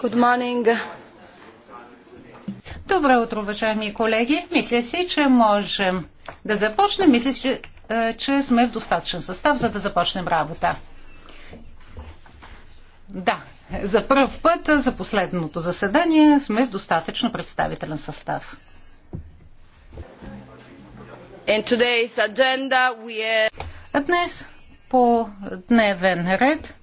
Good morning. Добро утро, уважаеми колеги. Мисля си, че можем да започнем. Мисля, че, че сме в достатъчен състав, за да започнем работа. Да, за първ път, за последното заседание, сме в достатъчно представителен състав. Днес по дневен ред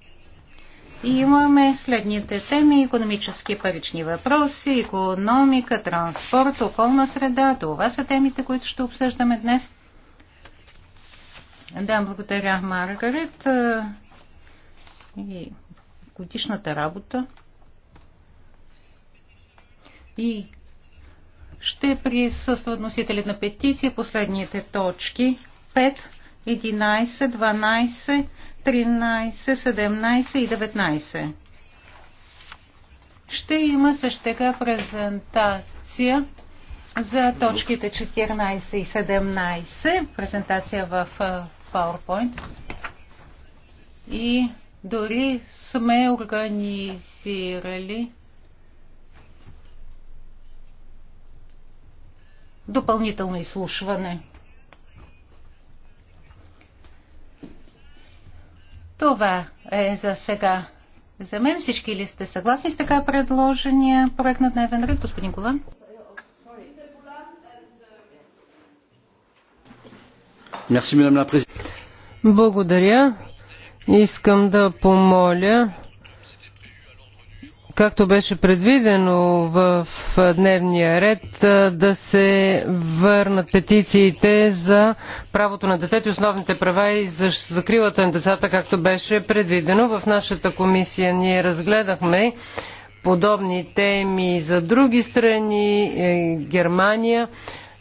и имаме следните теми – економически парични въпроси, економика, транспорт, околна среда. Това са темите, които ще обсъждаме днес. Да, благодаря, Маргарет. И годишната работа. И ще присъстват носителят на петиции последните точки 5, 11, 12, 13, 17 и 19. Ще има също така презентация за точките 14 и 17, презентация в PowerPoint. И дори сме организирали допълнително изслушване. Това е за сега. За мен всички ли сте съгласни с така предложения проект на дневен ред, господин Голан? Благодаря. Искам да помоля както беше предвидено в дневния ред, да се върнат петициите за правото на детето и основните права и за закрилата на децата, както беше предвидено. В нашата комисия ние разгледахме подобни теми за други страни, е, Германия.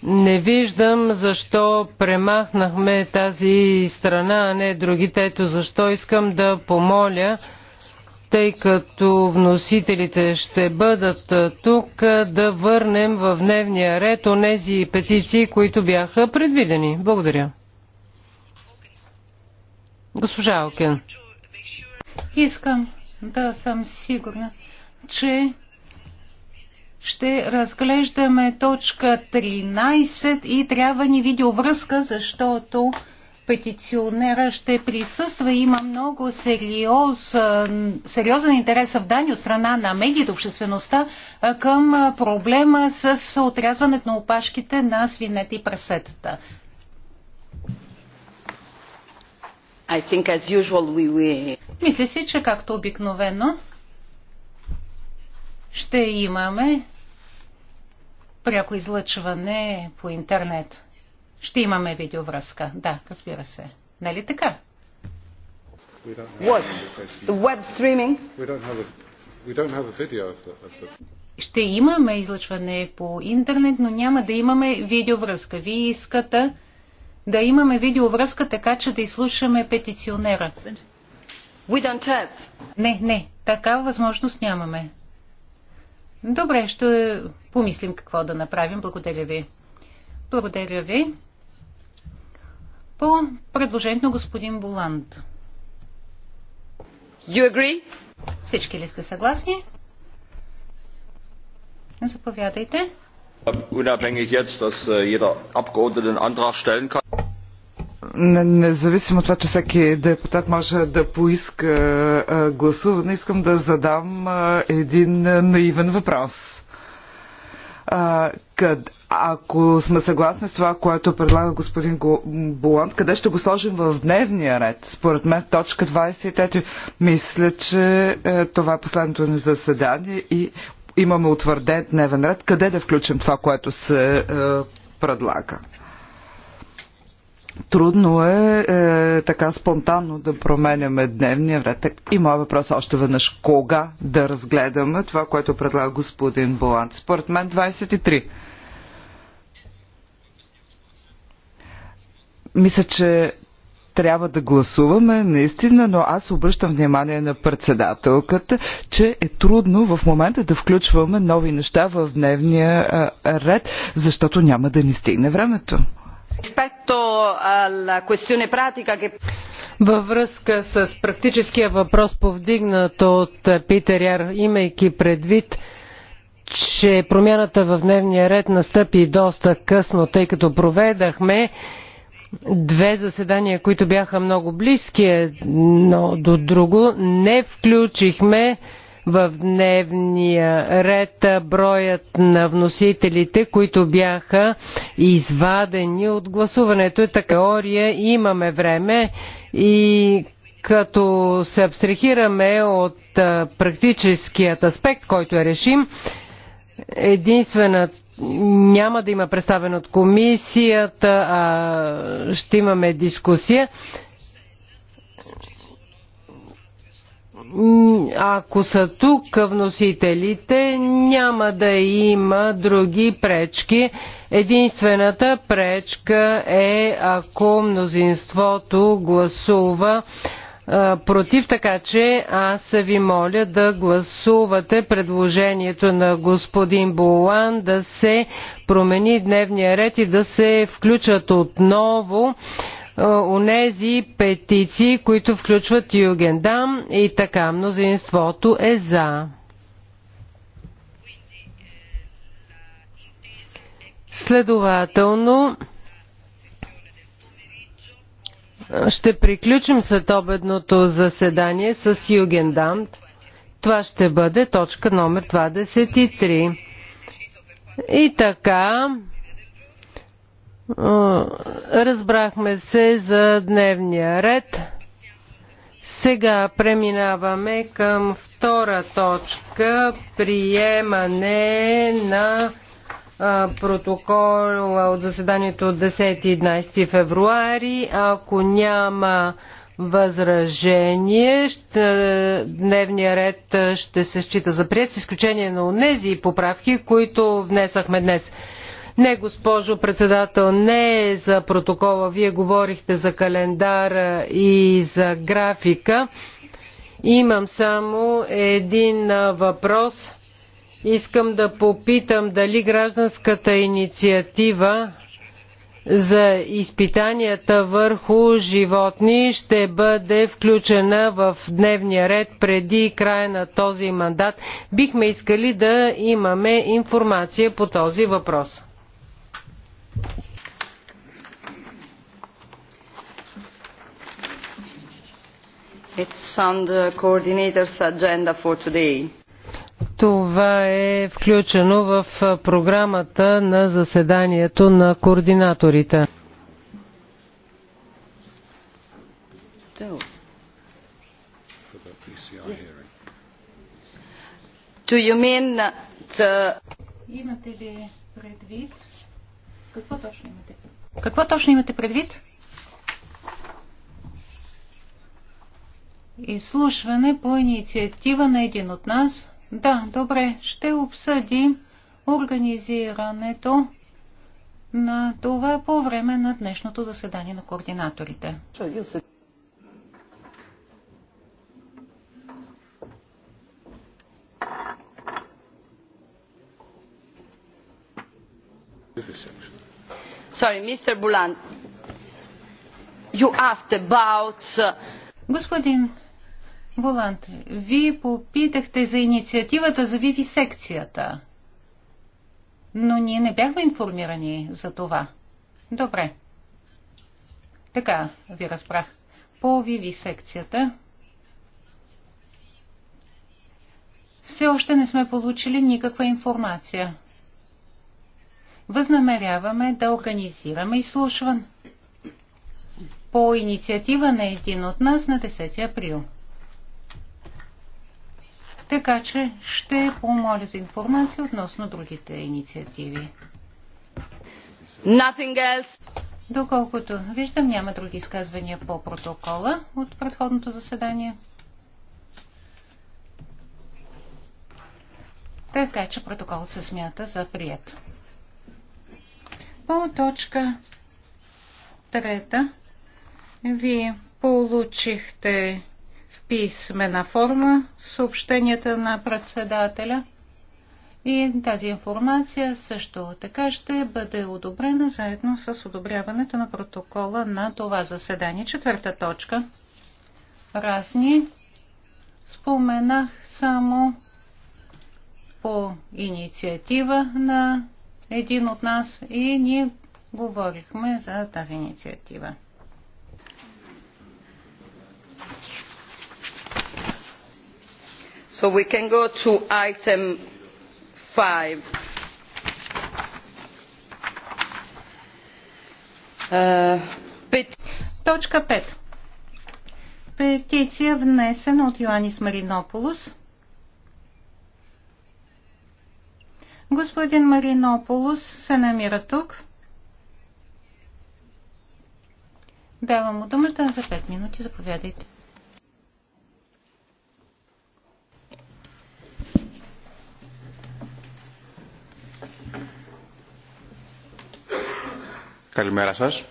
Не виждам защо премахнахме тази страна, а не другите. Ето защо искам да помоля тъй като вносителите ще бъдат тук, да върнем в дневния ред онези петиции, които бяха предвидени. Благодаря. Госпожа Окен. Искам да съм сигурна, че ще разглеждаме точка 13 и трябва ни видеовръзка, защото петиционера ще присъства. Има много сериоз, сериозен интерес в Дани от страна на медиите, обществеността към проблема с отрязването на опашките на свинете и прасетата. I think as usual we, we... Мисля си, че както обикновено ще имаме пряко излъчване по интернет ще имаме видеовръзка. Да, разбира се. Нали така? What? Web streaming? We don't have a, we don't have a video of the, of the... Ще имаме излъчване по интернет, но няма да имаме видеовръзка. Вие искате да имаме видеовръзка, така че да изслушаме петиционера. We don't have. Не, не, такава възможност нямаме. Добре, ще помислим какво да направим. Благодаря ви. Благодаря ви по предложението на господин Боланд. You agree? Всички ли сте съгласни? Заповядайте. Unabhängig jetzt, dass äh, jeder Abgeordnete einen Antrag stellen kann независимо от това, че всеки депутат може да поиска гласуване, искам да задам един наивен въпрос. А, къд, ако сме съгласни с това, което предлага господин Боланд, къде ще го сложим в дневния ред? Според мен точка 23. Мисля, че е, това е последното ни заседание и имаме утвърден дневен ред. Къде да включим това, което се е, предлага? Трудно е, е така спонтанно да променяме дневния ред. И моят въпрос още веднъж. Кога да разгледаме това, което предлага господин Боланд? Според мен 23. Мисля, че трябва да гласуваме наистина, но аз обръщам внимание на председателката, че е трудно в момента да включваме нови неща в дневния ред, защото няма да ни стигне времето. Във връзка с практическия въпрос, повдигнат от Питер Яр, имайки предвид, че промяната в дневния ред настъпи доста късно, тъй като проведахме две заседания, които бяха много близки едно до друго, не включихме в дневния ред броят на вносителите, които бяха извадени от гласуването. Е теория имаме време и като се абстрахираме от практическият аспект, който е решим, единствена няма да има представен от комисията, а ще имаме дискусия. ако са тук вносителите, няма да има други пречки. Единствената пречка е ако мнозинството гласува против, така че аз ви моля да гласувате предложението на господин Болан да се промени дневния ред и да се включат отново е, онези петиции, които включват Югендам и така мнозинството е за. Следователно, ще приключим след обедното заседание с Югендам. Това ще бъде точка номер 23. И така, Разбрахме се за дневния ред. Сега преминаваме към втора точка приемане на протокола от заседанието от 10 и 11 февруари. Ако няма възражение, ще, дневния ред ще се счита за прият, с изключение на онези поправки, които внесахме днес. Не, госпожо председател, не е за протокола. Вие говорихте за календара и за графика. Имам само един въпрос. Искам да попитам дали гражданската инициатива за изпитанията върху животни ще бъде включена в дневния ред преди края на този мандат. Бихме искали да имаме информация по този въпрос. It's on the coordinator's agenda for today. Това е включено в програмата на заседанието на координаторите. Uh, Имате ли предвид какво точно имате? Какво точно имате предвид? Изслушване по инициатива на един от нас. Да, добре, ще обсъдим организирането на това по време на днешното заседание на координаторите. Thank you. Mr. you asked about... Uh, Господин боланд вие попитахте за инициативата за виви секцията. но ние не бяхме информирани за това. Добре. Така ви разбрах. По виви секцията. все още не сме получили никаква информация възнамеряваме да организираме изслушване по инициатива на един от нас на 10 април. Така че ще помоля за информация относно другите инициативи. Nothing else. Доколкото виждам, няма други изказвания по протокола от предходното заседание. Така че протоколът се смята за прият. По точка трета ви получихте в писмена форма съобщенията на председателя и тази информация също така ще бъде одобрена заедно с одобряването на протокола на това заседание. Четвърта точка. Разни. Споменах само по инициатива на един от нас и ние говорихме за тази инициатива. So we can go to item five. Uh, Точка 5. Петиция внесена от Йоанис Маринополус. Господин Маринополус се намира тук. Давам му думата за 5 минути. Заповядайте. Καλημέρα σας.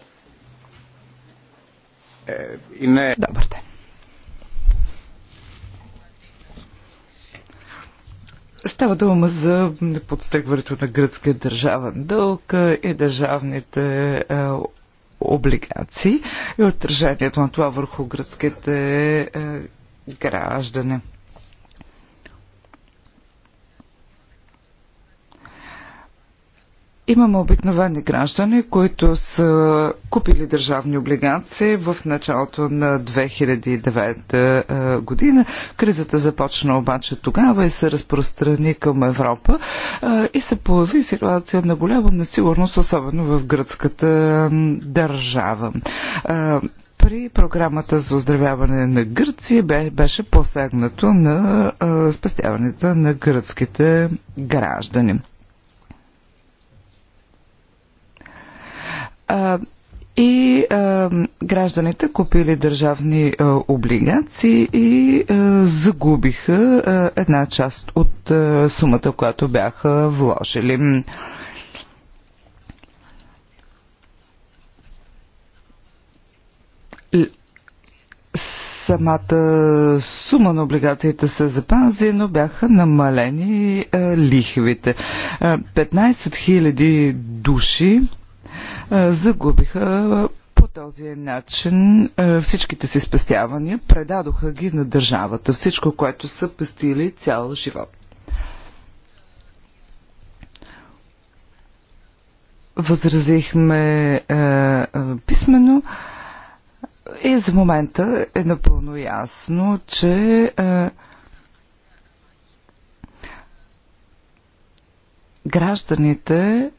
Добър ден. Става дума за подстъгването на гръцкия държавен дълг и е държавните е, облигации и отражението на това върху гръцките е, граждани. Имаме обикновени граждани, които са купили държавни облигации в началото на 2009 е, година. Кризата започна обаче тогава и се разпространи към Европа е, и се появи ситуация на голяма несигурност, особено в гръцката държава е, при програмата за оздравяване на Гърция беше посегнато на спестяването на гръцките граждани. А, и а, гражданите купили държавни а, облигации и а, загубиха а, една част от а, сумата, която бяха вложили. самата сума на облигациите се запази, но бяха намалени а, лихвите. А, 15 000 души е, загубиха е, по този начин е, всичките си спестявания, предадоха ги на държавата, всичко, което са пестили цял живот. Възразихме е, е, писменно и за момента е напълно ясно, че е, гражданите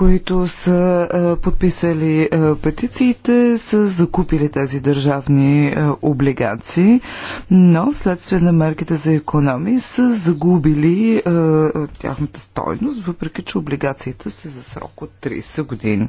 които са е, подписали е, петициите, са закупили тези държавни е, облигации, но вследствие на мерките за економии са загубили тяхната стойност, въпреки че облигациите са за срок от 30 години.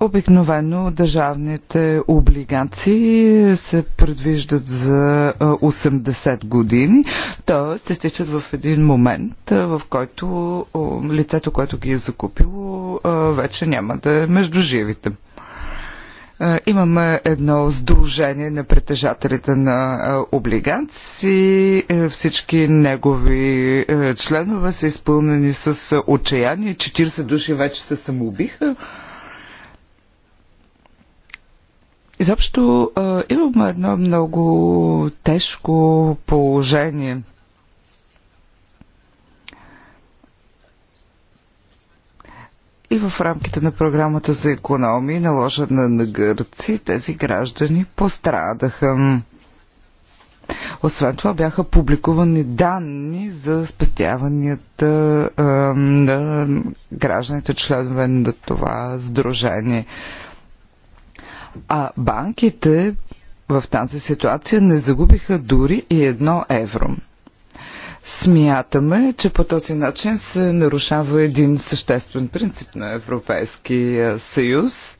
Обикновено държавните облигации се предвиждат за 80 години, т.е. се стичат в един момент, в който лицето, което ги е закупило, вече няма да е между живите. Имаме едно сдружение на притежателите на облигации. Е, всички негови е, членове са изпълнени с отчаяние. 40 души вече се самоубиха. Изобщо имаме едно много тежко положение. И в рамките на програмата за економии, наложена на гърци, тези граждани пострадаха. Освен това бяха публикувани данни за спестяванията на гражданите членове на това сдружение. А банките в тази ситуация не загубиха дори и едно евро. Смятаме, че по този начин се нарушава един съществен принцип на Европейския съюз.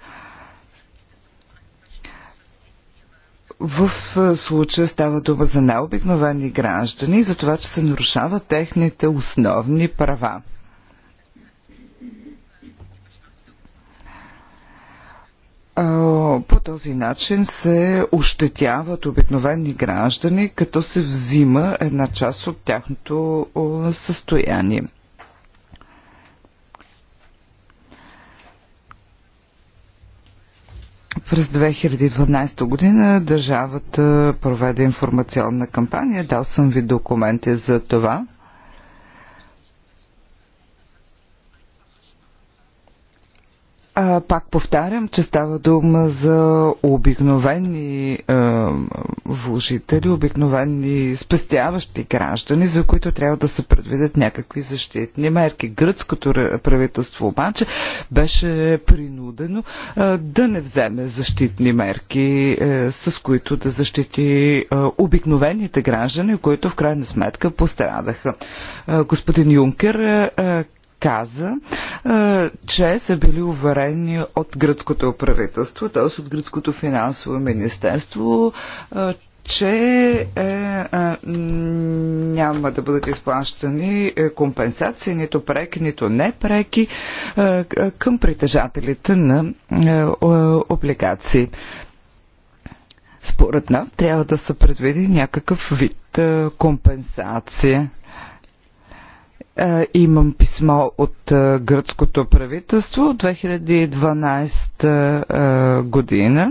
В случая става дума за необикновени граждани и за това, че се нарушават техните основни права. по този начин се ощетяват обикновени граждани, като се взима една част от тяхното състояние. През 2012 година държавата проведе информационна кампания. Дал съм ви документи за това. А, пак повтарям, че става дума за обикновени е, вложители, обикновени спестяващи граждани, за които трябва да се предвидят някакви защитни мерки. Гръцкото правителство обаче беше принудено е, да не вземе защитни мерки, е, с които да защити е, обикновените граждани, които в крайна сметка пострадаха. Е, господин Юнкер е, каза, е, че са били уверени от гръцкото правителство, т.е. от гръцкото финансово министерство, е, че е, е, няма да бъдат изплащани е, компенсации, нито преки, нито непреки е, към притежателите на е, облигации. Според нас трябва да се предвиди някакъв вид е, компенсация. Е, имам писмо от е, гръцкото правителство от 2012 е, година.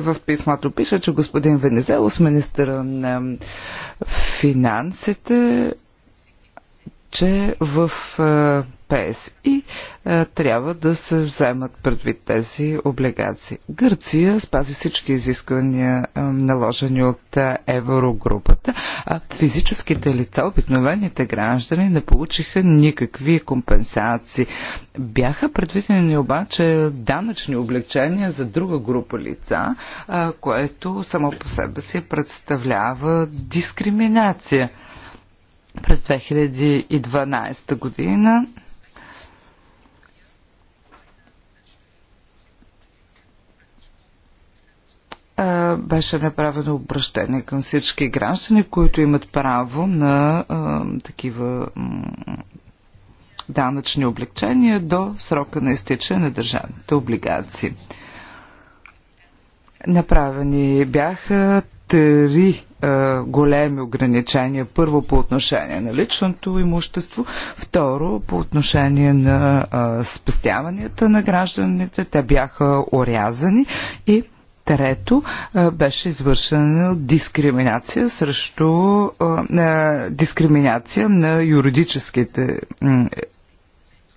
в писмото пише, че господин Венезелос, министъра на финансите, че в ПС и е, трябва да се вземат предвид тези облигации. Гърция спази всички изисквания е, наложени от е, еврогрупата, а физическите лица, обикновените граждани не получиха никакви компенсации. Бяха предвидени обаче данъчни облегчения за друга група лица, което само по себе си представлява дискриминация през 2012 година а, беше направено обращение към всички граждани, които имат право на а, такива данъчни облегчения до срока на изтичане на държавните облигации. Направени бяха три а, големи ограничения. Първо по отношение на личното имущество, второ по отношение на а, спестяванията на гражданите. Те бяха орязани и Трето, беше извършена дискриминация срещу дискриминация на юридическите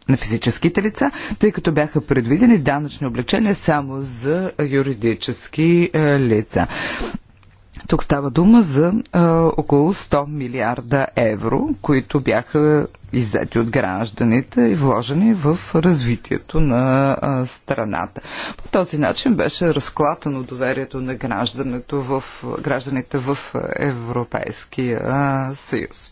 на физическите лица, тъй като бяха предвидени данъчни облегчения само за юридически лица. Тук става дума за а, около 100 милиарда евро, които бяха иззети от гражданите и вложени в развитието на а, страната. По този начин беше разклатано доверието на в, гражданите в Европейския съюз.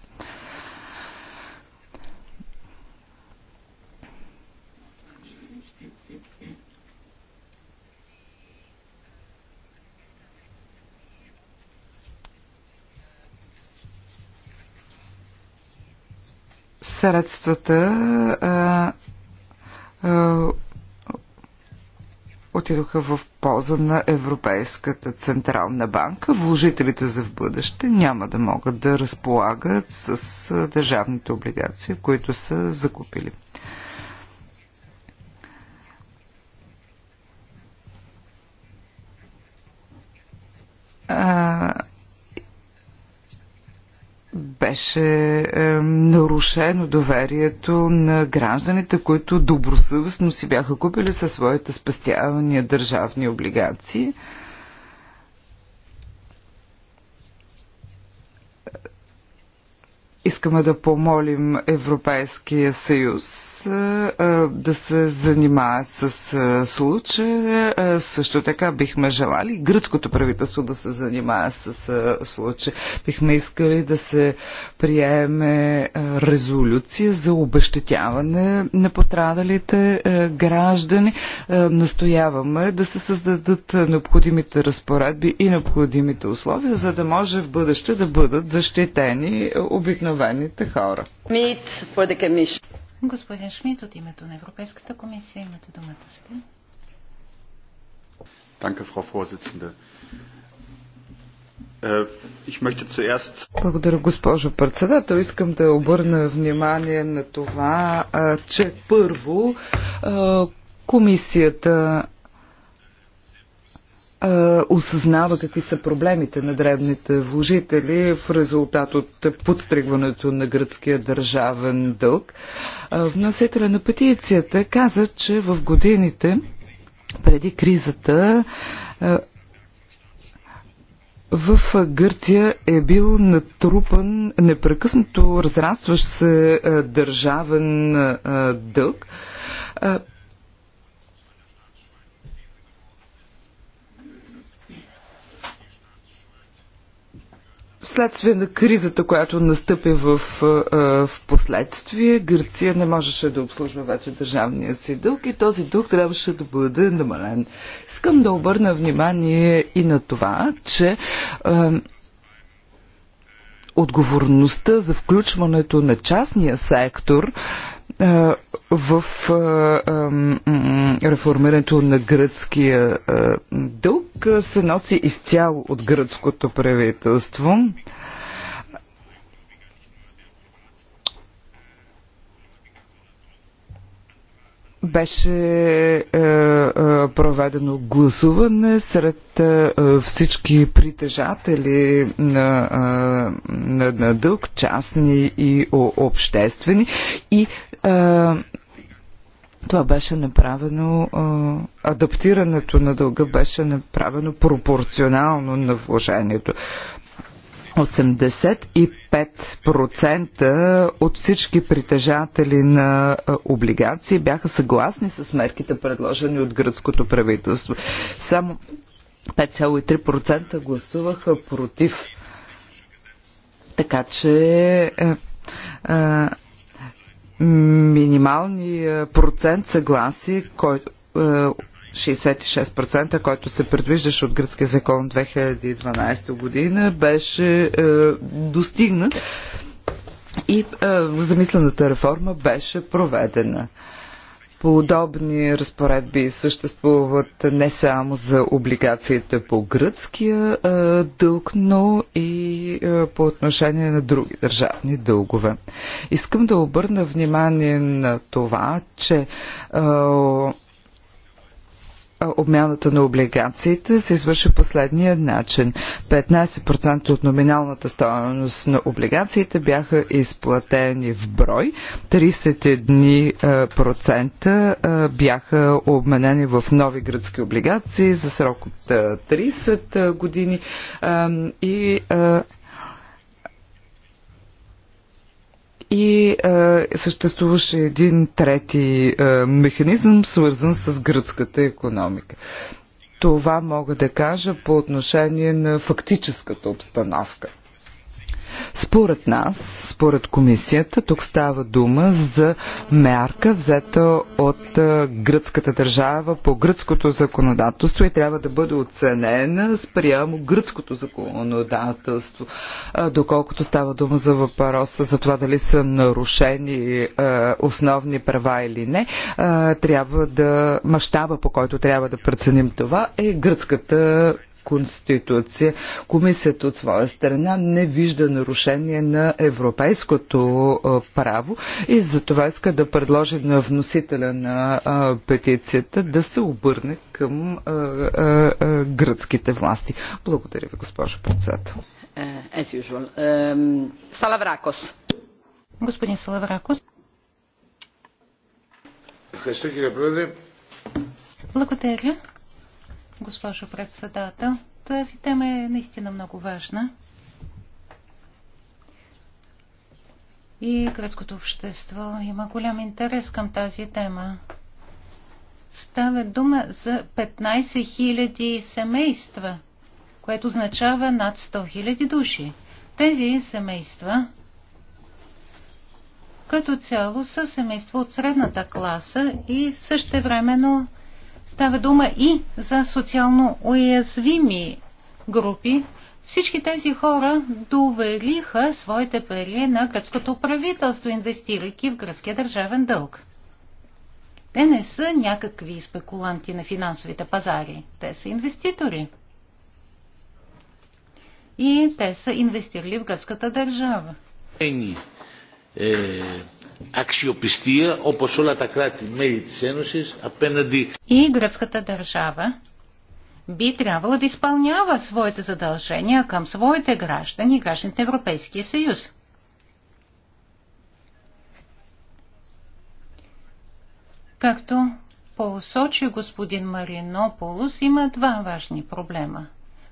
средствата отидоха в полза на Европейската Централна банка. Вложителите за в бъдеще няма да могат да разполагат с държавните облигации, които са закупили. А, беше е, нарушено доверието на гражданите, които добросъвестно си бяха купили със своите спестявания държавни облигации. Искаме да помолим Европейския съюз да се занимава с случая. Също така бихме желали гръцкото правителство да се занимава с случая. Бихме искали да се приеме резолюция за обещетяване на пострадалите граждани. Настояваме да се създадат необходимите разпоредби и необходимите условия, за да може в бъдеще да бъдат защитени обикновено обикновените хора. Господин Шмидт, от името на Европейската комисия имате думата сега. Danke, Frau Vorsitzende. Äh, Благодаря, госпожо председател. Искам да обърна внимание на това, че първо комисията осъзнава какви са проблемите на древните вложители в резултат от подстригването на гръцкия държавен дълг. Вносителя на петицията каза, че в годините преди кризата в Гърция е бил натрупан непрекъснато разрастващ се държавен дълг вследствие на кризата, която настъпи в, в последствие, Гърция не можеше да обслужва вече държавния си дълг и този дълг трябваше да бъде намален. Искам да обърна внимание и на това, че отговорността за включването на частния сектор в реформирането на гръцкия дълг се носи изцяло от гръцкото правителство. беше е, е, проведено гласуване сред е, всички притежатели на, е, на, на дълг, частни и о, обществени. И е, това беше направено, е, адаптирането на дълга беше направено пропорционално на вложението. 85% от всички притежатели на облигации бяха съгласни с мерките, предложени от гръцкото правителство. Само 5,3% гласуваха против. Така че е, е, а, процент съгласи, който е, 66%, който се предвиждаше от гръцкия закон 2012 година, беше е, достигнат и е, замислената реформа беше проведена. Подобни разпоредби съществуват не само за облигациите по гръцкия е, дълг, но и е, по отношение на други държавни дългове. Искам да обърна внимание на това, че е, обмяната на облигациите се извърши последния начин. 15% от номиналната стоеност на облигациите бяха изплатени в брой, 31% бяха обменени в нови гръцки облигации за срок от 30 години и И е, съществуваше един трети е, механизъм, свързан с гръцката економика. Това мога да кажа по отношение на фактическата обстановка. Според нас, според комисията, тук става дума за мярка, взета от гръцката държава по гръцкото законодателство и трябва да бъде оценена спрямо гръцкото законодателство. Доколкото става дума за въпроса за това дали са нарушени основни права или не, трябва да мащаба, по който трябва да преценим това е гръцката конституция. Комисията от своя страна не вижда нарушение на европейското право и за това иска да предложи на вносителя на петицията да се обърне към гръцките власти. Благодаря ви, госпожо председател. Е, Салавракос. Господин Салавракос. Благодаря госпожо председател. Тази тема е наистина много важна. И гръцкото общество има голям интерес към тази тема. Става дума за 15 000 семейства, което означава над 100 000 души. Тези семейства като цяло са семейства от средната класа и същевременно времено Става дума и за социално уязвими групи. Всички тези хора довериха своите пари на гръцкото правителство, инвестирайки в гръцкия държавен дълг. Те не са някакви спекуланти на финансовите пазари. Те са инвеститори. И те са инвестирали в гръцката държава. Е, αξιοπιστία όπως όλα τα κράτη-μέλη της Ένωσης απέναντι... И гръцката държава би трябвало да изпълнява своите задължения към своите граждани и гражданите Европейския съюз. Както посочи господин Маринополус, има два важни проблема.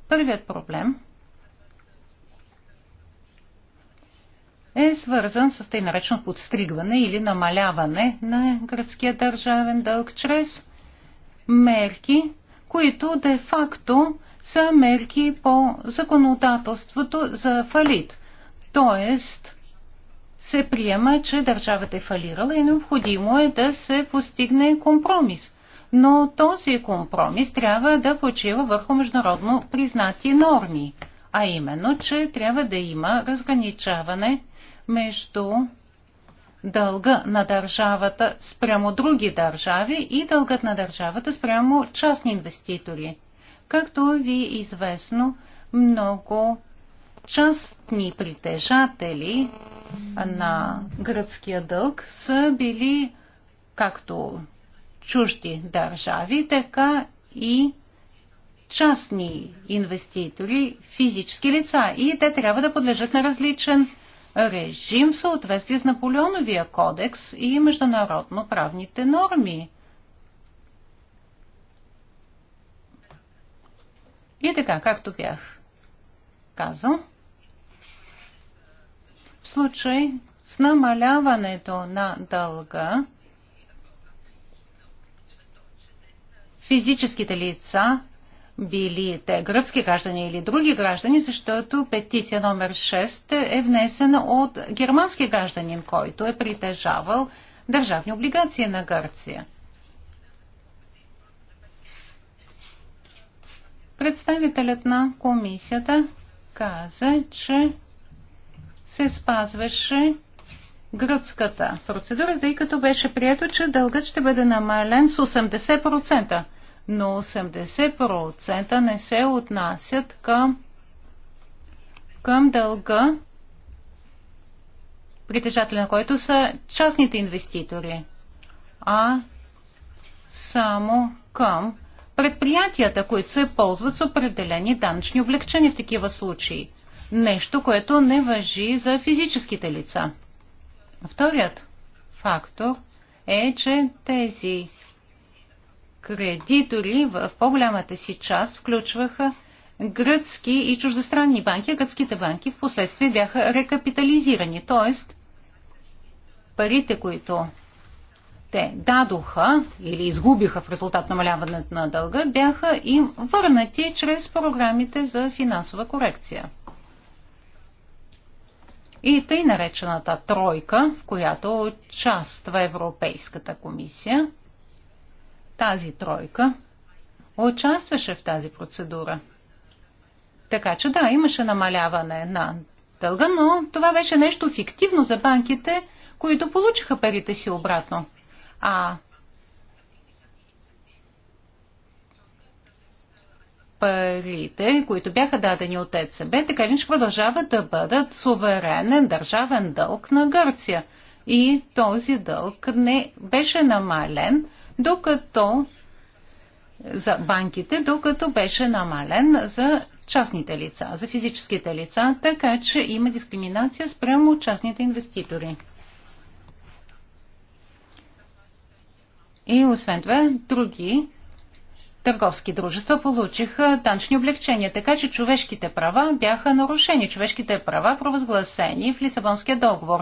Първият проблем – е свързан с тъй наречено подстригване или намаляване на гръцкия държавен дълг чрез мерки, които де-факто са мерки по законодателството за фалит. Тоест, се приема, че държавата е фалирала и необходимо е да се постигне компромис. Но този компромис трябва да почива върху международно признати норми, а именно, че трябва да има разграничаване между дълга на държавата спрямо други държави и дългът на държавата спрямо частни инвеститори. Както ви е известно, много частни притежатели на гръцкия дълг са били както чужди държави, така и частни инвеститори, физически лица. И те трябва да подлежат на различен режим в съответствие с Наполеоновия кодекс и международно правните норми. И така, както бях казал, в случай с намаляването на дълга, физическите лица били те гръцки граждани или други граждани, защото петиция номер 6 е внесена от германски гражданин, който е притежавал държавни облигации на Гърция. Представителят на комисията каза, че се спазваше гръцката процедура, тъй като беше прието, че дългът ще бъде намален с 80% но 80% не се отнасят към, към дълга, притежатели на който са частните инвеститори, а само към предприятията, които се ползват с определени данъчни облегчения в такива случаи. Нещо, което не въжи за физическите лица. Вторият фактор е, че тези кредитори в по-голямата си част включваха гръцки и чуждестранни банки. Гръцките банки в последствие бяха рекапитализирани, т.е. парите, които те дадоха или изгубиха в резултат намаляването на дълга, бяха им върнати чрез програмите за финансова корекция. И тъй наречената тройка, в която участва Европейската комисия – тази тройка участваше в тази процедура. Така че да, имаше намаляване на дълга, но това беше нещо фиктивно за банките, които получиха парите си обратно. А парите, които бяха дадени от ЕЦБ, така ли продължават да бъдат суверенен държавен дълг на Гърция. И този дълг не беше намален докато за банките, докато беше намален за частните лица, за физическите лица, така че има дискриминация спрямо частните инвеститори. И освен това, други търговски дружества получиха данчни облегчения, така че човешките права бяха нарушени, човешките права провъзгласени в Лисабонския договор.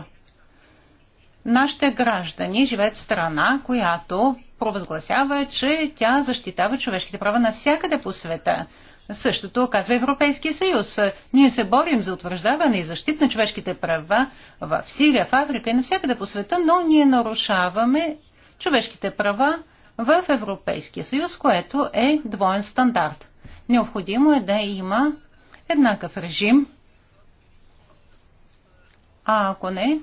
Нашите граждани живеят в страна, която провъзгласява, че тя защитава човешките права навсякъде по света. Същото казва Европейския съюз. Ние се борим за утвърждаване и защита на човешките права в Сирия, в Африка и навсякъде по света, но ние нарушаваме човешките права в Европейския съюз, което е двоен стандарт. Необходимо е да има еднакъв режим, а ако не,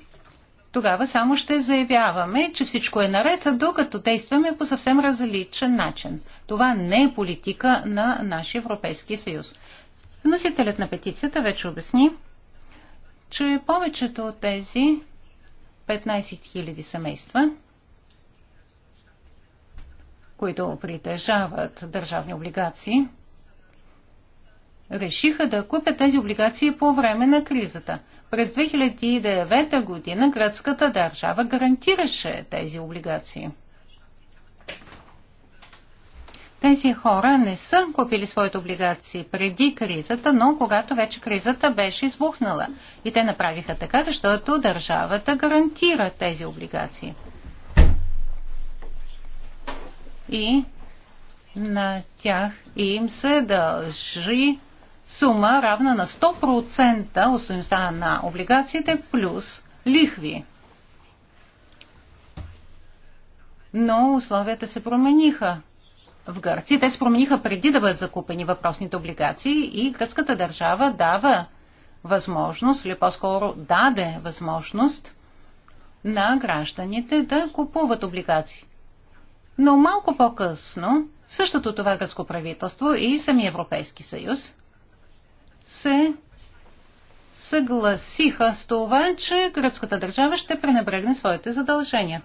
тогава само ще заявяваме, че всичко е наред, докато действаме по съвсем различен начин. Това не е политика на нашия Европейски съюз. Вносителят на петицията вече обясни, че повечето от тези 15 000 семейства, които притежават държавни облигации, решиха да купят тези облигации по време на кризата. През 2009 година гръцката държава гарантираше тези облигации. Тези хора не са купили своите облигации преди кризата, но когато вече кризата беше избухнала. И те направиха така, защото държавата гарантира тези облигации. И на тях им се дължи сума равна на 100% от стоеността на облигациите плюс лихви. Но условията се промениха в Гърция. Те се промениха преди да бъдат закупени въпросните облигации и гръцката държава дава възможност, или по-скоро даде възможност на гражданите да купуват облигации. Но малко по-късно същото това гръцко правителство и самия Европейски съюз се съгласиха с това, че гръцката държава ще пренебрегне своите задължения.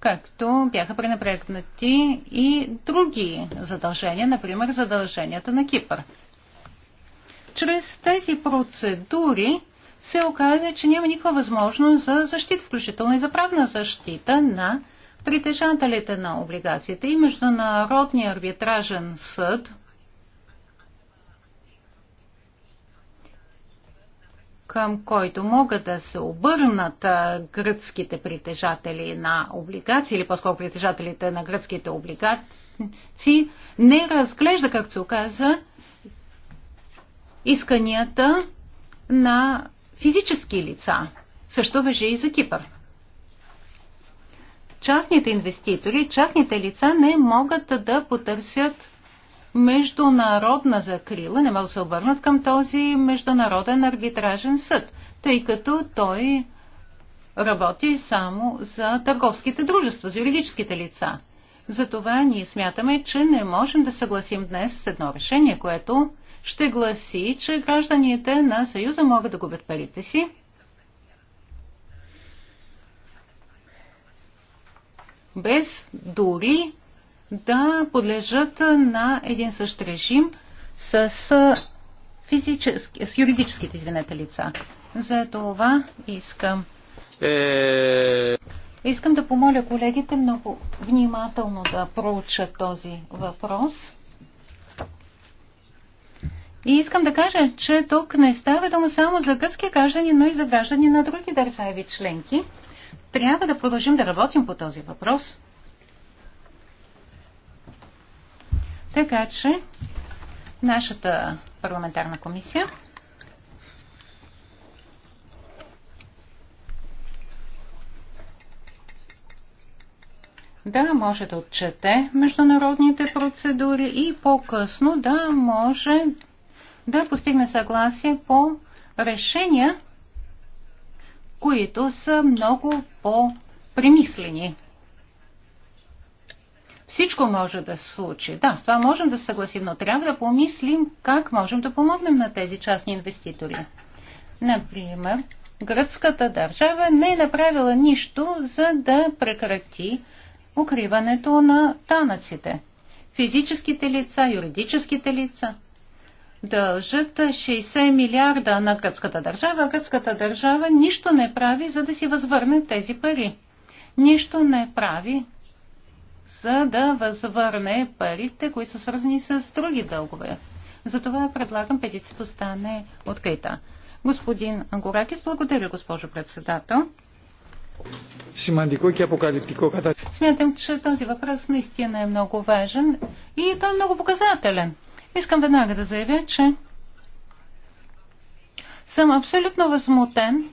Както бяха пренебрегнати и други задължения, например задълженията на Кипър. Чрез тези процедури се оказа, че няма никаква възможност за защита, включително и за правна защита на притежателите на облигацията и Международния арбитражен съд – към който могат да се обърнат гръцките притежатели на облигации, или по-скоро притежателите на гръцките облигации, не разглежда, както се оказа, исканията на физически лица. Също въжи и за Кипър. Частните инвеститори, частните лица не могат да потърсят международна закрила, не могат да се обърнат към този международен арбитражен съд, тъй като той работи само за търговските дружества, за юридическите лица. Затова ние смятаме, че не можем да съгласим днес с едно решение, което ще гласи, че гражданите на Съюза могат да губят парите си. Без дори да подлежат на един същ режим с, физически, с юридическите извинете, лица. За това искам. Е... Искам да помоля колегите много внимателно да проучат този въпрос. И искам да кажа, че тук не става дума само за гръцки граждани, но и за граждани на други държави членки. Трябва да продължим да работим по този въпрос. Така че нашата парламентарна комисия да може да отчете международните процедури и по-късно да може да постигне съгласие по решения, които са много по-премислени. Всичко може да се случи. Да, с това можем да съгласим, но трябва да помислим как можем да помогнем на тези частни инвеститори. Например, гръцката държава не е направила нищо, за да прекрати укриването на данъците. Физическите лица, юридическите лица дължат 60 милиарда на гръцката държава, а гръцката държава нищо не прави, за да си възвърне тези пари. Нищо не прави за да възвърне парите, които са свързани с други дългове. Затова предлагам петицията стане открита. Господин Ангуракис, благодаря, госпожо председател. Смятам, че този въпрос наистина е много важен и той е много показателен. Искам веднага да заявя, че съм абсолютно възмутен,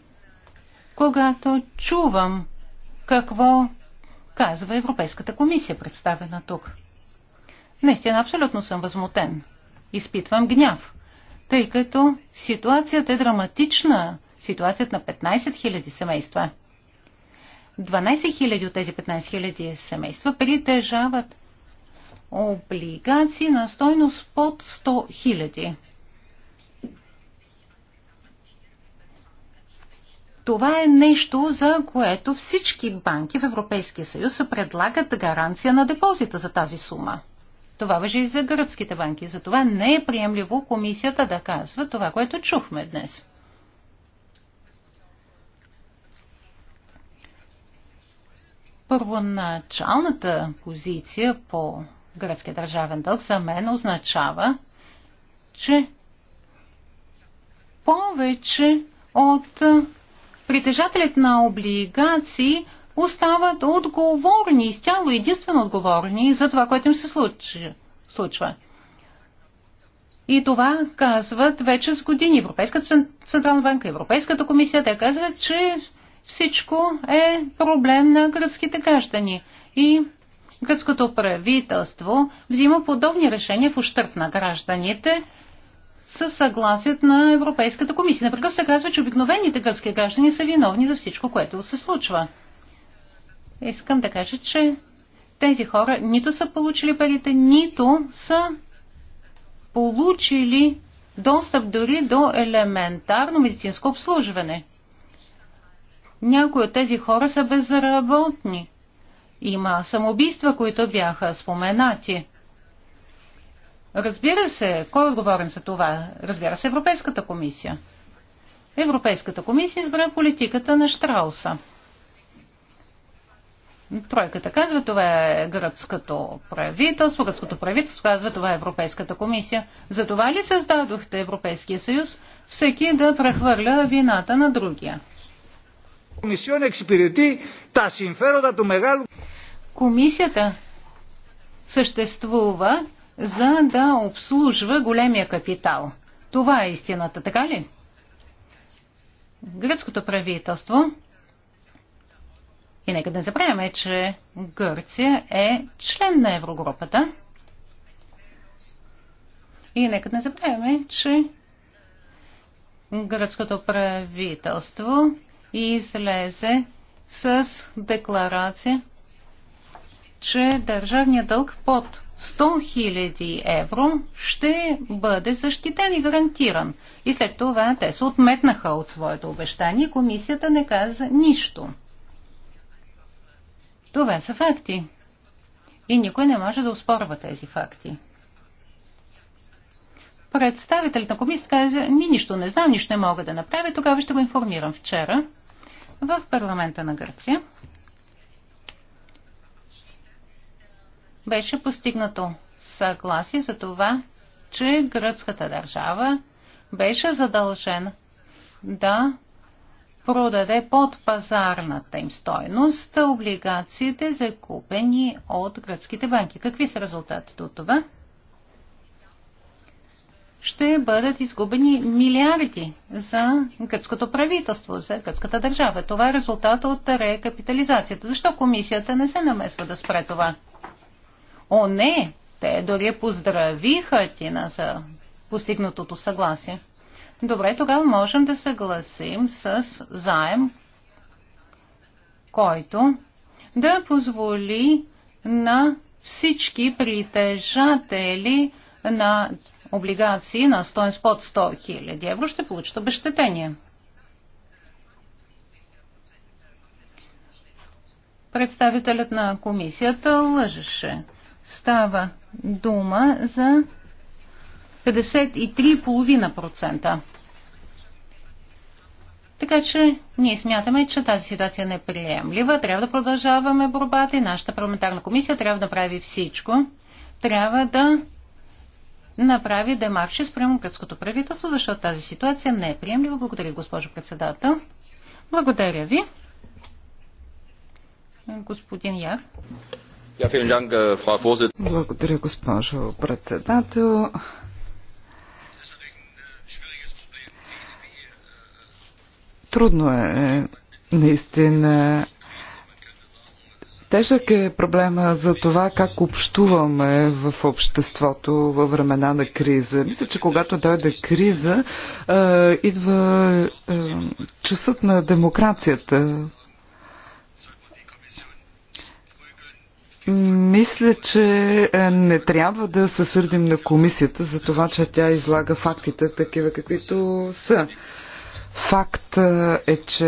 когато чувам какво казва Европейската комисия, представена тук. Наистина, абсолютно съм възмутен. Изпитвам гняв, тъй като ситуацията е драматична. Ситуацията на 15 000 семейства. 12 000 от тези 15 000 семейства притежават облигации на стойност под 100 000. Това е нещо, за което всички банки в Европейския съюз предлагат гаранция на депозита за тази сума. Това въжи и за гръцките банки. Затова не е приемливо комисията да казва това, което чухме днес. Първоначалната позиция по гръцкия държавен дълг за мен означава, че повече от притежателите на облигации остават отговорни, изцяло единствено отговорни за това, което им се случва. И това казват вече с години Европейската Централна банка, Европейската комисия. Те казват, че всичко е проблем на гръцките граждани. И гръцкото правителство взима подобни решения в ущърп на гражданите, със съгласието на Европейската комисия. Напрекъс се казва, че обикновените гръцки граждани са виновни за всичко, което се случва. Искам да кажа, че тези хора нито са получили парите, нито са получили достъп дори до елементарно медицинско обслужване. Някои от тези хора са безработни. Има самоубийства, които бяха споменати. Разбира се, кой е отговорен за това? Разбира се, Европейската комисия. Европейската комисия избра политиката на Штрауса. Тройката казва, това е гръцкото правителство, гръцкото правителство казва, това е Европейската комисия. За това ли създадохте Европейския съюз? Всеки да прехвърля вината на другия. Комисията Комисията съществува за да обслужва големия капитал. Това е истината, така ли? Гръцкото правителство и нека да не забравяме, че Гърция е член на Еврогрупата. И нека да не забравяме, че гръцкото правителство излезе с декларация, че държавният дълг под 100 000 евро ще бъде защитен и гарантиран. И след това те се отметнаха от своето обещание и комисията не каза нищо. Това са факти. И никой не може да успорва тези факти. Представителят на комисията каза, ми нищо не знам, нищо не мога да направя, тогава ще го информирам. Вчера в парламента на Гърция беше постигнато съгласие за това, че гръцката държава беше задължен да продаде под пазарната им стойност облигациите, закупени от гръцките банки. Какви са резултатите от това? Ще бъдат изгубени милиарди за гръцкото правителство, за гръцката държава. Това е резултат от рекапитализацията. Защо комисията не се намесва да спре това? О, не! Те дори поздравиха Тина за постигнатото съгласие. Добре, тогава можем да съгласим с заем, който да позволи на всички притежатели на облигации на стоен под 100 000 евро ще получат обещетение. Представителят на комисията лъжеше. Става дума за 53,5%. Така че ние смятаме, че тази ситуация не е приемлива. Трябва да продължаваме борбата и нашата парламентарна комисия трябва да прави всичко. Трябва да направи демарши спрямо гръцкото правителство, защото тази ситуация не е приемлива. Благодаря, госпожо председател. Благодаря ви. Господин Яр. Äh, Благодаря, госпожо председател. Трудно е наистина Тежък е проблема за това как общуваме в обществото във времена на криза. Мисля, че когато дойде криза, идва часът на демокрацията. Мисля, че е, не трябва да се сърдим на комисията за това, че тя излага фактите такива, каквито са. Факт е, че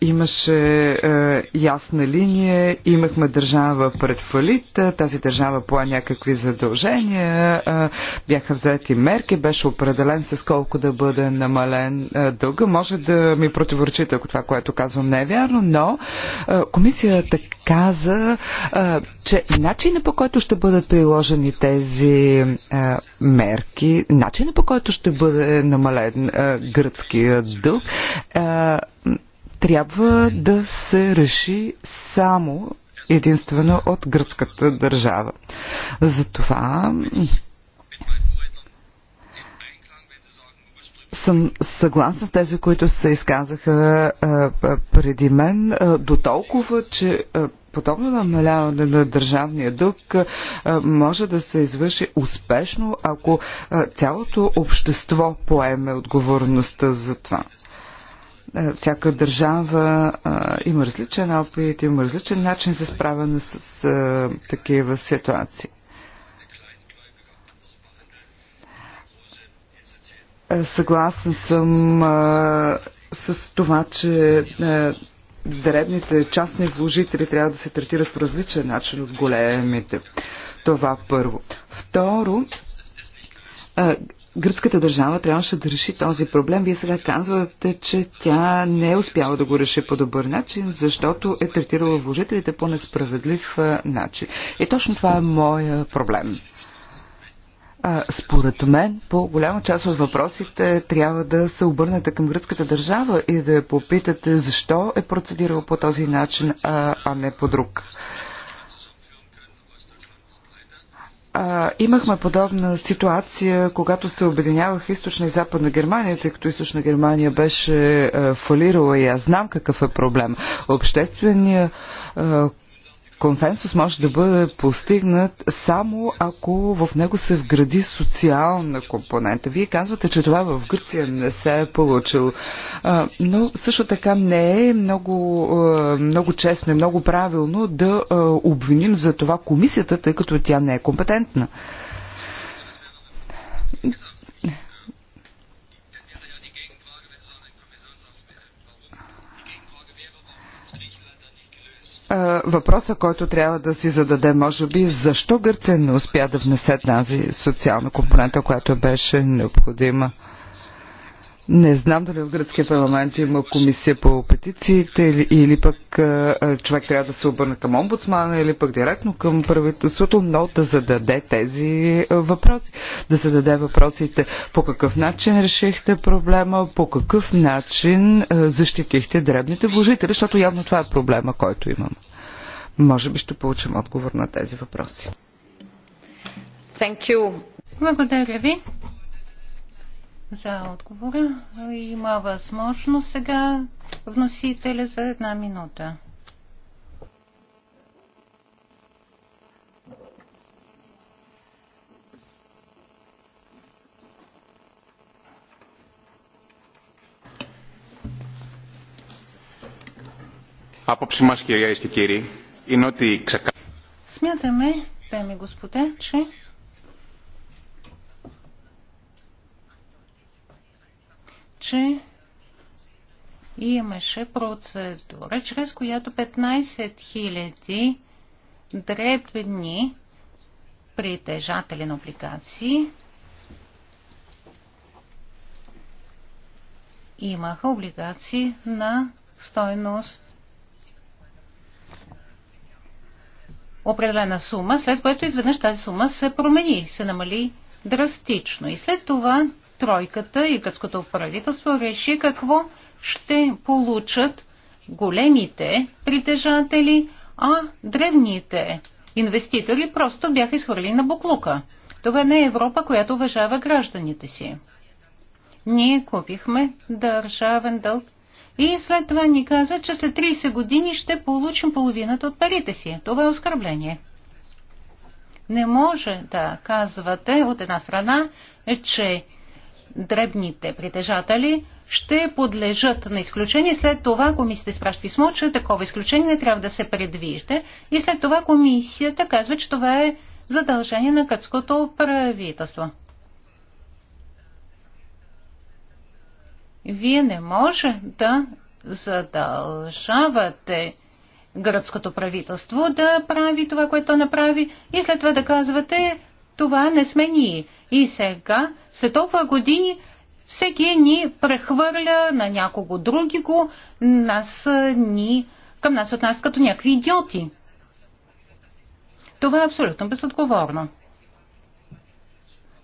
имаше а, ясна линия, имахме държава пред фалит, тази държава пое някакви задължения, а, бяха взети мерки, беше определен с колко да бъде намален а, дълга. Може да ми противоречите, ако това, което казвам не е вярно, но а, комисията каза, а, че начинът по който ще бъдат приложени тези а, мерки, начинът по който ще бъде намален а, гръцкия дълг, а, трябва да се реши само единствено от гръцката държава. Затова съм съгласна с тези, които се изказаха преди мен, до толкова, че подобно намаляване на държавния дълг може да се извърши успешно, ако цялото общество поеме отговорността за това. Е, всяка държава а, е, има различен опит, има различен начин за справяне с а, е, такива ситуации. Съгласен съм а, с това, че а, дребните частни вложители трябва да се третират по различен начин от големите. Това първо. Второ, гръцката държава трябваше да реши този проблем. Вие сега казвате, че тя не е успяла да го реши по добър начин, защото е третирала вложителите по несправедлив начин. И точно това е моя проблем. Според мен, по голяма част от въпросите трябва да се обърнете към гръцката държава и да я попитате защо е процедирала по този начин, а не по друг. А, имахме подобна ситуация, когато се обединявах източна и западна Германия, тъй като източна Германия беше а, фалирала и аз знам какъв е проблем. Обществения а, консенсус може да бъде постигнат само ако в него се вгради социална компонента. Вие казвате, че това в Гърция не се е получило. Но също така не е много, много честно и много правилно да обвиним за това комисията, тъй като тя не е компетентна. въпроса, който трябва да си зададе, може би, защо Гърция не успя да внесе тази социална компонента, която беше необходима? Не знам дали в гръцкия парламент има комисия по петициите или, или пък а, човек трябва да се обърне към омбудсмана или пък директно към правителството, но да зададе тези въпроси. Да зададе въпросите по какъв начин решихте проблема, по какъв начин защитихте дребните вложители, защото явно това е проблема, който имам. Може би ще получим отговор на тези въпроси. Thank you. Благодаря ви за отговора. Има възможност сега вносителя за една минута. Апопси μας, κυρίες и κύριοι, и ноти ксака. Смятаме, дами господа, че че имаше процедура, чрез която 15 000 дребни притежатели на облигации имаха облигации на стойност определена сума, след което изведнъж тази сума се промени, се намали драстично. И след това тройката и гръцкото правителство реши какво ще получат големите притежатели, а древните инвеститори просто бяха изхвърлени на буклука. Това не е Европа, която уважава гражданите си. Ние купихме държавен дълг и след това ни казват, че след 30 години ще получим половината от парите си. Това е оскърбление. Не може да казвате от една страна, че дребните притежатели ще подлежат на изключение. След това комисията изпраща писмо, че такова изключение не трябва да се предвижда. И след това комисията казва, че това е задължение на кътското правителство. Вие не може да задължавате градското правителство да прави това, което направи и след това да казвате това не сме ние. И сега, след толкова години, всеки ни прехвърля на някого други го, нас, ни, към нас от нас като някакви идиоти. Това е абсолютно безотговорно.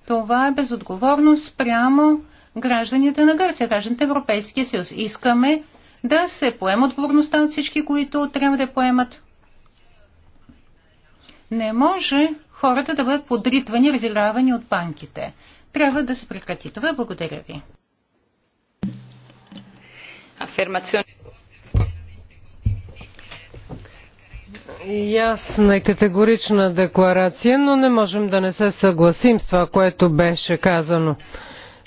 Това е безотговорно спрямо гражданите на Гърция, гражданите Европейския съюз. Искаме да се поема отговорността от всички, които трябва да поемат. Не може хората да бъдат подритвани, разигравани от банките. Трябва да се прекрати това. Благодаря ви. Ясна и категорична декларация, но не можем да не се съгласим с това, което беше казано.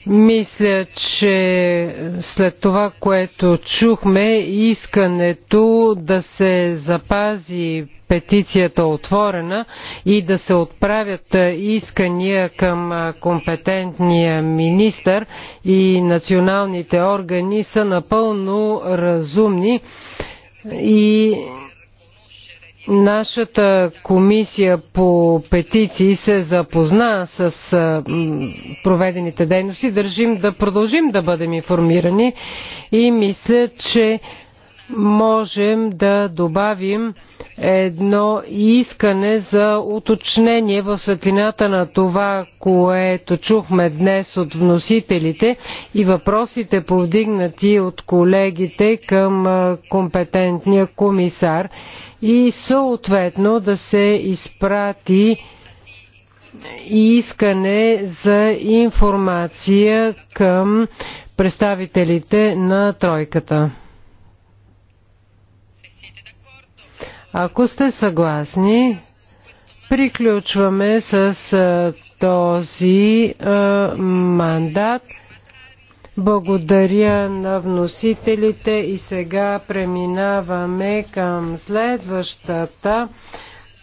Мисля, че след това, което чухме, искането да се запази петицията отворена и да се отправят искания към компетентния министър и националните органи са напълно разумни и Нашата комисия по петиции се запозна с проведените дейности. Държим да продължим да бъдем информирани и мисля, че можем да добавим едно искане за уточнение в светлината на това, което чухме днес от вносителите и въпросите повдигнати от колегите към компетентния комисар и съответно да се изпрати и искане за информация към представителите на тройката. Ако сте съгласни, приключваме с този мандат. Благодаря на вносителите и сега преминаваме към следващата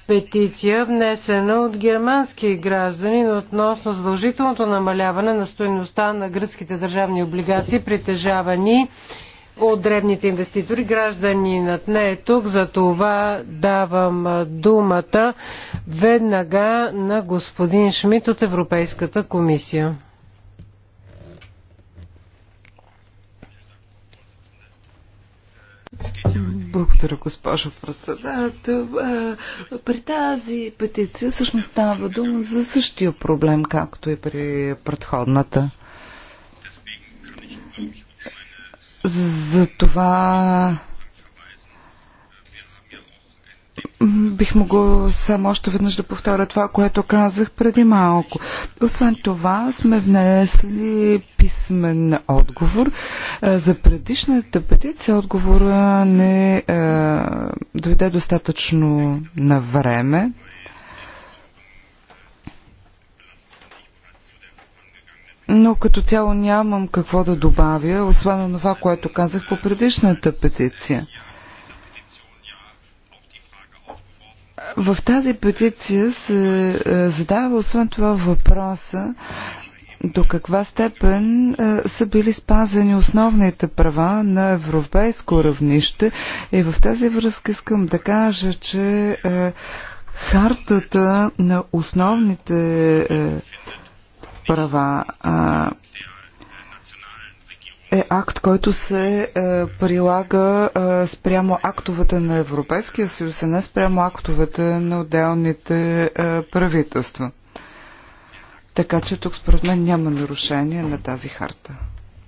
петиция, внесена от германски граждани относно задължителното намаляване на стоеността на гръцките държавни облигации, притежавани от древните инвеститори. Гражданинът не е тук, за това давам думата веднага на господин Шмидт от Европейската комисия. Благодаря, госпожо председател. При тази петиция всъщност става дума за същия проблем, както и при предходната. За това бих могъл само още веднъж да повторя това, което казах преди малко. Освен това, сме внесли писмен отговор. Е, за предишната петиция отговора не е, дойде достатъчно на време. но като цяло нямам какво да добавя, освен на това, което казах по предишната петиция. В тази петиция се е, задава освен това въпроса до каква степен е, са били спазени основните права на европейско равнище и в тази връзка искам да кажа, че е, хартата на основните е, права е акт, който се е, прилага е, спрямо актовете на Европейския съюз, а не спрямо актовете на отделните е, правителства. Така че тук според мен няма нарушение на тази харта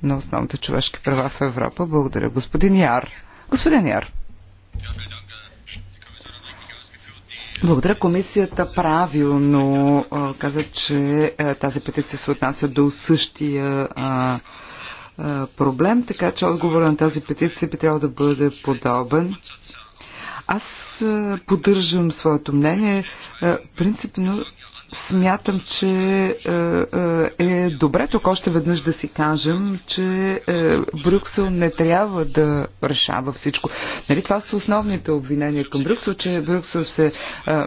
на основните човешки права в Европа. Благодаря. Господин Яр. Господин Яр. Благодаря. Комисията правилно каза, че тази петиция се отнася до същия проблем, така че отговорът на тази петиция би трябвало да бъде подобен. Аз поддържам своето мнение. Принципно Смятам, че е, е, е добре тук още веднъж да си кажем, че е, Брюксел не трябва да решава всичко. Нали, това са основните обвинения към Брюксел, че Брюксел се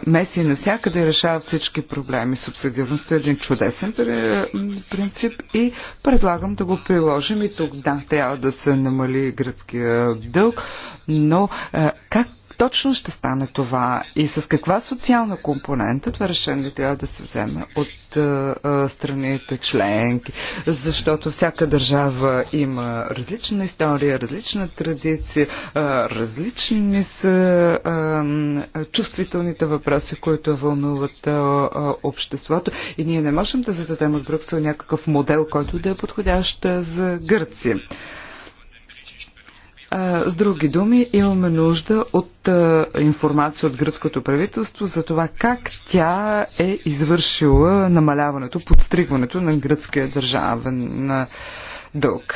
меси навсякъде и решава всички проблеми. Субсидиарността е един чудесен принцип и предлагам да го приложим и тук. Да, трябва да се намали гръцкия дълг, но как точно ще стане това и с каква социална компонента това решение трябва да се вземе от а, страните членки, защото всяка държава има различна история, различна традиция, а, различни са а, чувствителните въпроси, които вълнуват а, а, обществото и ние не можем да зададем от Брюксел някакъв модел, който да е подходящ за Гърция. С други думи, имаме нужда от информация от гръцкото правителство за това как тя е извършила намаляването, подстригването на гръцкия държавен дълг.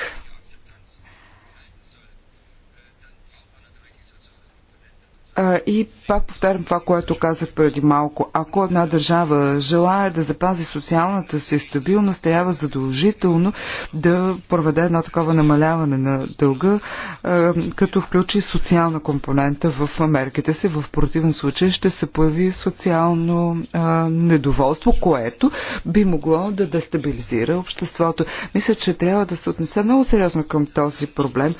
И пак повтарям това, което казах преди малко. Ако една държава желая да запази социалната си стабилност, трябва задължително да проведе едно такова намаляване на дълга, като включи социална компонента в мерките си. В противен случай ще се появи социално недоволство, което би могло да дестабилизира обществото. Мисля, че трябва да се отнесе много сериозно към този проблем,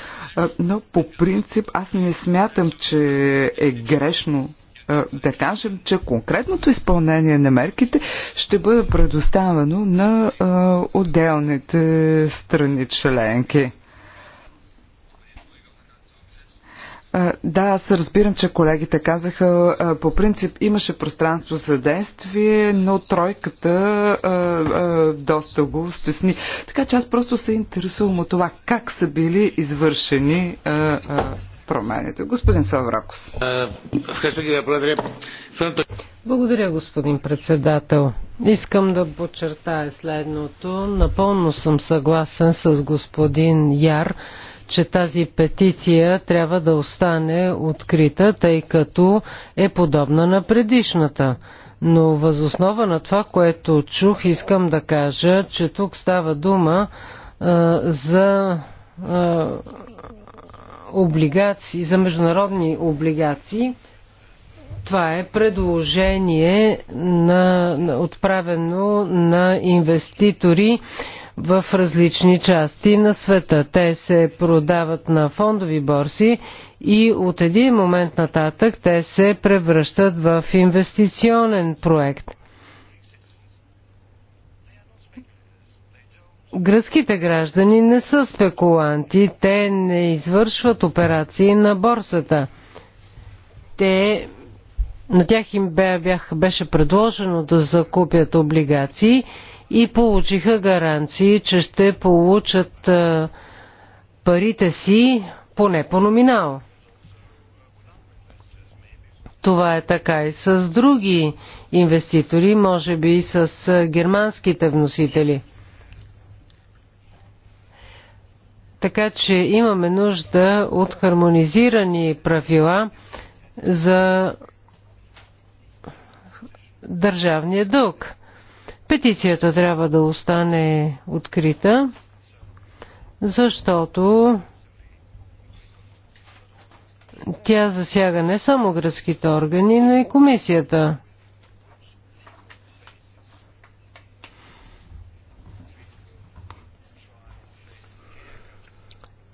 но по принцип аз не смятам, че е грешно да кажем, че конкретното изпълнение на мерките ще бъде предоставено на отделните страни членки. Да, аз разбирам, че колегите казаха, по принцип имаше пространство за действие, но тройката доста го стесни. Така че аз просто се интересувам от това как са били извършени промените. Господин Савракос. Благодаря, господин председател. Искам да подчертая следното. Напълно съм съгласен с господин Яр, че тази петиция трябва да остане открита, тъй като е подобна на предишната. Но възоснова на това, което чух, искам да кажа, че тук става дума а, за а, облигации, за международни облигации. Това е предложение на, отправено на инвеститори в различни части на света. Те се продават на фондови борси и от един момент нататък те се превръщат в инвестиционен проект. Гръцките граждани не са спекуланти, те не извършват операции на борсата. Те, на тях им бе, бях, беше предложено да закупят облигации и получиха гаранции, че ще получат а, парите си поне по номинал. Това е така и с други инвеститори, може би и с германските вносители – Така че имаме нужда от хармонизирани правила за държавния дълг. Петицията трябва да остане открита, защото тя засяга не само гръцките органи, но и комисията.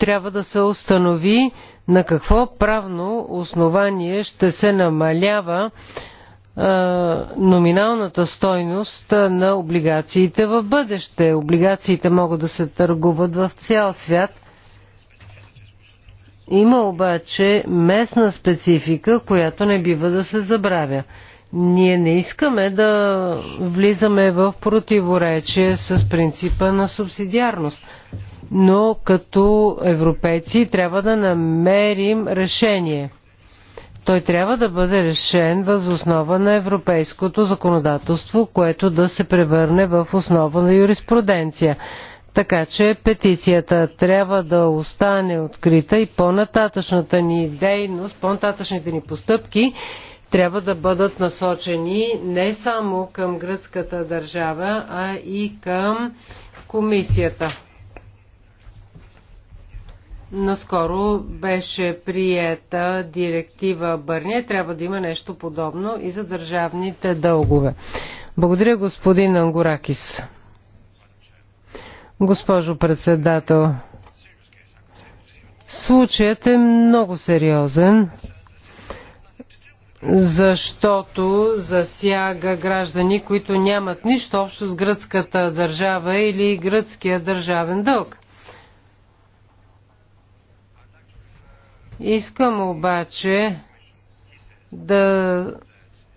трябва да се установи на какво правно основание ще се намалява номиналната стойност на облигациите в бъдеще. Облигациите могат да се търгуват в цял свят. Има обаче местна специфика, която не бива да се забравя. Ние не искаме да влизаме в противоречие с принципа на субсидиарност – но като европейци трябва да намерим решение. Той трябва да бъде решен въз основа на европейското законодателство, което да се превърне в основа на юриспруденция. Така че петицията трябва да остане открита и по-нататъчната ни дейност, по-нататъчните ни постъпки трябва да бъдат насочени не само към гръцката държава, а и към комисията. Наскоро беше приета директива Бърния. Трябва да има нещо подобно и за държавните дългове. Благодаря, господин Ангуракис. Госпожо председател, случаят е много сериозен, защото засяга граждани, които нямат нищо общо с гръцката държава или гръцкия държавен дълг. Искам обаче да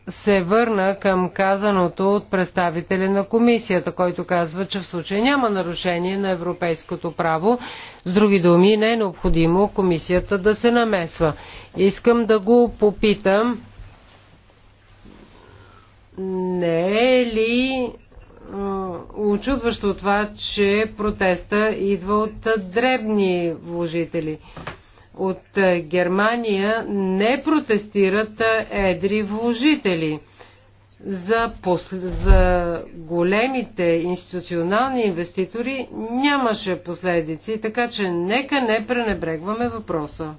се върна към казаното от представителя на комисията, който казва, че в случай няма нарушение на европейското право. С други думи, не е необходимо комисията да се намесва. Искам да го попитам, не е ли очудващо това, че протеста идва от дребни вложители? от е, Германия не протестират е, едри вложители. За, посл... за големите институционални инвеститори нямаше последици, така че нека не пренебрегваме въпроса.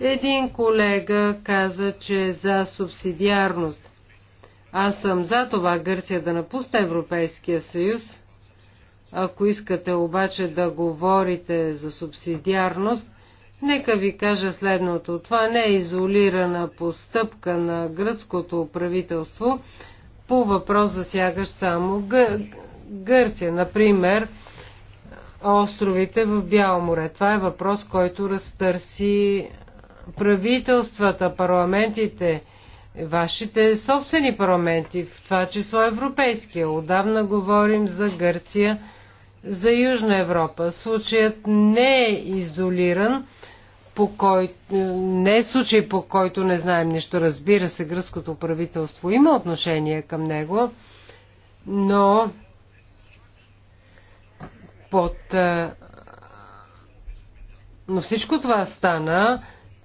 Един колега каза, че е за субсидиарност. Аз съм за това Гърция да напусне Европейския съюз – ако искате обаче да говорите за субсидиарност, нека ви кажа следното. Това не е изолирана постъпка на гръцкото правителство по въпрос засягащ само Гър... Гърция. Например, островите в Бяло море. Това е въпрос, който разтърси правителствата, парламентите, вашите собствени парламенти, в това число европейския. Отдавна говорим за Гърция за Южна Европа. Случаят не е изолиран, по кой... не е случай по който не знаем нищо. Разбира се, гръцкото правителство има отношение към него, но под... Но всичко това стана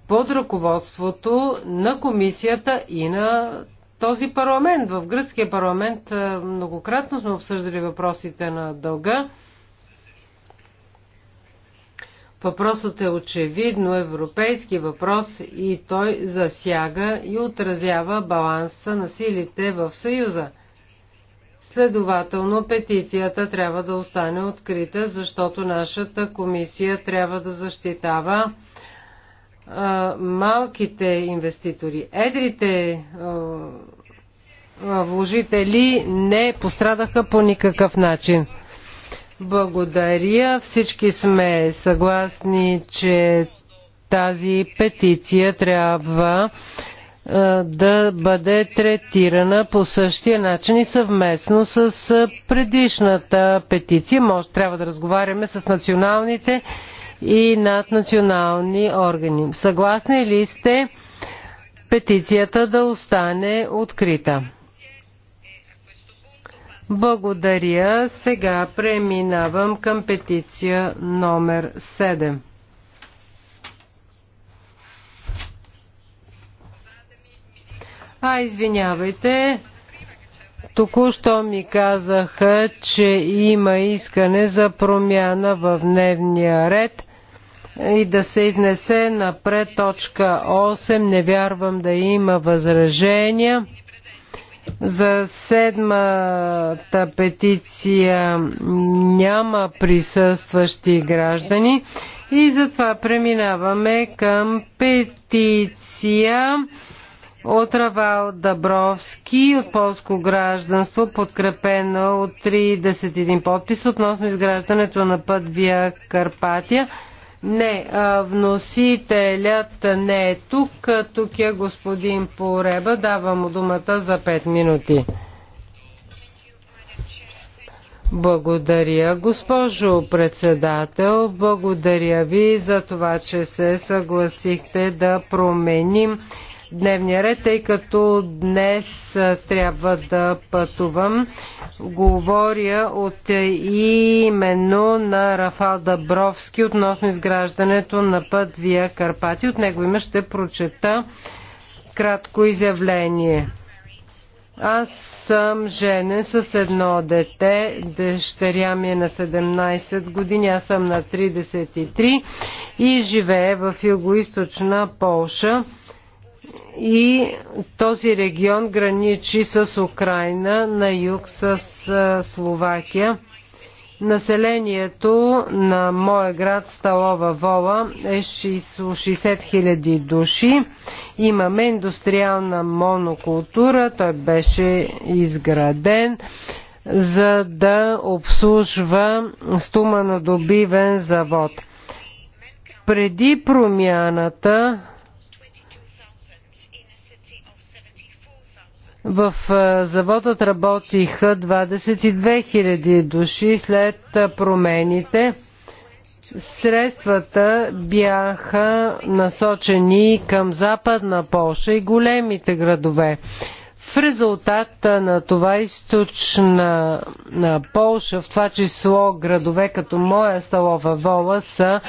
под ръководството на комисията и на този парламент. В гръцкия парламент многократно сме обсъждали въпросите на дълга. Въпросът е очевидно европейски въпрос и той засяга и отразява баланса на силите в Съюза. Следователно, петицията трябва да остане открита, защото нашата комисия трябва да защитава а, малките инвеститори. Едрите а, вложители не пострадаха по никакъв начин. Благодаря. Всички сме съгласни, че тази петиция трябва да бъде третирана по същия начин и съвместно с предишната петиция. Може трябва да разговаряме с националните и наднационални органи. Съгласни ли сте петицията да остане открита? Благодаря. Сега преминавам към петиция номер 7. А, извинявайте. Току-що ми казаха, че има искане за промяна в дневния ред и да се изнесе напред точка 8. Не вярвам да има възражения. За седмата петиция няма присъстващи граждани и затова преминаваме към петиция от Равал Дабровски от полско гражданство, подкрепена от 31 подпис относно изграждането на път Вия Карпатия не, вносителят не е тук. Тук е господин Пореба. Давам му думата за 5 минути. Благодаря, госпожо председател. Благодаря ви за това, че се съгласихте да променим дневния ред, тъй като днес трябва да пътувам. Говоря от именно на Рафал Дабровски относно изграждането на път Вия Карпати. От него име ще прочета кратко изявление. Аз съм женен с едно дете, дъщеря ми е на 17 години, аз съм на 33 и живее в юго-источна Полша и този регион граничи с Украина, на юг с Словакия. Населението на моя град Сталова Вола е 60 000 души. Имаме индустриална монокултура. Той беше изграден за да обслужва стуманодобивен завод. Преди промяната В е, заводът работиха 22 000 души след е, промените. Средствата бяха насочени към западна Полша и големите градове. В резултат е, на това източна на Полша, в това число градове като моя Сталова Вола, са,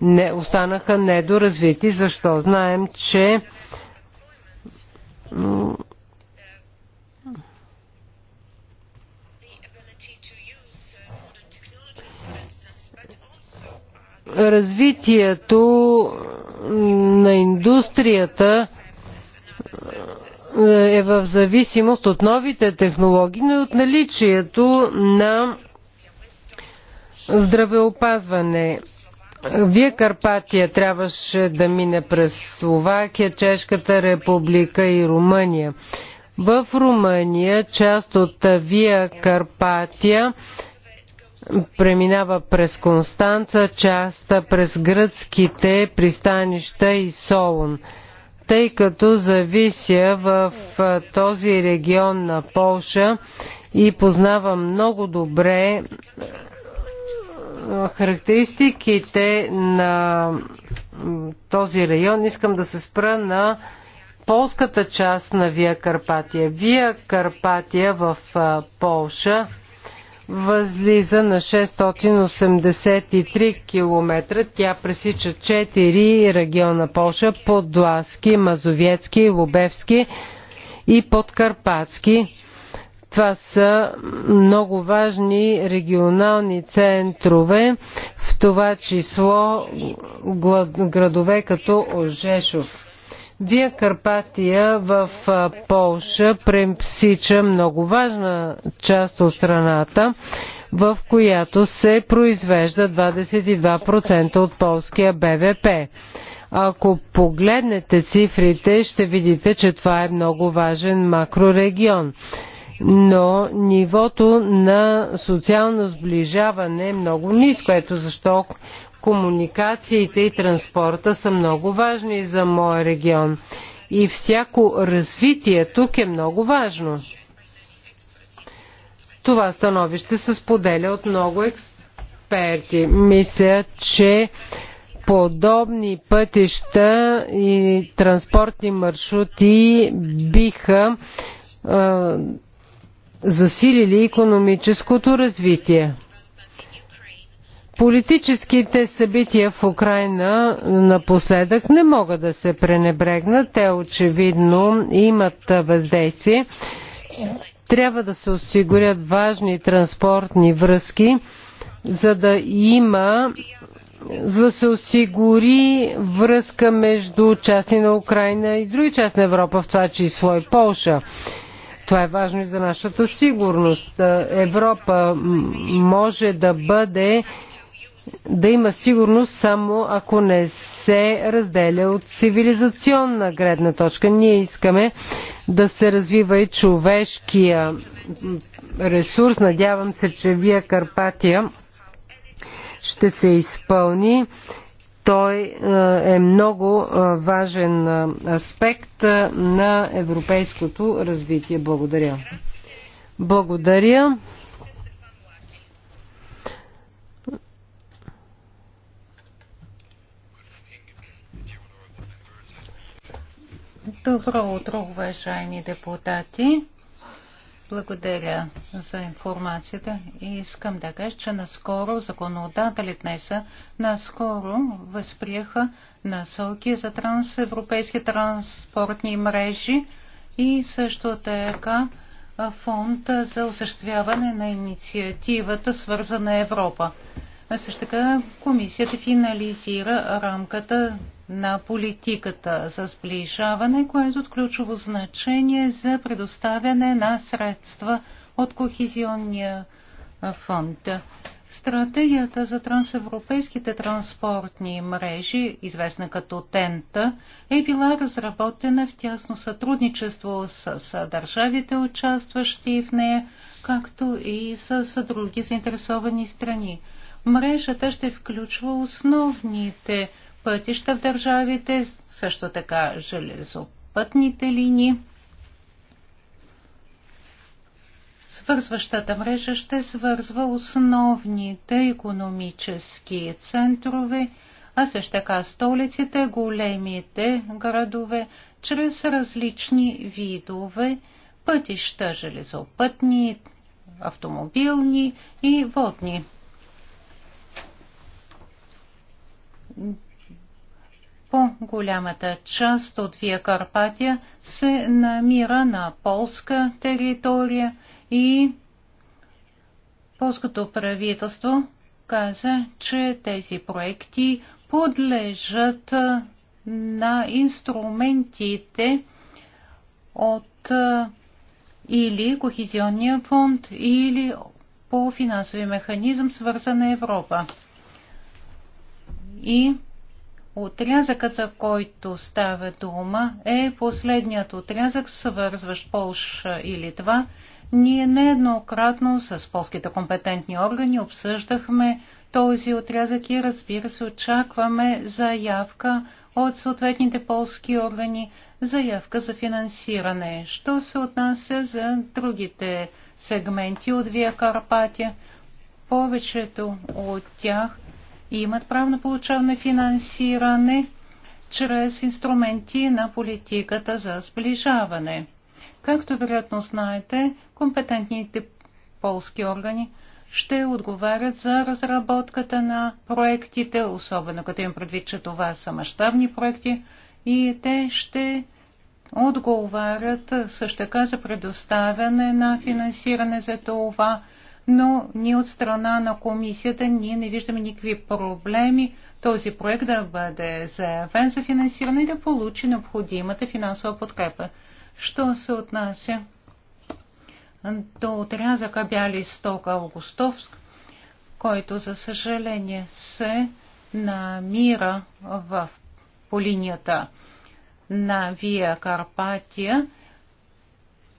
не, останаха недоразвити. Защо? Знаем, че развитието на индустрията е, е в зависимост от новите технологии, но и от наличието на здравеопазване. Вие Карпатия трябваше да мине през Словакия, Чешката република и Румъния. В Румъния част от Вия Карпатия преминава през Констанца, част през гръцките пристанища и Солун. Тъй като завися в този регион на Полша и познавам много добре характеристиките на този район, искам да се спра на полската част на Вия Карпатия. Вия Карпатия в Полша възлиза на 683 км. Тя пресича 4 региона Польша – Подласки, Мазовецки, Лубевски и Подкарпатски. Това са много важни регионални центрове, в това число градове като Ожешов. Вие Карпатия в Полша пресича много важна част от страната, в която се произвежда 22% от полския БВП. Ако погледнете цифрите, ще видите, че това е много важен макрорегион. Но нивото на социално сближаване е много ниско. Ето защо комуникациите и транспорта са много важни за моя регион. И всяко развитие тук е много важно. Това становище се споделя от много експерти. Мисля, че подобни пътища и транспортни маршрути биха е, засилили економическото развитие. Политическите събития в Украина напоследък не могат да се пренебрегнат. Те очевидно имат въздействие. Трябва да се осигурят важни транспортни връзки, за да има за да се осигури връзка между части на Украина и други части на Европа, в това число и Полша. Това е важно и за нашата сигурност. Европа може да бъде да има сигурност само ако не се разделя от цивилизационна гледна точка. Ние искаме да се развива и човешкия ресурс. Надявам се, че Вие Карпатия ще се изпълни. Той е, е много е, важен е, аспект на европейското развитие. Благодаря. Благодаря. Добро утро, уважаеми депутати. Благодаря за информацията и искам да кажа, че наскоро законодатели днес наскоро възприеха насоки за трансевропейски транспортни мрежи и също така фонд за осъществяване на инициативата Свързана Европа. А също така комисията финализира рамката на политиката за сближаване, което е от ключово значение за предоставяне на средства от Кохизионния фонд. Стратегията за трансевропейските транспортни мрежи, известна като ТЕНТА, е била разработена в тясно сътрудничество с, с държавите, участващи в нея, както и с, с други заинтересовани страни. Мрежата ще включва основните пътища в държавите, също така железопътните линии. Свързващата мрежа ще свързва основните економически центрове, а също така столиците, големите градове, чрез различни видове пътища, железопътни, автомобилни и водни. По-голямата част от Вия Карпатия се намира на полска територия и полското правителство каза, че тези проекти подлежат на инструментите от или Кохизионния фонд, или по финансови механизъм свързана Европа. И Отрязъкът, за който става дума, е последният отрязък, свързващ Полша и Литва. Ние нееднократно с полските компетентни органи обсъждахме този отрязък и разбира се очакваме заявка от съответните полски органи, заявка за финансиране. Що се отнася за другите сегменти от Вия Карпатия, повечето от тях – и имат право на получаване финансиране чрез инструменти на политиката за сближаване. Както вероятно знаете, компетентните полски органи ще отговарят за разработката на проектите, особено като им предвид, че това са мащабни проекти и те ще отговарят също така за предоставяне на финансиране за това но ние от страна на комисията ние не виждаме никакви проблеми този проект да бъде заявен за финансиране и да получи необходимата финансова подкрепа. Що се отнася до отрязъка бяли сток Августовск, който за съжаление се намира в по линията на Вия Карпатия,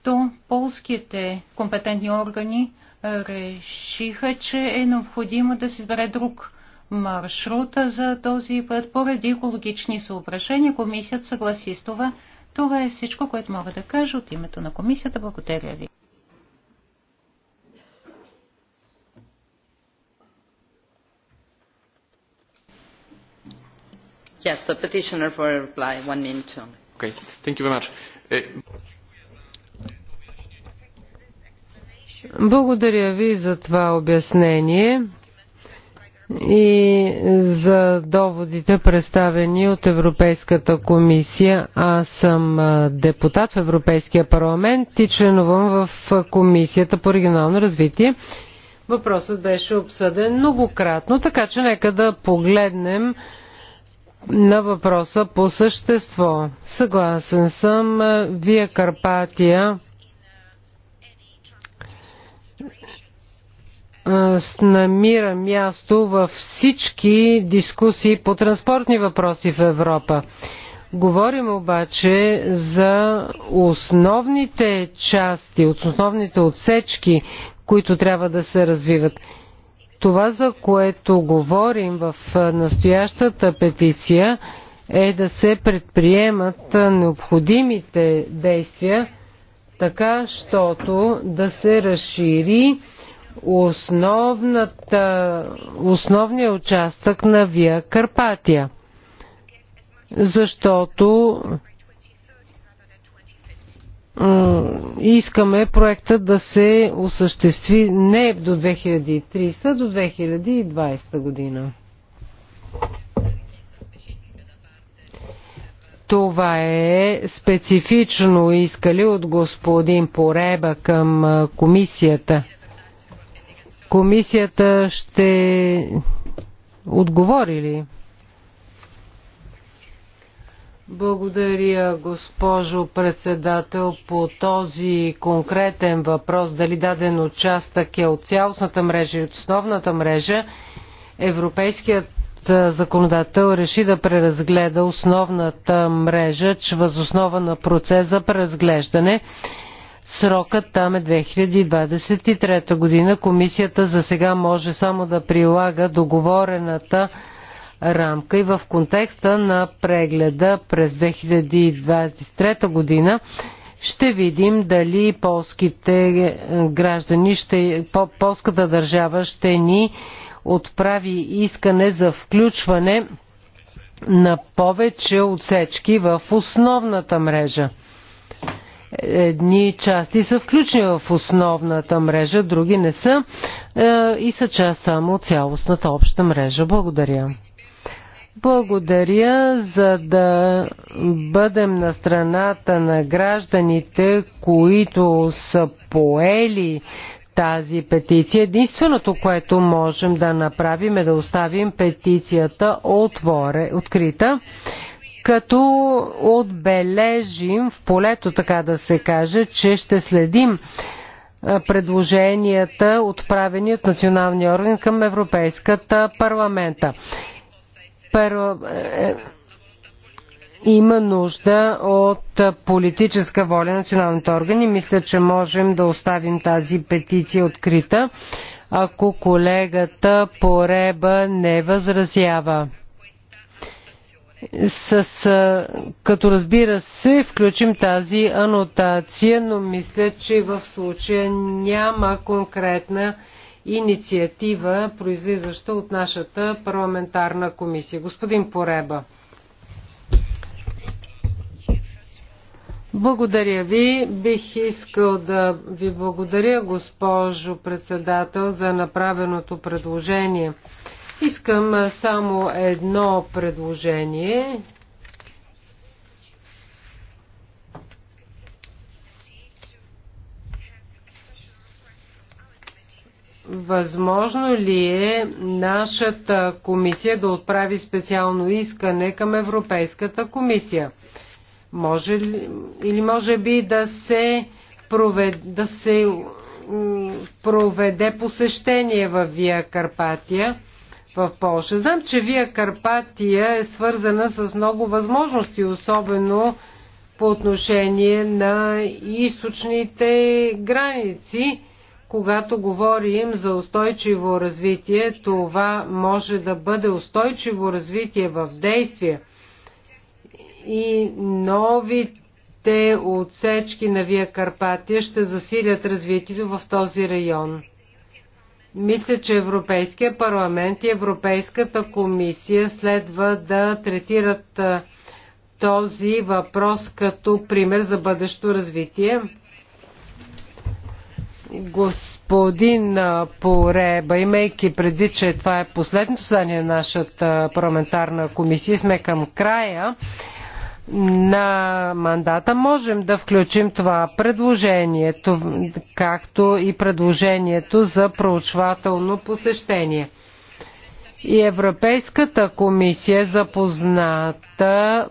то полските компетентни органи решиха, че е необходимо да се избере друг маршрут за този път поради екологични съображения. Комисията съгласи с това. Това е всичко, което мога да кажа от името на комисията. Благодаря ви. Yes, the petitioner for a reply, one minute. Okay, thank you very much. Uh, Благодаря ви за това обяснение и за доводите представени от Европейската комисия. Аз съм депутат в Европейския парламент и членувам в Комисията по регионално развитие. Въпросът беше обсъден многократно, така че нека да погледнем на въпроса по същество. Съгласен съм, Вие Карпатия намира място във всички дискусии по транспортни въпроси в Европа. Говорим обаче за основните части, основните отсечки, които трябва да се развиват. Това, за което говорим в настоящата петиция, е да се предприемат необходимите действия, така, щото да се разшири основната, основния участък на Вия Карпатия. Защото искаме проекта да се осъществи не до 2300, до 2020 година. Това е специфично искали от господин Пореба към комисията. Комисията ще отговори ли? Благодаря, госпожо председател. По този конкретен въпрос, дали даден участък е от цялостната мрежа и от основната мрежа, Европейският законодател реши да преразгледа основната мрежа възоснова на процес за преразглеждане. Срокът там е 2023 година. Комисията за сега може само да прилага договорената рамка и в контекста на прегледа през 2023 година ще видим дали полските е, граждани, ще, по, полската държава ще ни отправи искане за включване на повече отсечки в основната мрежа. Едни части са включени в основната мрежа, други не са е, и са част само от цялостната обща мрежа. Благодаря. Благодаря, за да бъдем на страната на гражданите, които са поели тази петиция. Единственото, което можем да направим е да оставим петицията отворе, открита, като отбележим в полето, така да се каже, че ще следим предложенията, отправени от националния орган към Европейската парламента. Първо, е, е, има нужда от политическа воля на националните органи. Мисля, че можем да оставим тази петиция открита, ако колегата Пореба не възразява. С, като разбира се, включим тази анотация, но мисля, че в случая няма конкретна инициатива, произлизаща от нашата парламентарна комисия. Господин Пореба. Благодаря ви. Бих искал да ви благодаря, госпожо председател, за направеното предложение. Искам само едно предложение. Възможно ли е нашата комисия да отправи специално искане към Европейската комисия? Може ли, или може би да се, проведе, да се проведе посещение в Вия Карпатия в Польша. Знам, че Вия Карпатия е свързана с много възможности, особено по отношение на източните граници. Когато говорим за устойчиво развитие, това може да бъде устойчиво развитие в действие – и новите отсечки на Вия Карпатия ще засилят развитието в този район. Мисля, че Европейския парламент и Европейската комисия следва да третират този въпрос като пример за бъдещо развитие. Господин Пореба, имайки преди, че това е последното съдание на нашата парламентарна комисия, сме към края на мандата можем да включим това предложение, както и предложението за проучвателно посещение. И Европейската комисия е запозната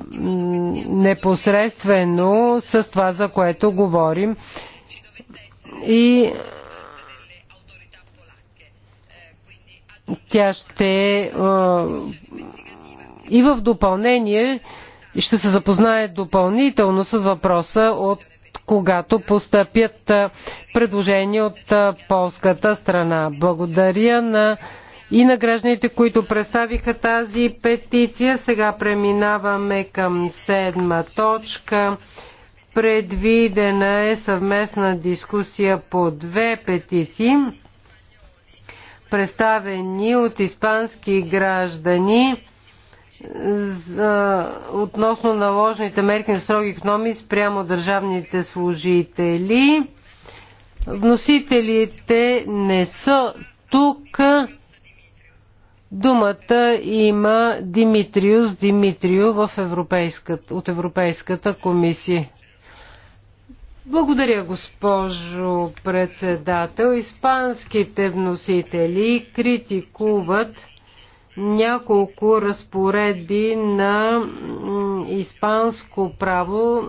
непосредствено с това, за което говорим. И тя ще е, и в допълнение ще се запознае допълнително с въпроса от когато постъпят предложения от полската страна. Благодаря на и на гражданите, които представиха тази петиция. Сега преминаваме към седма точка. Предвидена е съвместна дискусия по две петиции, представени от испански граждани за, относно наложените мерки на строги економии спрямо държавните служители. Вносителите не са тук. Думата има Димитриус Димитрио в Европейската, от Европейската комисия. Благодаря, госпожо председател. Испанските вносители критикуват няколко разпоредби на испанско право,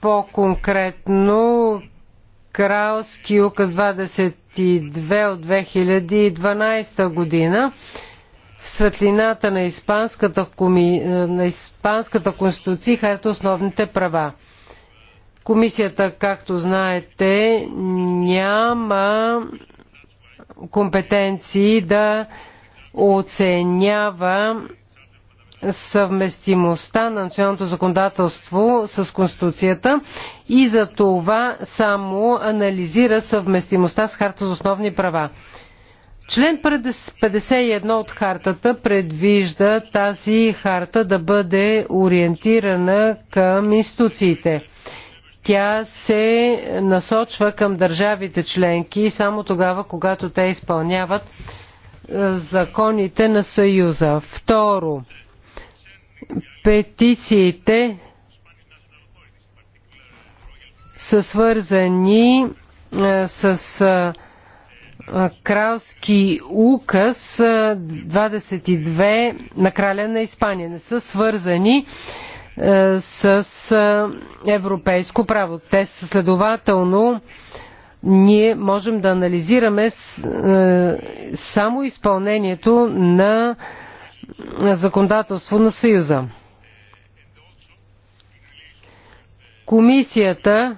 по-конкретно Кралски указ 22 от 2012 година в светлината на Испанската, коми... на Испанската конституция харта основните права. Комисията, както знаете, няма компетенции да оценява съвместимостта на националното законодателство с Конституцията и за това само анализира съвместимостта с Харта за основни права. Член 51 от хартата предвижда тази харта да бъде ориентирана към институциите. Тя се насочва към държавите членки само тогава, когато те изпълняват законите на Съюза. Второ, петициите са свързани с кралски указ 22 на краля на Испания. Не са свързани с европейско право. Те са следователно ние можем да анализираме е, само изпълнението на законодателство на Съюза. Комисията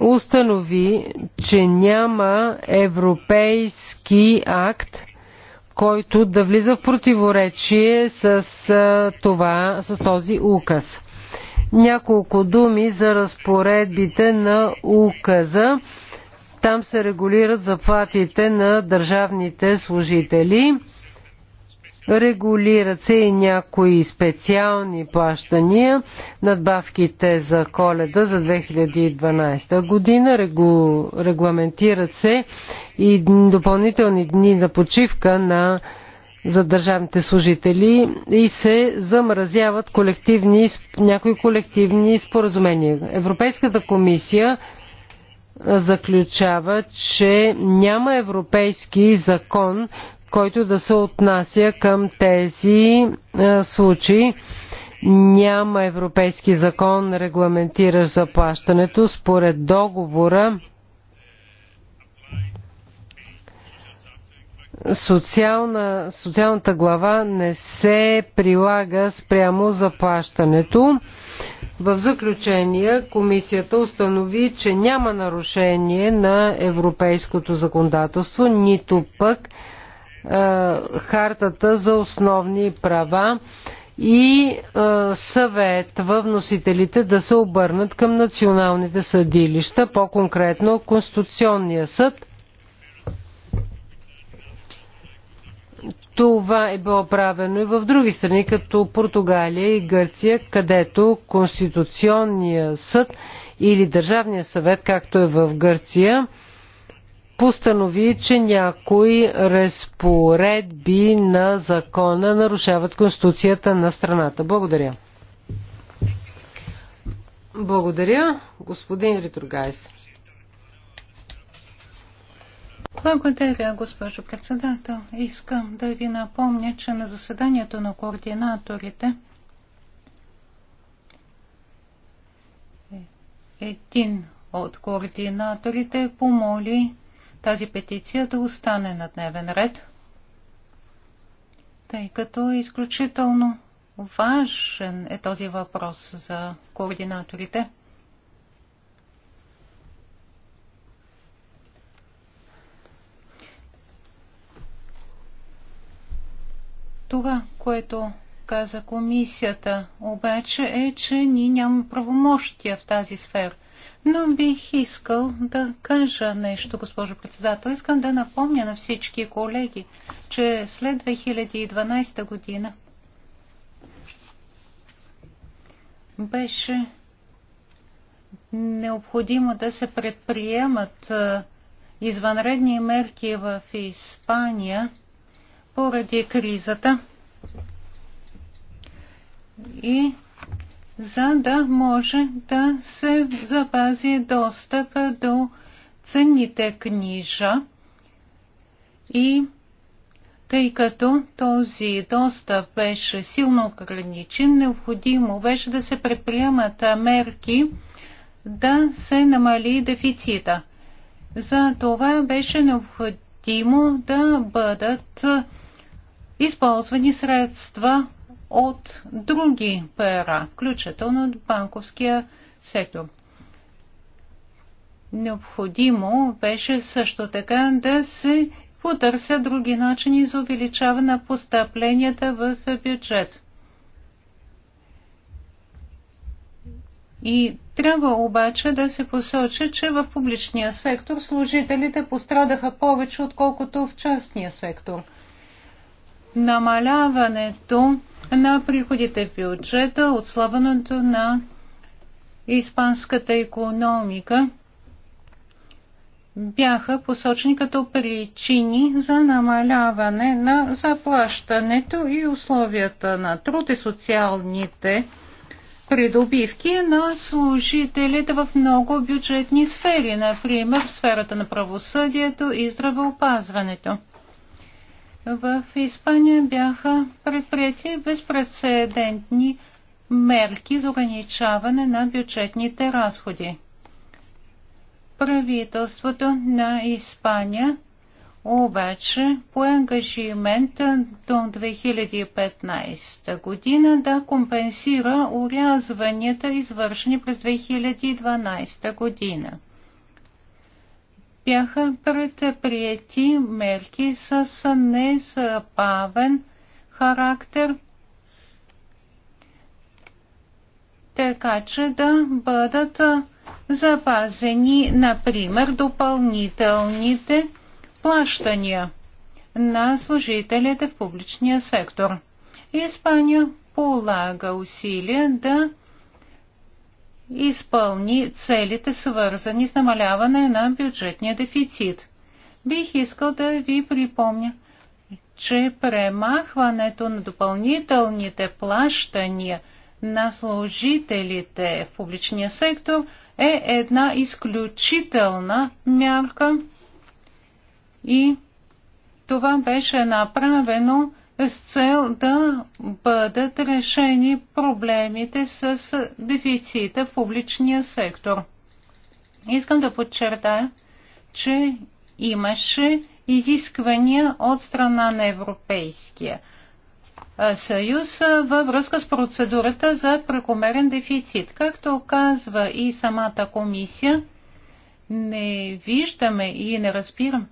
установи, че няма европейски акт, който да влиза в противоречие с, е, това, с този указ. Няколко думи за разпоредбите на указа. Там се регулират заплатите на държавните служители. Регулират се и някои специални плащания, надбавките за коледа за 2012 година, регу... регламентират се и допълнителни дни за почивка на за държавните служители и се замразяват колективни, някои колективни споразумения. Европейската комисия заключава, че няма европейски закон, който да се отнася към тези случаи. Няма европейски закон, регламентиращ заплащането. Според договора социална, социалната глава не се прилага спрямо заплащането. В заключение комисията установи, че няма нарушение на европейското законодателство, нито пък е, хартата за основни права и е, съветва вносителите да се обърнат към националните съдилища, по-конкретно Конституционния съд – Това е било правено и в други страни, като Португалия и Гърция, където Конституционния съд или Държавния съвет, както е в Гърция, постанови, че някои разпоредби на закона нарушават Конституцията на страната. Благодаря. Благодаря, господин Ритургайс. Благодаря, госпожо председател. Искам да ви напомня, че на заседанието на координаторите един от координаторите помоли тази петиция да остане на дневен ред, тъй като е изключително важен е този въпрос за координаторите. Това, което каза комисията, обаче е, че ние нямаме правомощия в тази сфера. Но бих искал да кажа нещо, госпожо председател. Искам да напомня на всички колеги, че след 2012 година беше необходимо да се предприемат извънредни мерки в Испания поради кризата – и за да може да се запази достъп до ценните книжа и тъй като този достъп беше силно ограничен, необходимо беше да се предприемат мерки да се намали дефицита. За това беше необходимо да бъдат използвани средства от други ПРА, включително от банковския сектор. Необходимо беше също така да се потърся други начини за увеличаване на постъпленията в бюджет. И трябва обаче да се посочи, че в публичния сектор служителите пострадаха повече, отколкото в частния сектор – намаляването на приходите в бюджета, отслабването на испанската економика бяха посочени като причини за намаляване на заплащането и условията на труд и социалните придобивки на служителите в много бюджетни сфери, например в сферата на правосъдието и здравеопазването. В Испания бяха предприяти безпредседентни мерки за ограничаване на бюджетните разходи. Правителството на Испания обаче по ангажимент до 2015 година да компенсира урязванията, извършени през 2012 година бяха предприяти мерки с незабавен характер, така че да бъдат запазени, например, допълнителните плащания на служителите в публичния сектор. Испания полага усилия да изпълни целите, свързани с намаляване на бюджетния дефицит. Бих искал да ви припомня, че премахването на допълнителните плащания на служителите в публичния сектор е една изключителна мярка и това беше направено с цел да бъдат решени проблемите с дефицита в публичния сектор. Искам да подчертая, че имаше изисквания от страна на Европейския съюз във връзка с процедурата за прекомерен дефицит. Както казва и самата комисия, не виждаме и не разбирам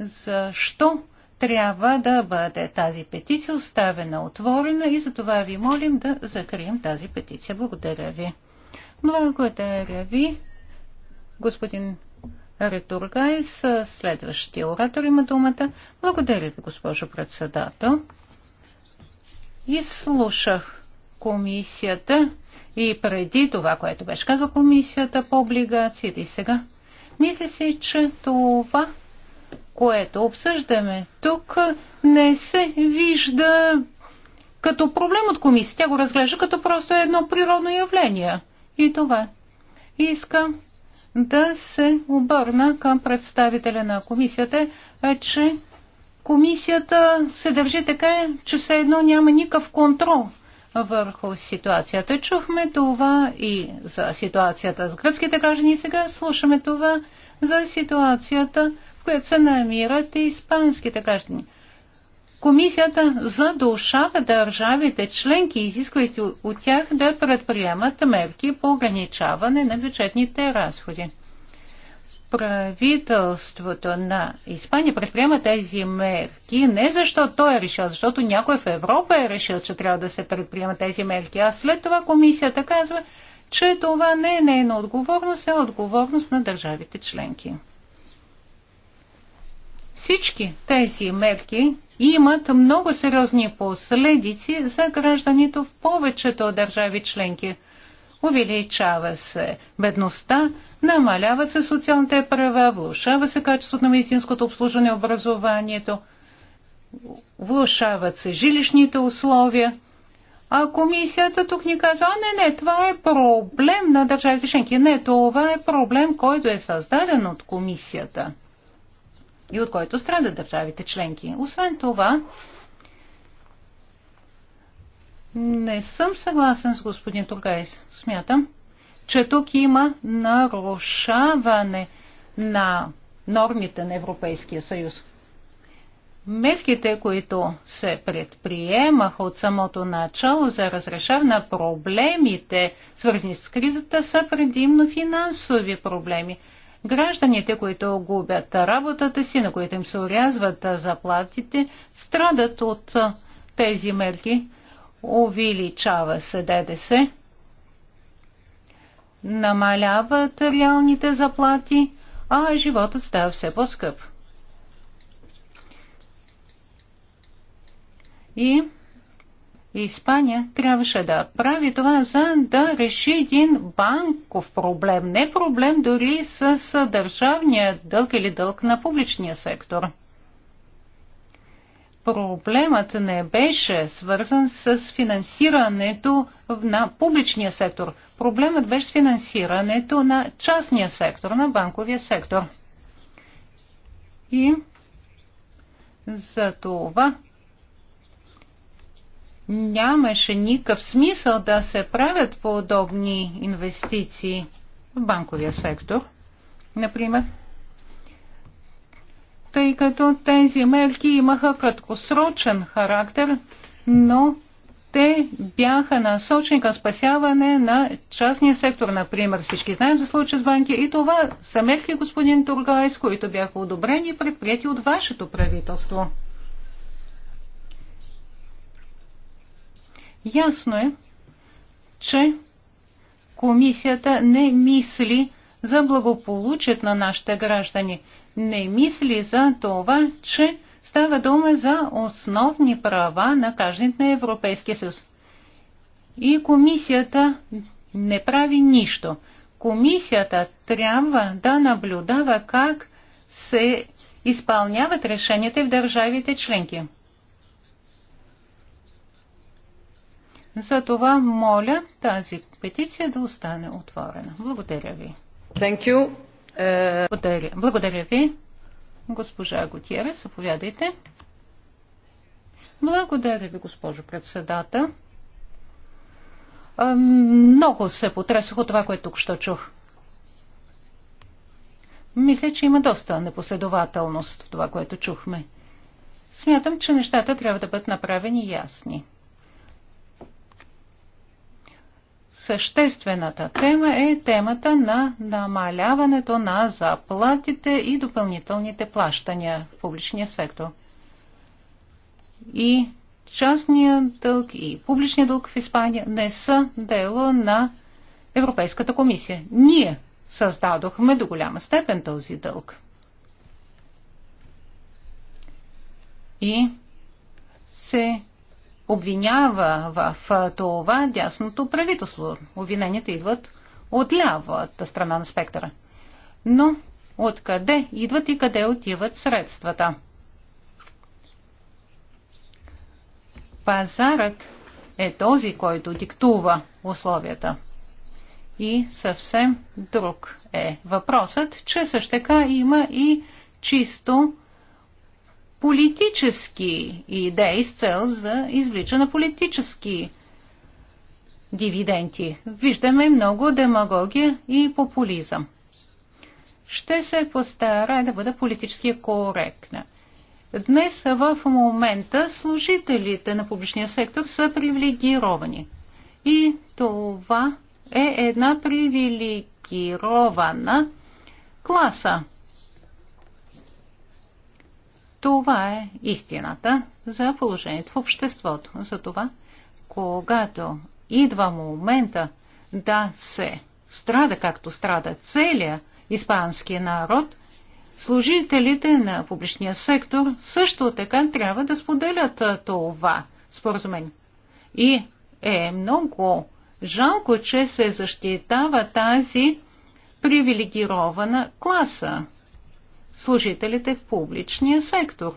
защо трябва да бъде тази петиция оставена отворена и за това ви молим да закрием тази петиция. Благодаря ви. Благодаря ви, господин Ретургайс. Следващия оратор има думата. Благодаря ви, госпожо председател. Изслушах комисията и преди това, което беше казал комисията по облигациите и сега. Мисля си, че това което обсъждаме тук, не се вижда като проблем от комисията. Тя го разглежда като просто едно природно явление. И това. Искам да се обърна към представителя на комисията, че комисията се държи така, че все едно няма никакъв контрол върху ситуацията. Чухме това и за ситуацията с гръцките граждани. Сега слушаме това за ситуацията която се намират и испанските граждани. Комисията задушава държавите членки, изисквайки от тях да предприемат мерки по ограничаване на бюджетните разходи. Правителството на Испания предприема тези мерки не защото той е решил, защото някой в Европа е решил, че трябва да се предприемат тези мерки, а след това комисията казва, че това не е нейна отговорност, а отговорност на държавите членки. Всички тези мерки имат много сериозни последици за гражданите в повечето държави членки. Увеличава се бедността, намаляват се социалните права, влушава се качеството на медицинското обслужване и образованието, влушават се жилищните условия. А комисията тук ни казва, а не, не, това е проблем на държавите членки. Не, това е проблем, който е създаден от комисията и от който страдат държавите членки. Освен това, не съм съгласен с господин Тургайс. Смятам, че тук има нарушаване на нормите на Европейския съюз. Мерките, които се предприемаха от самото начало за разрешаване на проблемите, свързани с кризата, са предимно финансови проблеми. Гражданите, които губят работата си, на които им се урязват заплатите, страдат от тези мерки. Увеличава се ДДС, намаляват реалните заплати, а животът става все по-скъп. И Испания трябваше да прави това, за да реши един банков проблем. Не проблем дори с държавния дълг или дълг на публичния сектор. Проблемът не беше свързан с финансирането на публичния сектор. Проблемът беше с финансирането на частния сектор, на банковия сектор. И за това нямаше никакъв смисъл да се правят подобни инвестиции в банковия сектор, например, тъй като тези мерки имаха краткосрочен характер, но те бяха насочени към спасяване на частния сектор, например. Всички знаем за случай с банки и това са мерки, господин Тургайс, които бяха одобрени и предприяти от вашето правителство. Ясно е, че комисията не мисли за благополучието на нашите граждани, не мисли за това, че става дума за основни права на гражданите на Европейския съюз. И комисията не прави нищо. Комисията трябва да наблюдава как се изпълняват решенията в държавите членки. Затова моля тази петиция да остане отворена. Благодаря ви. Thank you. Uh... Благодаря. Благодаря ви. Госпожа Готиера, заповядайте. Благодаря ви, госпожо председател. Е, много се потресох от това, което тук що чух. Мисля, че има доста непоследователност в това, което чухме. Смятам, че нещата трябва да бъдат направени ясни. съществената тема е темата на намаляването на заплатите и допълнителните плащания в публичния сектор. И частният дълг и публичният дълг в Испания не са дело на Европейската комисия. Ние създадохме до голяма степен този дълг. И се обвинява в това дясното правителство. Обвиненията идват от лявата страна на спектъра. Но откъде идват и къде отиват средствата? Пазарът е този, който диктува условията. И съвсем друг е въпросът, че също така има и чисто политически идеи с цел за на политически дивиденти. Виждаме много демагогия и популизъм. Ще се постара да бъда политически коректна. Днес в момента служителите на публичния сектор са привилегировани. И това е една привилегирована класа. Това е истината за положението в обществото. Затова, когато идва момента да се страда, както страда целият испански народ, служителите на публичния сектор също така трябва да споделят това споразумение. И е много жалко, че се защитава тази привилегирована класа служителите в публичния сектор.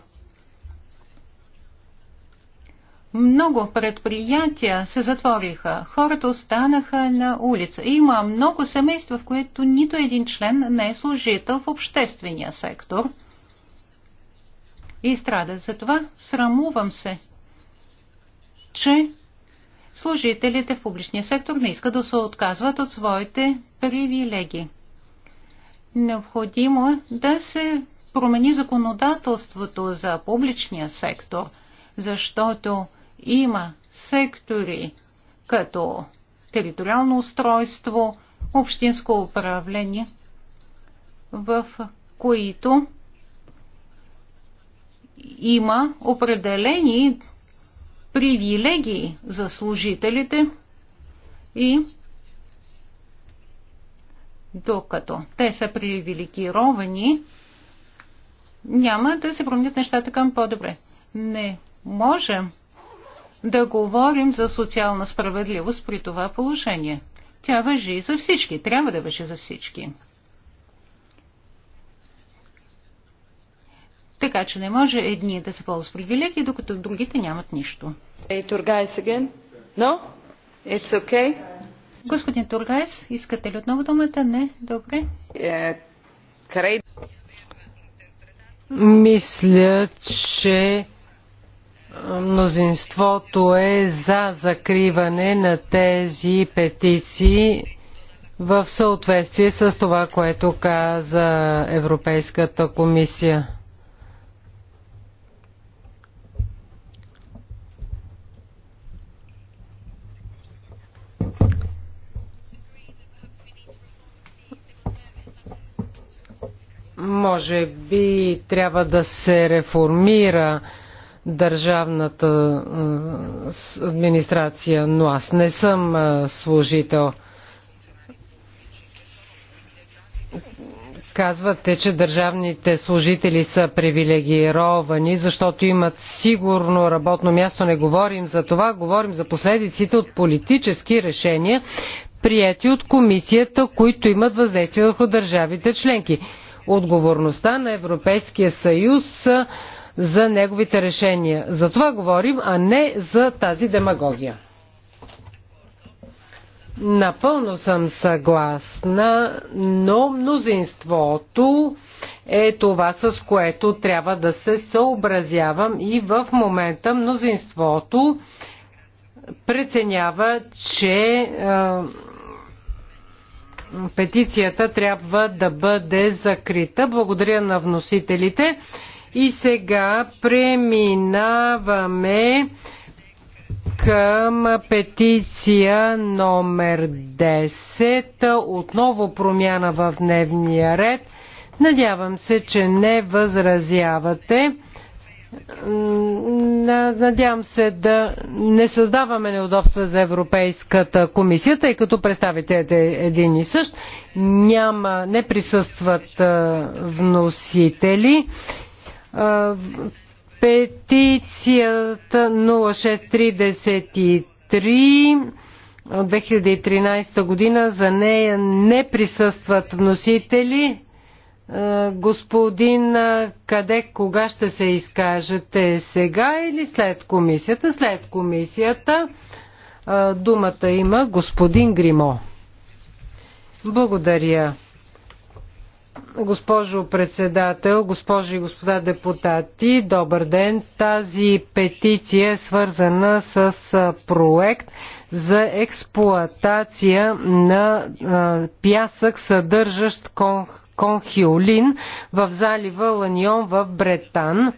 Много предприятия се затвориха, хората останаха на улица. Има много семейства, в които нито един член не е служител в обществения сектор. И страда за това, срамувам се, че служителите в публичния сектор не искат да се отказват от своите привилегии. Необходимо е да се промени законодателството за публичния сектор, защото има сектори като териториално устройство, общинско управление, в които има определени привилегии за служителите и докато те са привилегировани, няма да се променят нещата към по-добре. Не можем да говорим за социална справедливост при това положение. Тя въжи за всички, трябва да въжи за всички. Така че не може едни да се ползват привилегии, докато другите нямат нищо. Hey, again? No? It's okay? Господин Тургайс, искате ли отново думата? Не? Добре. Е, Мисля, че мнозинството е за закриване на тези петиции в съответствие с това, което каза Европейската комисия. Може би трябва да се реформира държавната администрация, но аз не съм служител. Казвате, че държавните служители са привилегировани, защото имат сигурно работно място. Не говорим за това, говорим за последиците от политически решения, прияти от комисията, които имат въздействие върху държавите членки отговорността на Европейския съюз за неговите решения. За това говорим, а не за тази демагогия. Напълно съм съгласна, но мнозинството е това, с което трябва да се съобразявам и в момента мнозинството преценява, че петицията трябва да бъде закрита. Благодаря на вносителите. И сега преминаваме към петиция номер 10. Отново промяна в дневния ред. Надявам се, че не възразявате. Надявам се да не създаваме неудобства за Европейската комисия, тъй като представителите е един и същ. Няма, не присъстват вносители. Петицията 0633 от 2013 година за нея не присъстват вносители. Е, господин е, Къде кога ще се изкажете? Сега или след комисията? След комисията е, думата има господин Гримо. Благодаря. Госпожо председател, госпожи и господа депутати, добър ден. Тази петиция е свързана с проект за експлоатация на пясък, съдържащ конх Конхиолин в залива Ланьон в Бретан.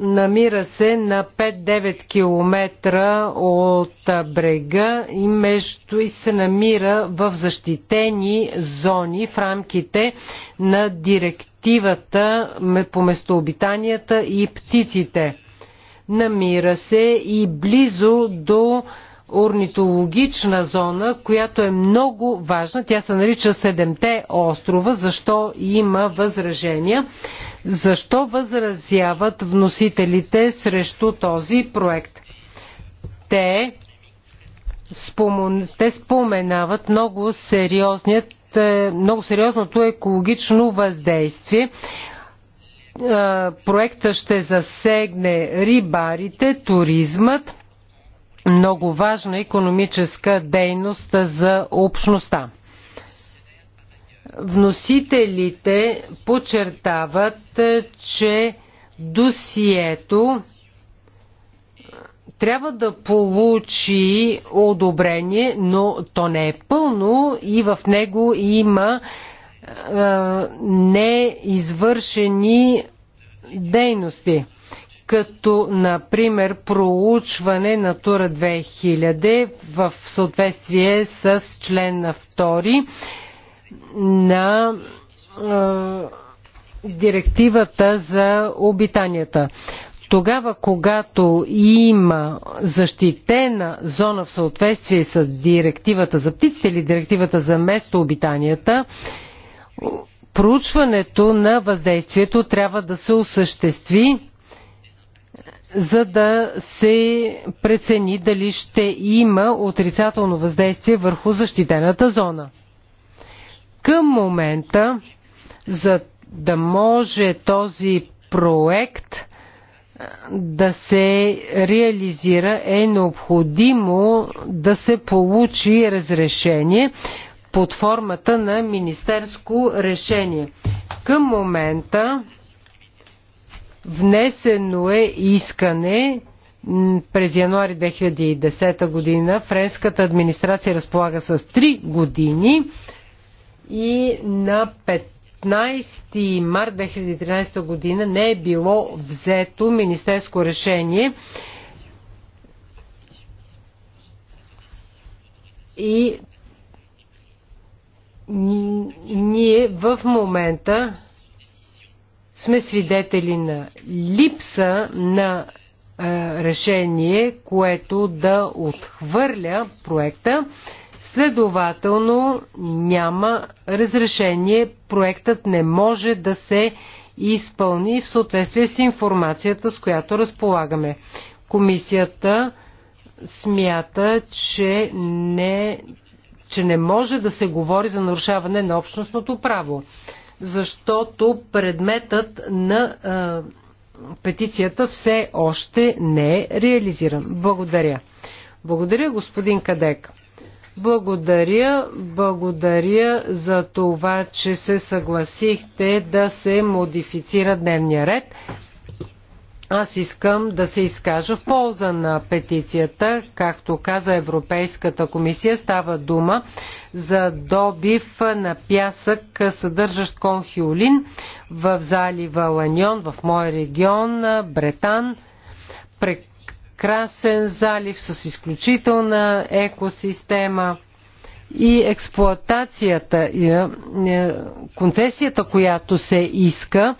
Намира се на 5-9 км от брега и, между, и се намира в защитени зони в рамките на директивата по местообитанията и птиците намира се и близо до орнитологична зона, която е много важна. Тя се нарича Седемте острова. Защо има възражения? Защо възразяват вносителите срещу този проект? Те, спомен... те споменават много, сериозният, е, много сериозното екологично въздействие. Е, проекта ще засегне рибарите, туризмът, много важна економическа дейност за общността. Вносителите подчертават, че досието трябва да получи одобрение, но то не е пълно и в него има е, неизвършени дейности като например проучване на Тура 2000 в съответствие с член втори на е, директивата за обитанията. Тогава, когато има защитена зона в съответствие с директивата за птиците или директивата за местообитанията, проучването на въздействието трябва да се осъществи за да се прецени дали ще има отрицателно въздействие върху защитената зона. Към момента, за да може този проект да се реализира, е необходимо да се получи разрешение под формата на министерско решение. Към момента Внесено е искане през януари 2010 година. Френската администрация разполага с 3 години и на 15 март 2013 година не е било взето министерско решение и ние в момента сме свидетели на липса на решение, което да отхвърля проекта. Следователно няма разрешение, проектът не може да се изпълни в съответствие с информацията, с която разполагаме. Комисията смята, че не, че не може да се говори за нарушаване на общностното право защото предметът на а, петицията все още не е реализиран. Благодаря. Благодаря, господин Кадек. Благодаря, благодаря за това, че се съгласихте да се модифицира дневния ред. Аз искам да се изкажа в полза на петицията. Както каза Европейската комисия, става дума за добив на пясък, съдържащ конхиолин в залива Ланьон, в мой регион, Бретан. Прекрасен залив с изключителна екосистема и експлоатацията, е, е, концесията, която се иска,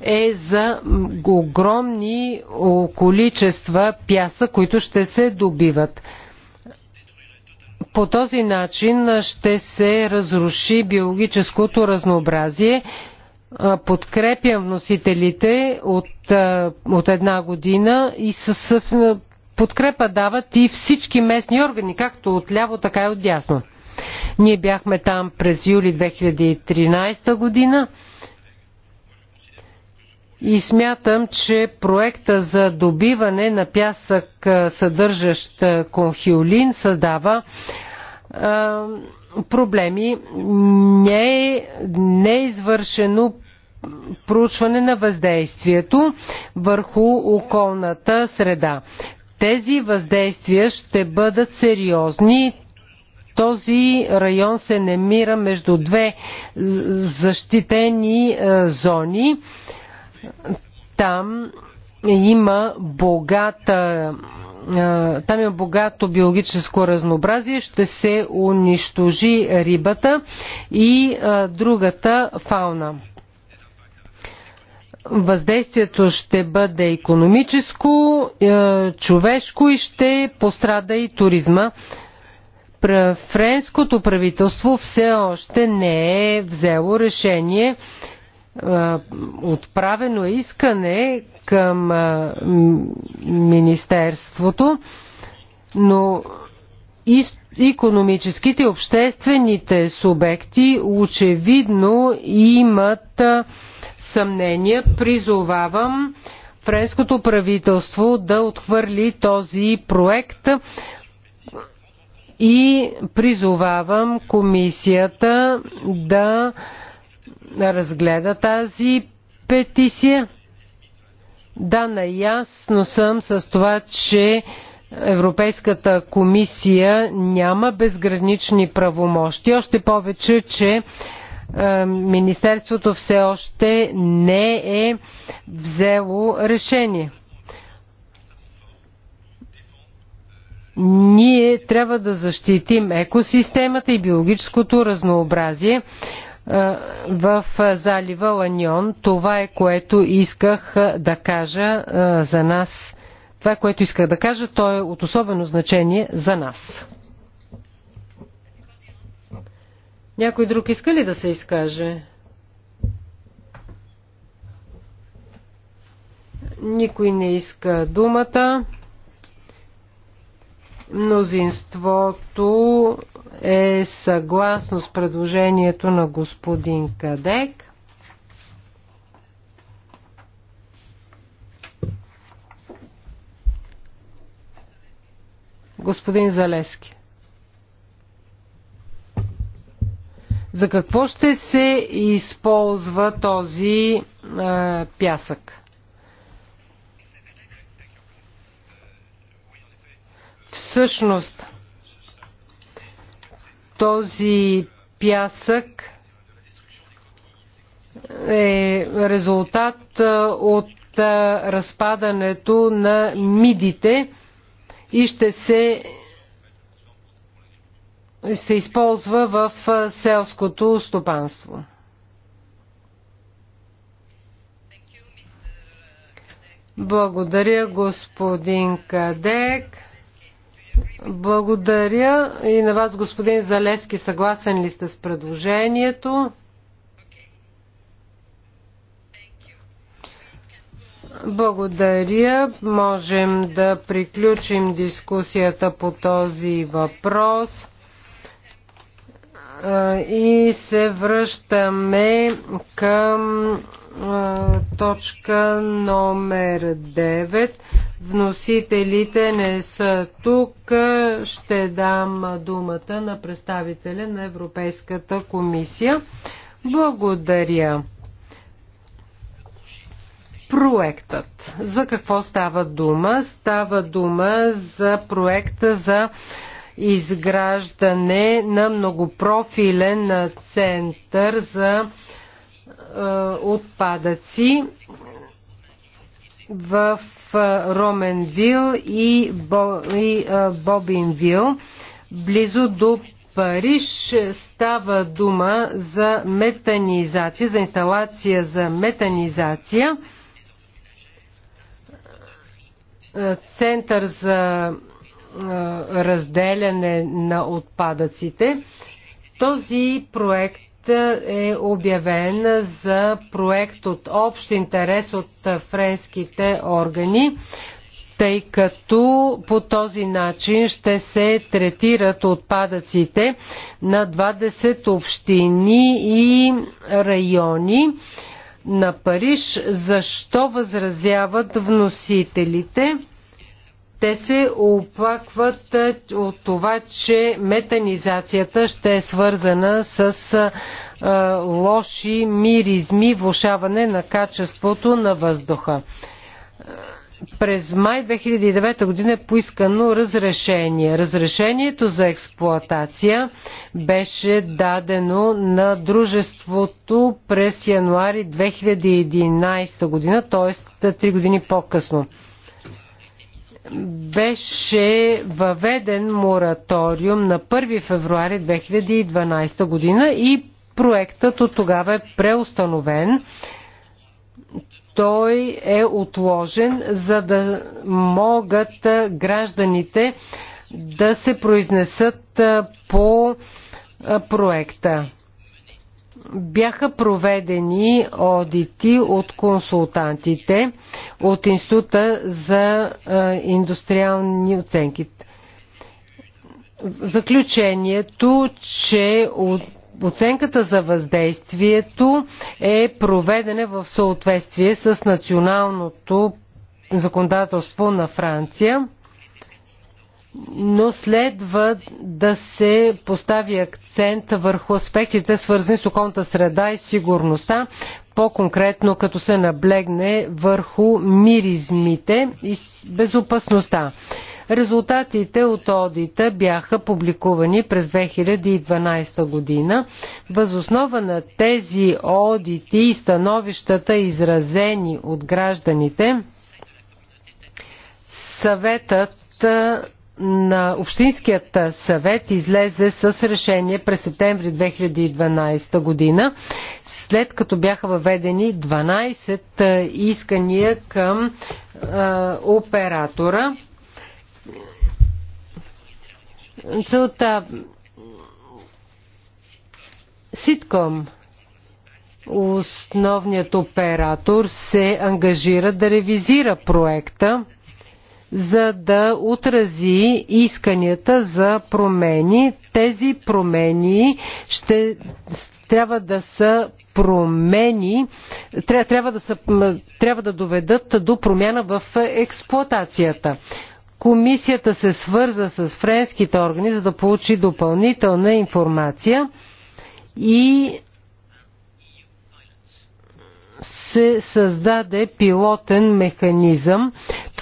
е за огромни количества пяса, които ще се добиват. По този начин ще се разруши биологическото разнообразие. Подкрепям вносителите от, от една година и с подкрепа дават и всички местни органи, както от ляво, така и от дясно. Ние бяхме там през юли 2013 година и смятам, че проекта за добиване на пясък, съдържащ конхиолин, създава проблеми. Не е, не е извършено проучване на въздействието върху околната среда. Тези въздействия ще бъдат сериозни. Този район се намира между две защитени зони. Там има богата там има богато биологическо разнообразие, ще се унищожи рибата и другата фауна. Въздействието ще бъде економическо, човешко и ще пострада и туризма. Френското правителство все още не е взело решение отправено е искане към Министерството, но и економическите и обществените субекти очевидно имат съмнения. Призовавам френското правителство да отхвърли този проект и призовавам комисията да разгледа тази петиция. Да, наясно съм с това, че Европейската комисия няма безгранични правомощи. Още повече, че е, Министерството все още не е взело решение. Ние трябва да защитим екосистемата и биологическото разнообразие е, в залива Ланьон. Това е което исках е, да кажа е, за нас. Това е което исках да кажа. То е от особено значение за нас. Някой друг иска ли да се изкаже? Никой не иска думата. Мнозинството е съгласно с предложението на господин Кадек. Господин Залески. За какво ще се използва този а, е, пясък? Всъщност, този пясък е резултат е, от е, разпадането на мидите и ще се се използва в е, селското стопанство. Благодаря, господин Кадек. Благодаря и на вас, господин Залески. Съгласен ли сте с предложението? Благодаря. Можем да приключим дискусията по този въпрос. И се връщаме към точка номер 9. Вносителите не са тук. Ще дам думата на представителя на Европейската комисия. Благодаря. Проектът. За какво става дума? Става дума за проекта за изграждане на многопрофилен център за е, отпадъци в Роменвил и, Бо, и Бобинвил, близо до Париж става дума за метанизация, за инсталация за метанизация, център за разделяне на отпадъците. Този проект е обявен за проект от общ интерес от френските органи, тъй като по този начин ще се третират отпадъците на 20 общини и райони на Париж. Защо възразяват вносителите? Те се оплакват е, от това, че метанизацията ще е свързана с е, лоши миризми, влушаване на качеството на въздуха. През май 2009 година е поискано разрешение. Разрешението за експлоатация беше дадено на дружеството през януари 2011 година, т.е. 3 години по-късно беше въведен мораториум на 1 февруари 2012 година и проектът от тогава е преустановен. Той е отложен, за да могат гражданите да се произнесат по проекта бяха проведени одити от консултантите от Института за индустриални оценки. Заключението, че оценката за въздействието е проведена в съответствие с националното законодателство на Франция но следва да се постави акцент върху аспектите, свързани с околната среда и сигурността, по-конкретно като се наблегне върху миризмите и безопасността. Резултатите от одита бяха публикувани през 2012 година. Възоснова на тези одити и становищата, изразени от гражданите, съветът на Общинският съвет излезе с решение през септември 2012 година, след като бяха въведени 12 искания към е, оператора. Целта Ситком основният оператор се ангажира да ревизира проекта за да отрази исканията за промени. Тези промени ще трябва да са промени, трябва, трябва, да са, трябва да доведат до промяна в експлуатацията. Комисията се свърза с френските органи, за да получи допълнителна информация и се създаде пилотен механизъм,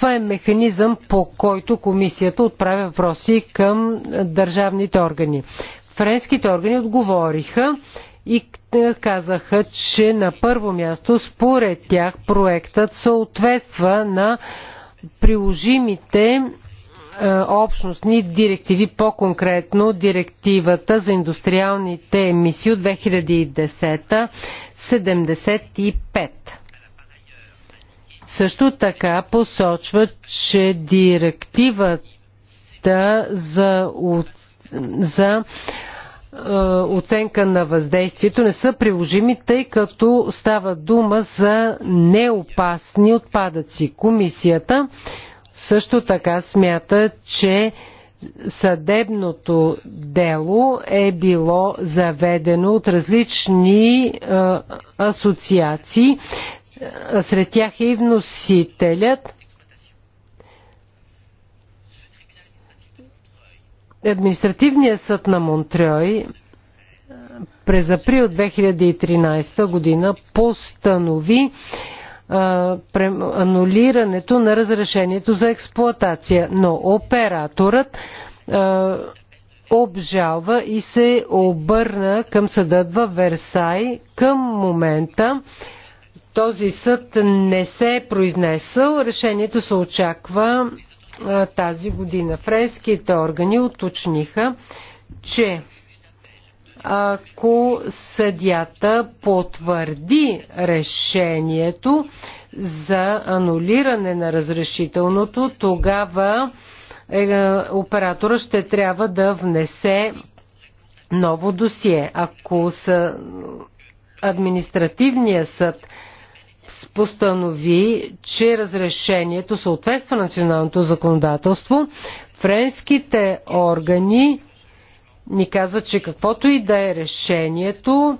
това е механизъм, по който комисията отправя въпроси към държавните органи. Френските органи отговориха и е, казаха, че на първо място според тях проектът съответства на приложимите е, общностни директиви, по-конкретно директивата за индустриалните емисии от 2010-75. Също така посочва, че директивата за, за е, оценка на въздействието не са приложими, тъй като става дума за неопасни отпадъци. Комисията също така смята, че съдебното дело е било заведено от различни е, асоциации сред тях е и вносителят. Административният съд на Монтрой през април 2013 година постанови анулирането на разрешението за експлоатация, но операторът а, обжалва и се обърна към съдът във Версай. Към момента този съд не се е произнесъл. Решението се очаква тази година. Френските органи уточниха, че ако съдята потвърди решението за анулиране на разрешителното, тогава е, оператора ще трябва да внесе ново досие. Ако са административния съд постанови, че разрешението съответства на националното законодателство. Френските органи ни казват, че каквото и да е решението,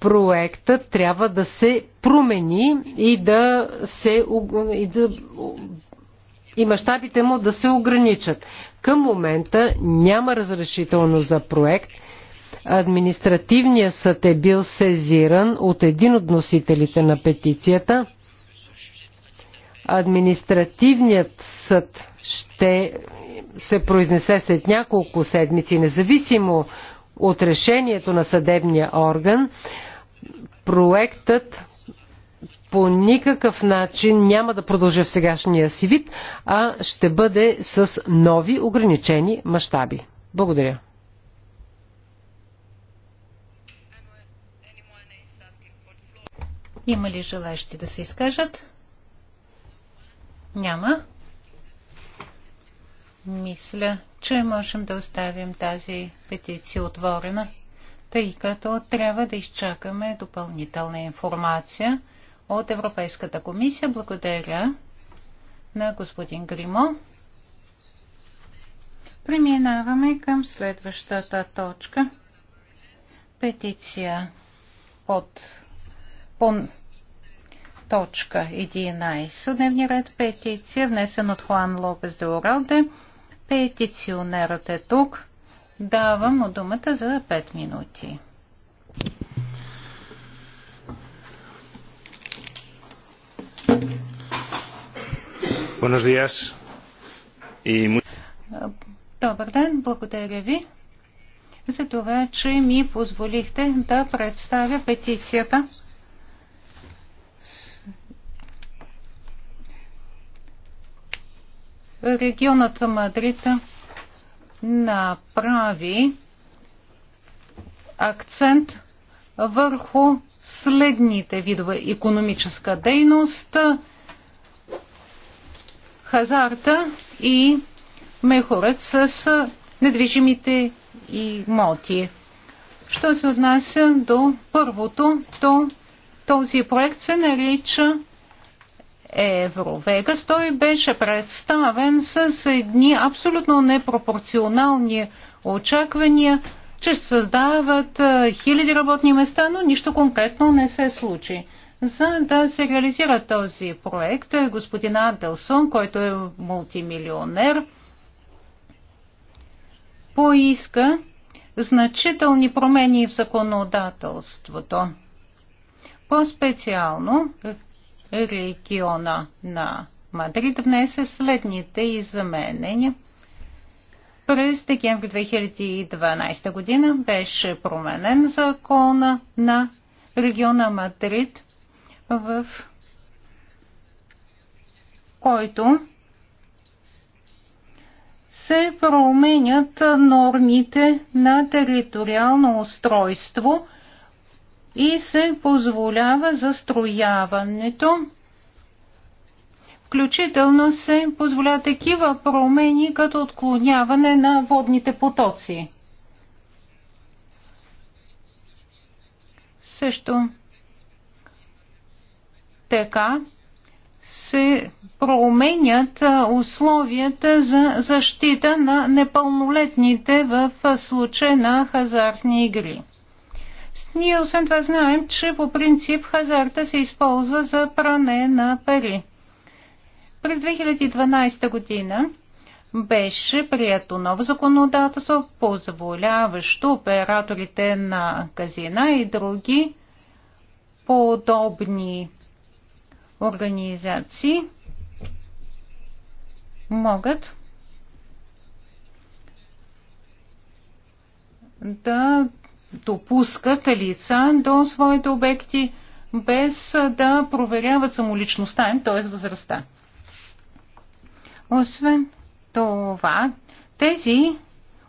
проектът трябва да се промени и да се и, да, и мащабите му да се ограничат. Към момента няма разрешително за проект – Административният съд е бил сезиран от един от носителите на петицията. Административният съд ще се произнесе след няколко седмици, независимо от решението на съдебния орган. Проектът по никакъв начин няма да продължи в сегашния си вид, а ще бъде с нови ограничени мащаби. Благодаря. Има ли желащи да се изкажат? Няма. Мисля, че можем да оставим тази петиция отворена, тъй като трябва да изчакаме допълнителна информация от Европейската комисия. Благодаря на господин Гримо. Преминаваме към следващата точка. Петиция под по точка 11 от дневния ред петиция, внесен от Хуан Лопес де Оралде. Петиционерът е тук. Давам му думата за 5 минути. Добър ден, благодаря ви за това, че ми позволихте да представя петицията регионът Мадрид направи акцент върху следните видове економическа дейност, хазарта и мехорът с недвижимите имоти. Що се отнася до първото, то този проект се нарича Евровегас, той беше представен с едни абсолютно непропорционални очаквания, че ще създават хиляди работни места, но нищо конкретно не се случи. За да се реализира този проект, господин Аделсон, който е мултимилионер, поиска значителни промени в законодателството. По-специално региона на Мадрид внесе следните изменения. През декември 2012 година беше променен закона на региона Мадрид, в който се променят нормите на териториално устройство – и се позволява застрояването. Включително се позволя такива промени, като отклоняване на водните потоци. Също така се променят условията за защита на непълнолетните в случай на хазартни игри. Ние освен това знаем, че по принцип хазарта се използва за пране на пари. През 2012 година беше прието ново законодателство, позволяващо операторите на казина и други подобни организации могат да допускат лица до своите обекти, без да проверяват самоличността им, т.е. възрастта. Освен това, тези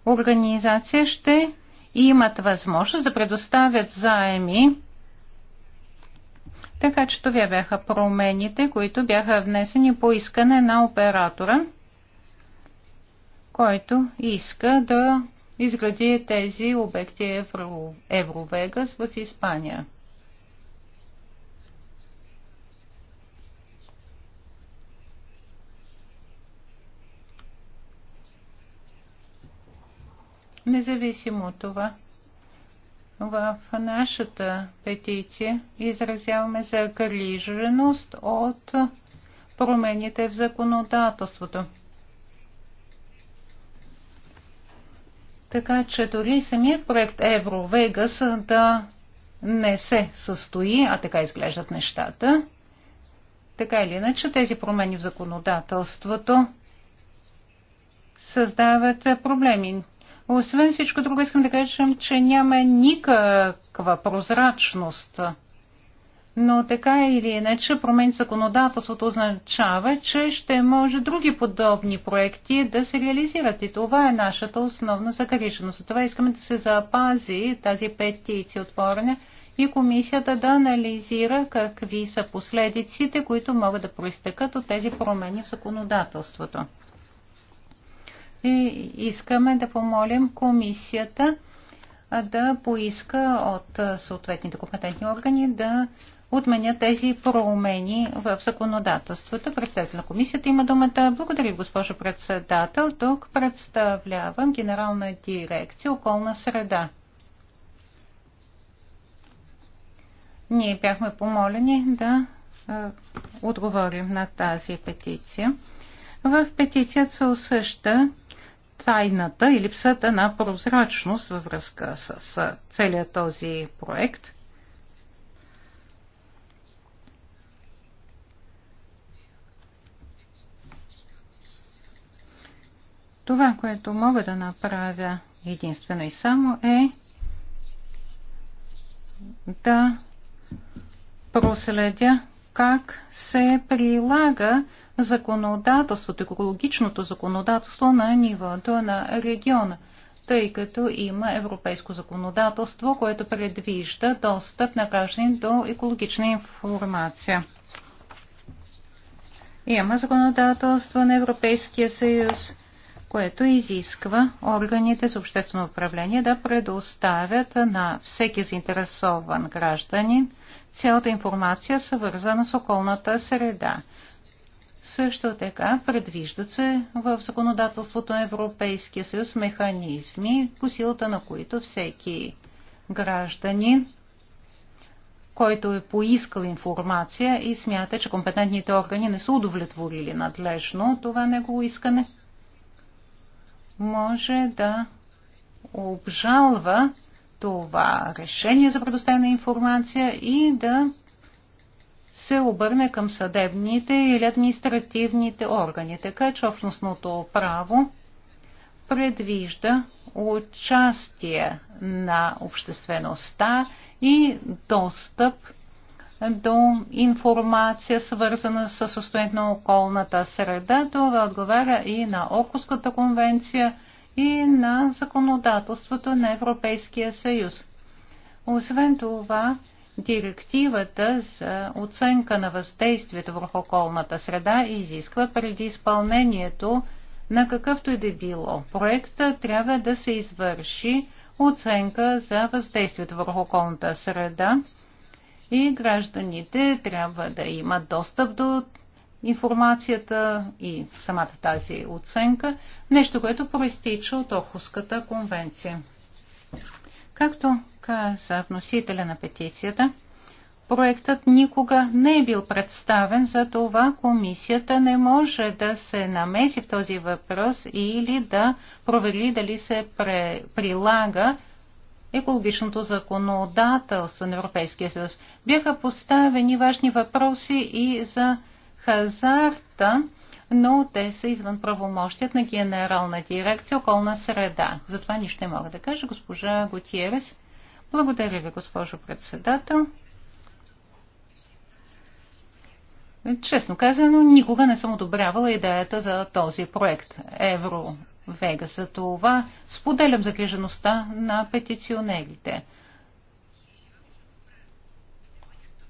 организации ще имат възможност да предоставят заеми, така че това бяха промените, които бяха внесени по искане на оператора, който иска да изгради тези обекти Евро, Евровегас в Испания. Независимо от това, в нашата петиция изразяваме загриженост от промените в законодателството. Така че дори самият проект Евровегас да не се състои, а така изглеждат нещата. Така или иначе, тези промени в законодателството създават проблеми. Освен всичко друго, искам да кажем, че няма никаква прозрачност но така или иначе промени в законодателството означава, че ще може други подобни проекти да се реализират. И това е нашата основна загриженост. За това искаме да се запази тази петиция отворена и комисията да анализира какви са последиците, които могат да проистъкат от тези промени в законодателството. И искаме да помолим комисията да поиска от съответните компетентни органи да отменя тези промени в законодателството. Председател на комисията има думата. Благодаря, госпожо председател. Тук представлявам Генерална дирекция околна среда. Ние бяхме помолени да отговорим на тази петиция. В петицията се усъща тайната и липсата на прозрачност във връзка с целият този проект – Това, което мога да направя единствено и само е да проследя как се прилага законодателството, екологичното законодателство на нивото на региона, тъй като има европейско законодателство, което предвижда достъп на граждани до екологична информация. Има законодателство на Европейския съюз, което изисква органите за обществено управление да предоставят на всеки заинтересован гражданин цялата информация, свързана с околната среда. Също така предвиждат се в законодателството на Европейския съюз механизми, по силата на които всеки гражданин, който е поискал информация и смята, че компетентните органи не са удовлетворили надлежно това негово искане, може да обжалва това решение за предоставена информация и да се обърне към съдебните или административните органи. Така че общностното право предвижда участие на обществеността и достъп до информация, свързана с състоянието на околната среда. Това отговаря и на Окуската конвенция и на законодателството на Европейския съюз. Освен това, директивата за оценка на въздействието върху околната среда изисква преди изпълнението на какъвто и да било проекта, трябва да се извърши оценка за въздействието върху околната среда и гражданите трябва да имат достъп до информацията и самата тази оценка, нещо, което проистича от Охуската конвенция. Както каза вносителя на петицията, проектът никога не е бил представен, за това комисията не може да се намеси в този въпрос или да провери дали се прилага екологичното законодателство на Европейския съюз. Бяха поставени важни въпроси и за хазарта, но те са извън правомощият на Генерална дирекция околна среда. Затова нищо не мога да кажа. Госпожа Готиерес, благодаря ви, госпожо председател. Честно казано, никога не съм одобрявала идеята за този проект Евро Вега. За това споделям загрижеността на петиционерите.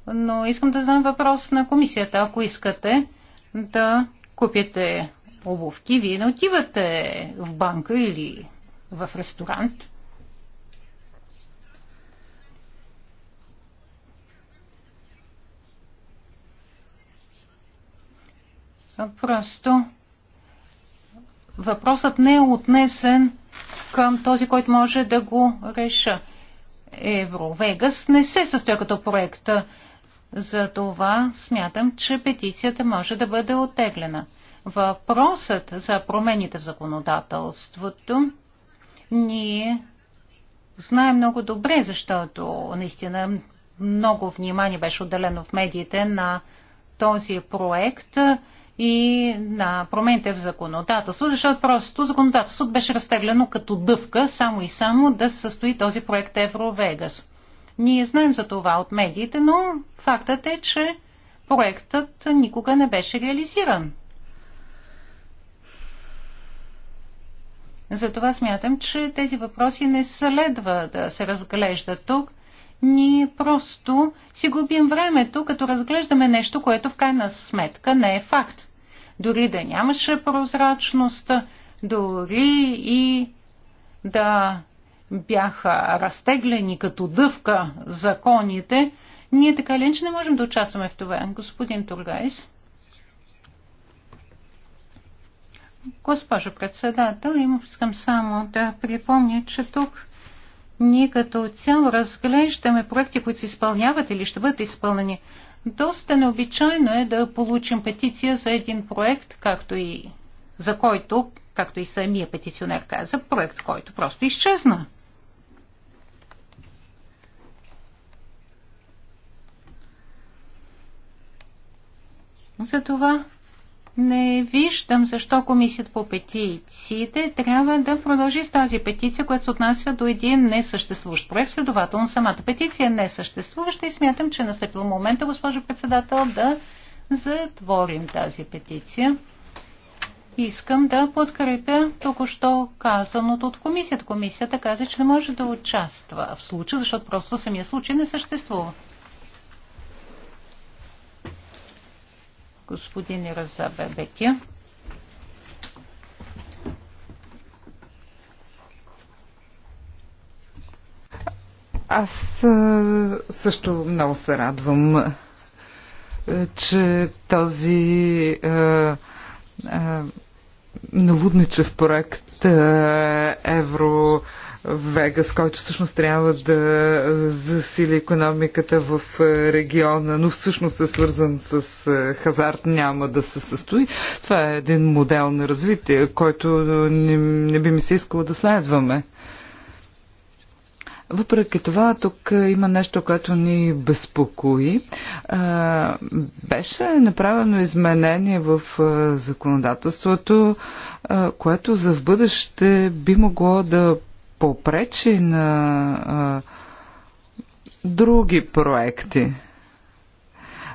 Но искам да знам въпрос на комисията. Ако искате да купите обувки, вие не отивате в банка или в ресторант. Просто въпросът не е отнесен към този, който може да го реша. Евровегас не се състоя като проект. това смятам, че петицията може да бъде отеглена. Въпросът за промените в законодателството ние знаем много добре, защото наистина много внимание беше отделено в медиите на този проект и на промените в законодателство, защото просто законодателството беше разтеглено като дъвка само и само да състои този проект Евровегас. Ние знаем за това от медиите, но фактът е, че проектът никога не беше реализиран. Затова смятам, че тези въпроси не следва да се разглеждат тук. Ние просто си губим времето, като разглеждаме нещо, което в крайна сметка не е факт дори да нямаше прозрачност, дори и да бяха разтеглени като дъвка законите, ние така ли не можем да участваме в това, господин Тургайс? Госпожо председател, им искам само да припомня, че тук ние като цяло разглеждаме проекти, които се изпълняват или ще бъдат изпълнени. Доста необичайно е да получим петиция за един проект, както и за който, както и самия петиционер каза, проект, който просто изчезна. Затова не виждам защо комисията по петициите трябва да продължи с тази петиция, която се отнася до един несъществуващ проект. Следователно, самата петиция е несъществуваща и смятам, че е настъпил момента, госпожо председател, да затворим тази петиция. Искам да подкрепя току-що казаното от комисията. Комисията каза, че не може да участва в случая, защото просто самия случай не съществува. господин Бебетя. Аз също много се радвам, че този е, налудничев проект Евро Вегас, който всъщност трябва да засили економиката в е, региона, но всъщност е свързан с е, хазарт, няма да се състои. Това е един модел на развитие, който не, не би ми се искало да следваме. Въпреки това, тук има нещо, което ни безпокои. Беше направено изменение в е, законодателството, което за в бъдеще би могло да попречи на а, други проекти.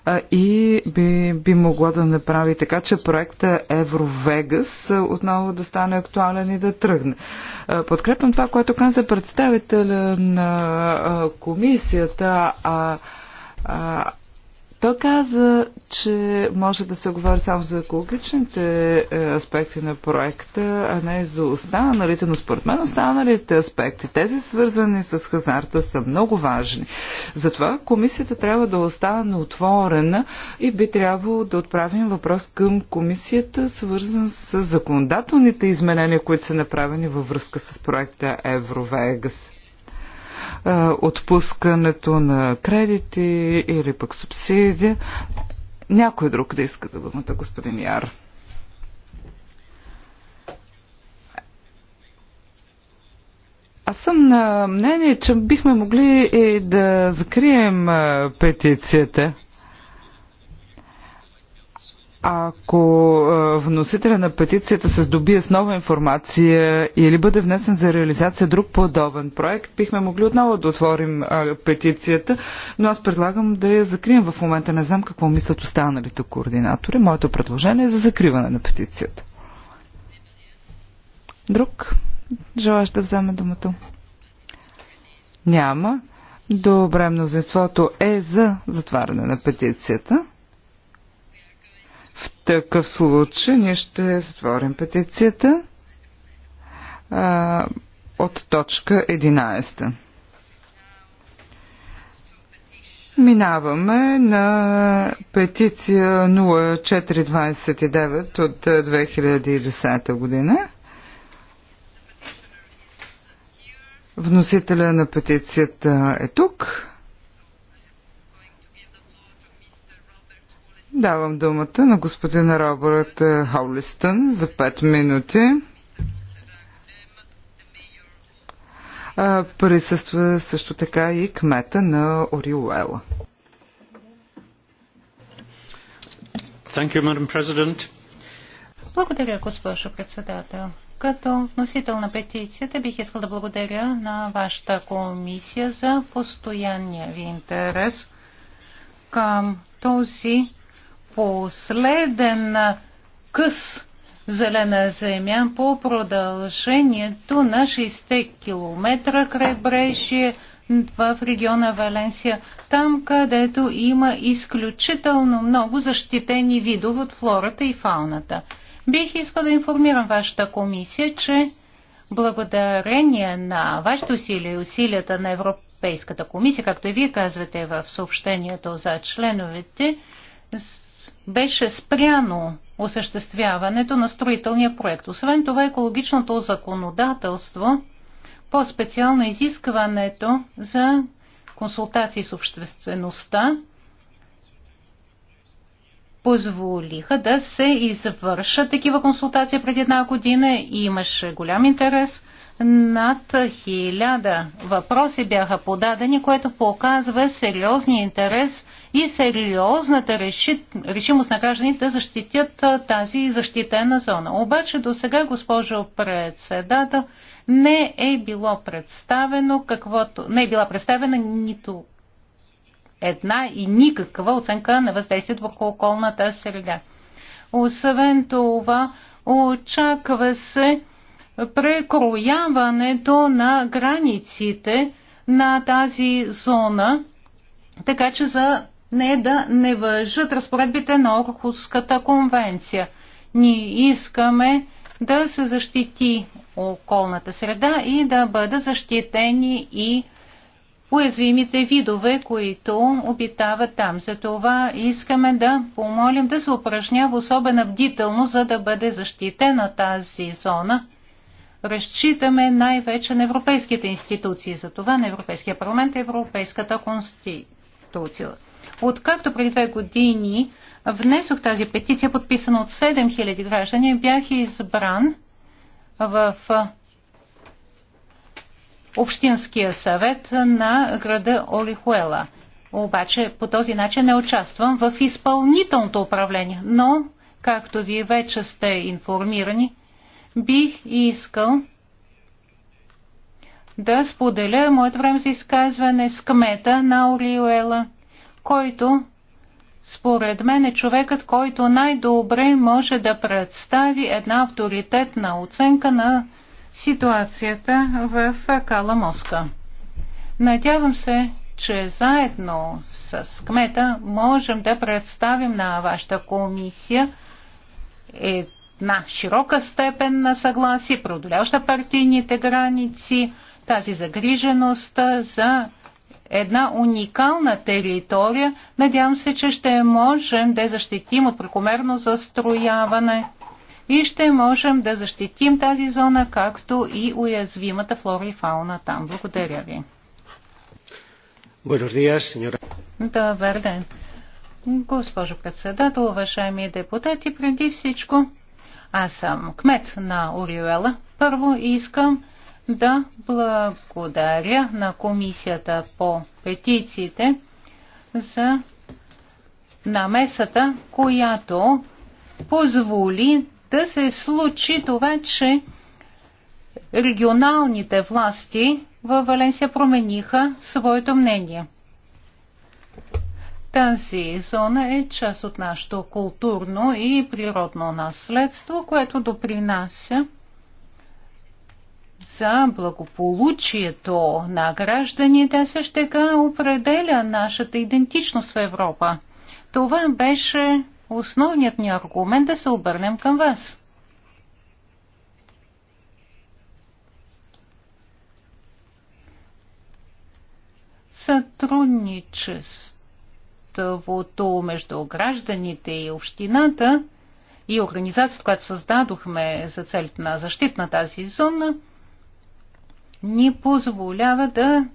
А, и би, би могло да направи така, че проекта Евровегас отново да стане актуален и да тръгне. А, подкрепям това, което каза представителя на а, комисията. А, а, той каза, че може да се говори само за екологичните е, аспекти на проекта, а не за останалите, но според мен останалите аспекти, тези свързани с хазарта, са много важни. Затова комисията трябва да остане отворена и би трябвало да отправим въпрос към комисията, свързан с законодателните изменения, които са направени във връзка с проекта Евровегас отпускането на кредити или пък субсидия. Някой друг да иска да думата, господин Яр. Аз съм на мнение, че бихме могли и да закрием петицията ако е, вносителя на петицията се здобие с нова информация или бъде внесен за реализация друг подобен проект, бихме могли отново да отворим е, петицията, но аз предлагам да я закрием в момента. Не знам какво мислят останалите координатори. Моето предложение е за закриване на петицията. Друг желаещ да вземе думата? Няма. Добре, мнозинството е за затваряне на петицията. В такъв случай ние ще затворим петицията а, от точка 11. Минаваме на петиция 0429 от 2010 година. Вносителя на петицията е тук. Давам думата на господин Робърт е, Холистън за 5 минути. Е, присъства също така и кмета на Ориуела. Благодаря, госпожо председател. Като носител на петицията бих искал да благодаря на вашата комисия за постоянния ви интерес към този последен къс зелена земя по продължението на 60 км крайбрежие в региона Валенсия, там където има изключително много защитени видове от флората и фауната. Бих искал да информирам вашата комисия, че благодарение на вашите усилия и усилията на Европейската комисия, както и вие казвате в съобщението за членовете, беше спряно осъществяването на строителния проект. Освен това, екологичното законодателство, по-специално изискването за консултации с обществеността, позволиха да се извършат такива консултации преди една година. и Имаше голям интерес – над хиляда въпроси бяха подадени, което показва сериозния интерес и сериозната решимост на гражданите да защитят тази защитена зона. Обаче до сега, госпожо председател, не е било представено каквото... не е била представена нито една и никаква оценка на въздействието върху околната среда. Освен това, очаква се прекрояването на границите на тази зона, така че за не да не въжат разпоредбите на Орхуската конвенция. Ние искаме да се защити околната среда и да бъдат защитени и уязвимите видове, които обитават там. Затова искаме да помолим да се упражнява особена бдителност, за да бъде защитена тази зона разчитаме най-вече на европейските институции, за това на Европейския парламент и Европейската конституция. Откакто преди две години внесох тази петиция, подписана от 7000 граждани, бях избран в Общинския съвет на града Орихуела. Обаче по този начин не участвам в изпълнителното управление, но, както вие вече сте информирани, бих искал да споделя моето време за изказване с кмета на Ориуела, който според мен е човекът, който най-добре може да представи една авторитетна оценка на ситуацията в Кала Моска. Надявам се, че заедно с кмета можем да представим на вашата комисия е на широка степен на съгласие, продоляваща партийните граници, тази загриженост за една уникална територия. Надявам се, че ще можем да защитим от прекомерно застрояване и ще можем да защитим тази зона, както и уязвимата флора и фауна там. Благодаря ви. Добър ден. Госпожо председател, уважаеми депутати, преди всичко аз съм кмет на Ориуела. Първо искам да благодаря на комисията по петициите за намесата, която позволи да се случи това, че регионалните власти във Валенсия промениха своето мнение. Тази зона е част от нашето културно и природно наследство, което допринася за благополучието на гражданите, а също така определя нашата идентичност в Европа. Това беше основният ни аргумент да се обърнем към вас. Сътрудничество партньорството между гражданите и общината и организацията, която създадохме за целите на защита на тази зона, ни позволява да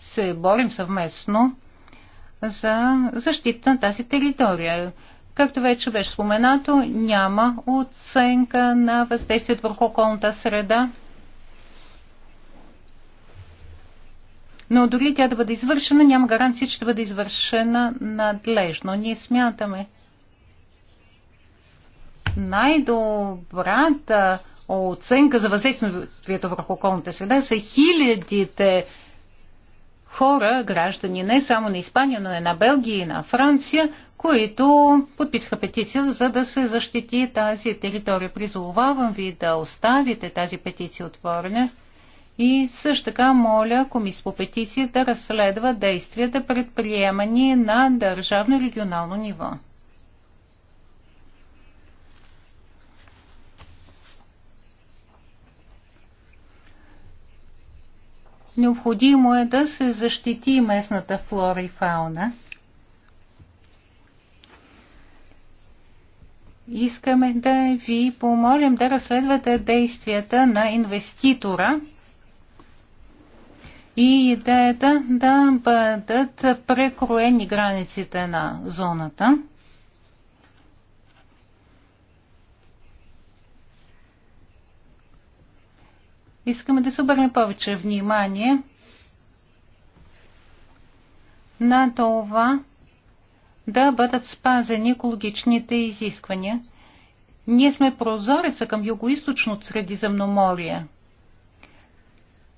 се борим съвместно за защита на тази територия. Както вече беше споменато, няма оценка на въздействието върху околната среда. но дори тя да бъде извършена, няма гаранция, че ще бъде извършена надлежно. Ние смятаме най-добрата оценка за въздействието върху околната среда са хилядите хора, граждани не само на Испания, но и на Белгия и на Франция, които подписаха петиция, за да се защити тази територия. Призовавам ви да оставите тази петиция отворена. И също така моля Комисия по петиции да разследва действията предприемани на държавно и регионално ниво. Необходимо е да се защити местната флора и фауна. Искаме да ви помолим да разследвате действията на инвеститора – и идеята да бъдат прекроени границите на зоната. Искаме да се обърнем повече внимание на това да бъдат спазени екологичните изисквания. Ние сме прозореца към югоисточното Средиземноморие.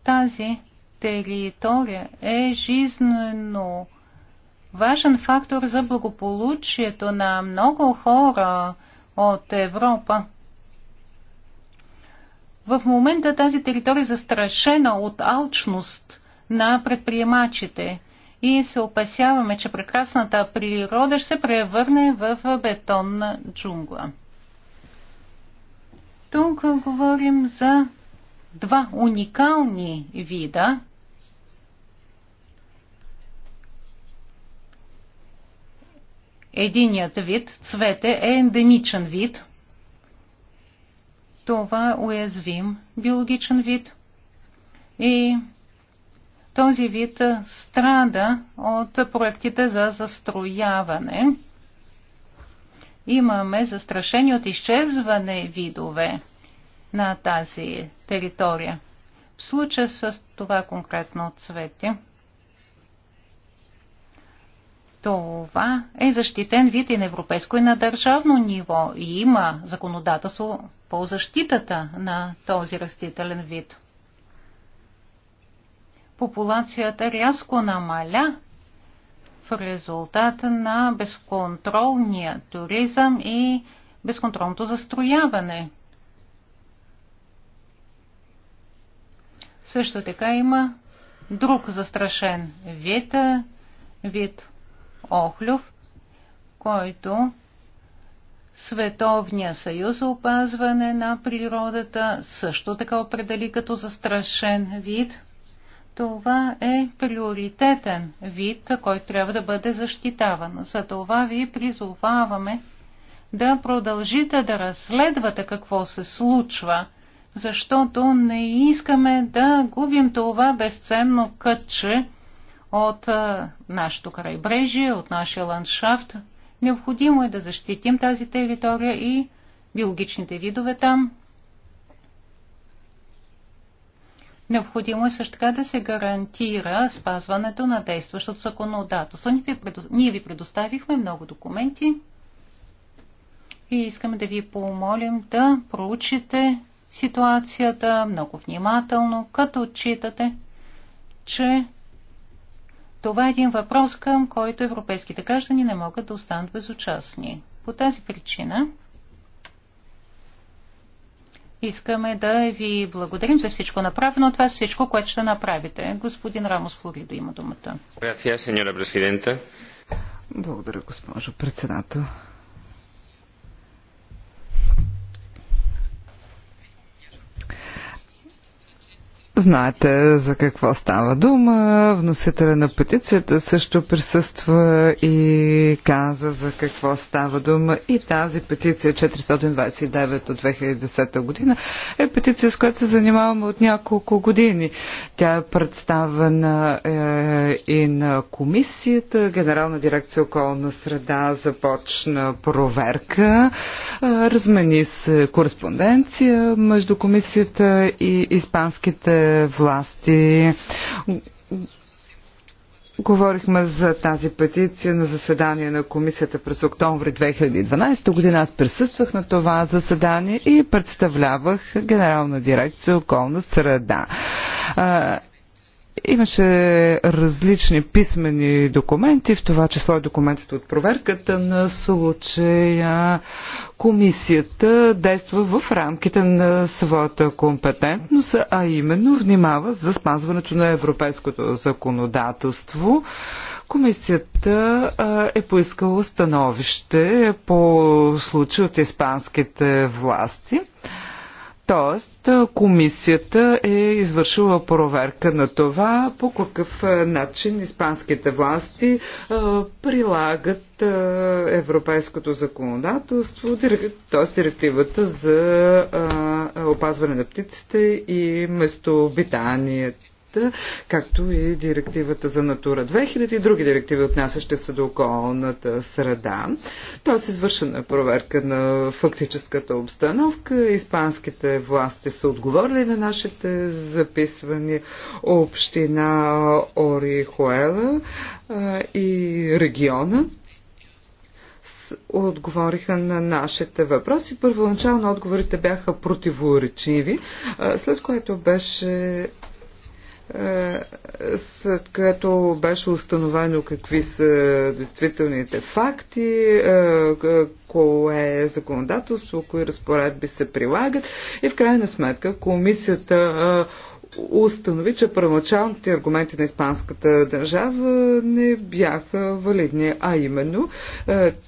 Тази територия е жизненно важен фактор за благополучието на много хора от Европа. В момента тази територия е застрашена от алчност на предприемачите и се опасяваме, че прекрасната природа ще се превърне в бетонна джунгла. Тук говорим за два уникални вида Единият вид, цвете, е ендемичен вид. Това е уязвим биологичен вид. И този вид страда от проектите за застрояване. Имаме застрашени от изчезване видове на тази територия. В случая с това конкретно цвете, това е защитен вид и на европейско и на държавно ниво и има законодателство по защитата на този растителен вид. Популацията рязко намаля в резултат на безконтролния туризъм и безконтролното застрояване. Също така има друг застрашен вид, вид Охлюв, който Световния съюз за опазване на природата също така определи като застрашен вид. Това е приоритетен вид, който трябва да бъде защитаван. За това ви призоваваме да продължите да разследвате какво се случва, защото не искаме да губим това безценно кътче, от нашето крайбрежие, от нашия ландшафт. Необходимо е да защитим тази територия и биологичните видове там. Необходимо е също така да се гарантира спазването на действащото законодателство. Ние ви предоставихме много документи и искаме да ви помолим да проучите ситуацията много внимателно, като отчитате, че това е един въпрос, към който европейските граждани не могат да останат безучастни. По тази причина искаме да ви благодарим за всичко направено. от вас, е всичко, което ще направите. Господин Рамос Флоридо има думата. Благодаря, госпожо председател. Знаете за какво става дума. Вносителя на петицията също присъства и каза за какво става дума. И тази петиция 429 от 2010 година е петиция, с която се занимаваме от няколко години. Тя е представена е, и на комисията. Генерална дирекция околна среда започна проверка. Е, размени се кореспонденция между комисията и испанските власти. Говорихме за тази петиция на заседание на комисията през октомври 2012 година. Аз присъствах на това заседание и представлявах Генерална дирекция околна среда. Имаше различни писмени документи, в това число и документите от проверката на случая. Комисията действа в рамките на своята компетентност, а именно внимава за спазването на европейското законодателство. Комисията е поискала становище по случай от испанските власти. Тоест, комисията е извършила проверка на това по какъв начин испанските власти прилагат европейското законодателство, т.е. директивата за опазване на птиците и местообитанието климата, както и директивата за Натура 2000 и други директиви, отнасящи се до околната среда. Тоест извършена е проверка на фактическата обстановка. Испанските власти са отговорили на нашите записвания. Община Орихуела и региона отговориха на нашите въпроси. Първоначално отговорите бяха противоречиви, след което беше е, след което беше установено какви са действителните факти, е, кое е законодателство, кои разпоредби се прилагат и в крайна сметка комисията е, установи, че първоначалните аргументи на испанската държава не бяха валидни, а именно,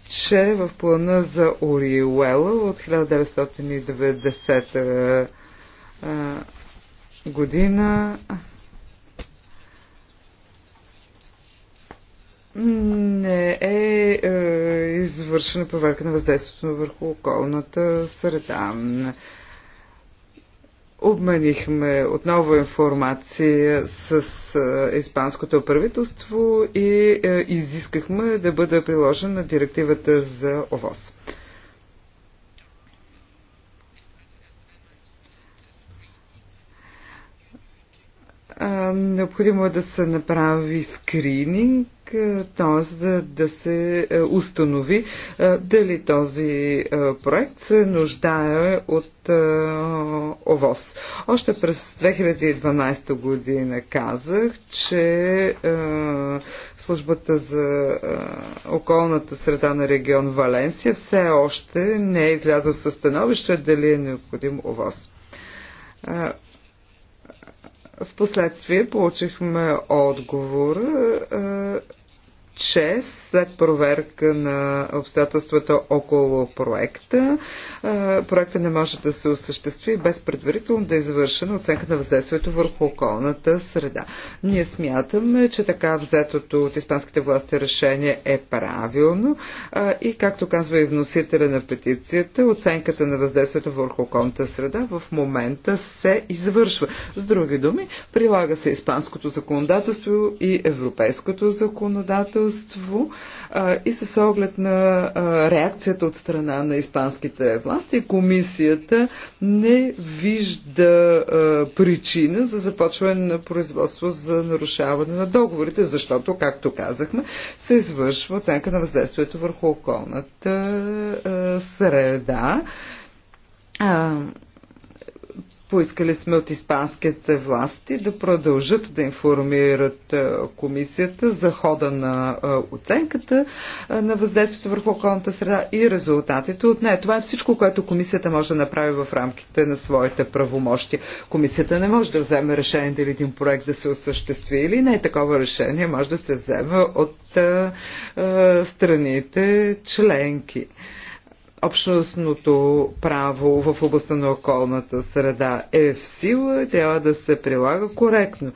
че в плана за Ориуела от 1990 година не е, е извършена проверка на въздействието върху околната среда. Обменихме отново информация с е, испанското правителство и е, изискахме да бъде приложена директивата за ОВОС. Е, необходимо е да се направи скрининг т.е. Да, да се е, установи е, дали този е, проект се нуждае от ОВОС. Още през 2012 година казах, че службата за околната среда на регион Валенсия все още не е излязла със становище дали е необходим ОВОС. Впоследствие получихме отговор, че след проверка на обстоятелствата около проекта, проекта не може да се осъществи без предварително да е извършена оценка на въздействието върху околната среда. Ние смятаме, че така взетото от испанските власти решение е правилно и, както казва и вносителя на петицията, оценката на въздействието върху околната среда в момента се извършва. С други думи, прилага се испанското законодателство и европейското законодателство правителство и с оглед на реакцията от страна на испанските власти, комисията не вижда причина за започване на производство за нарушаване на договорите, защото, както казахме, се извършва оценка на въздействието върху околната среда. Поискали сме от испанските власти да продължат да информират комисията за хода на оценката на въздействието върху околната среда и резултатите от нея. Това е всичко, което комисията може да направи в рамките на своите правомощи. Комисията не може да вземе решение дали един проект да се осъществи или не. Такова решение може да се вземе от страните членки общностното право в областта на околната среда е в сила и трябва да се прилага коректно.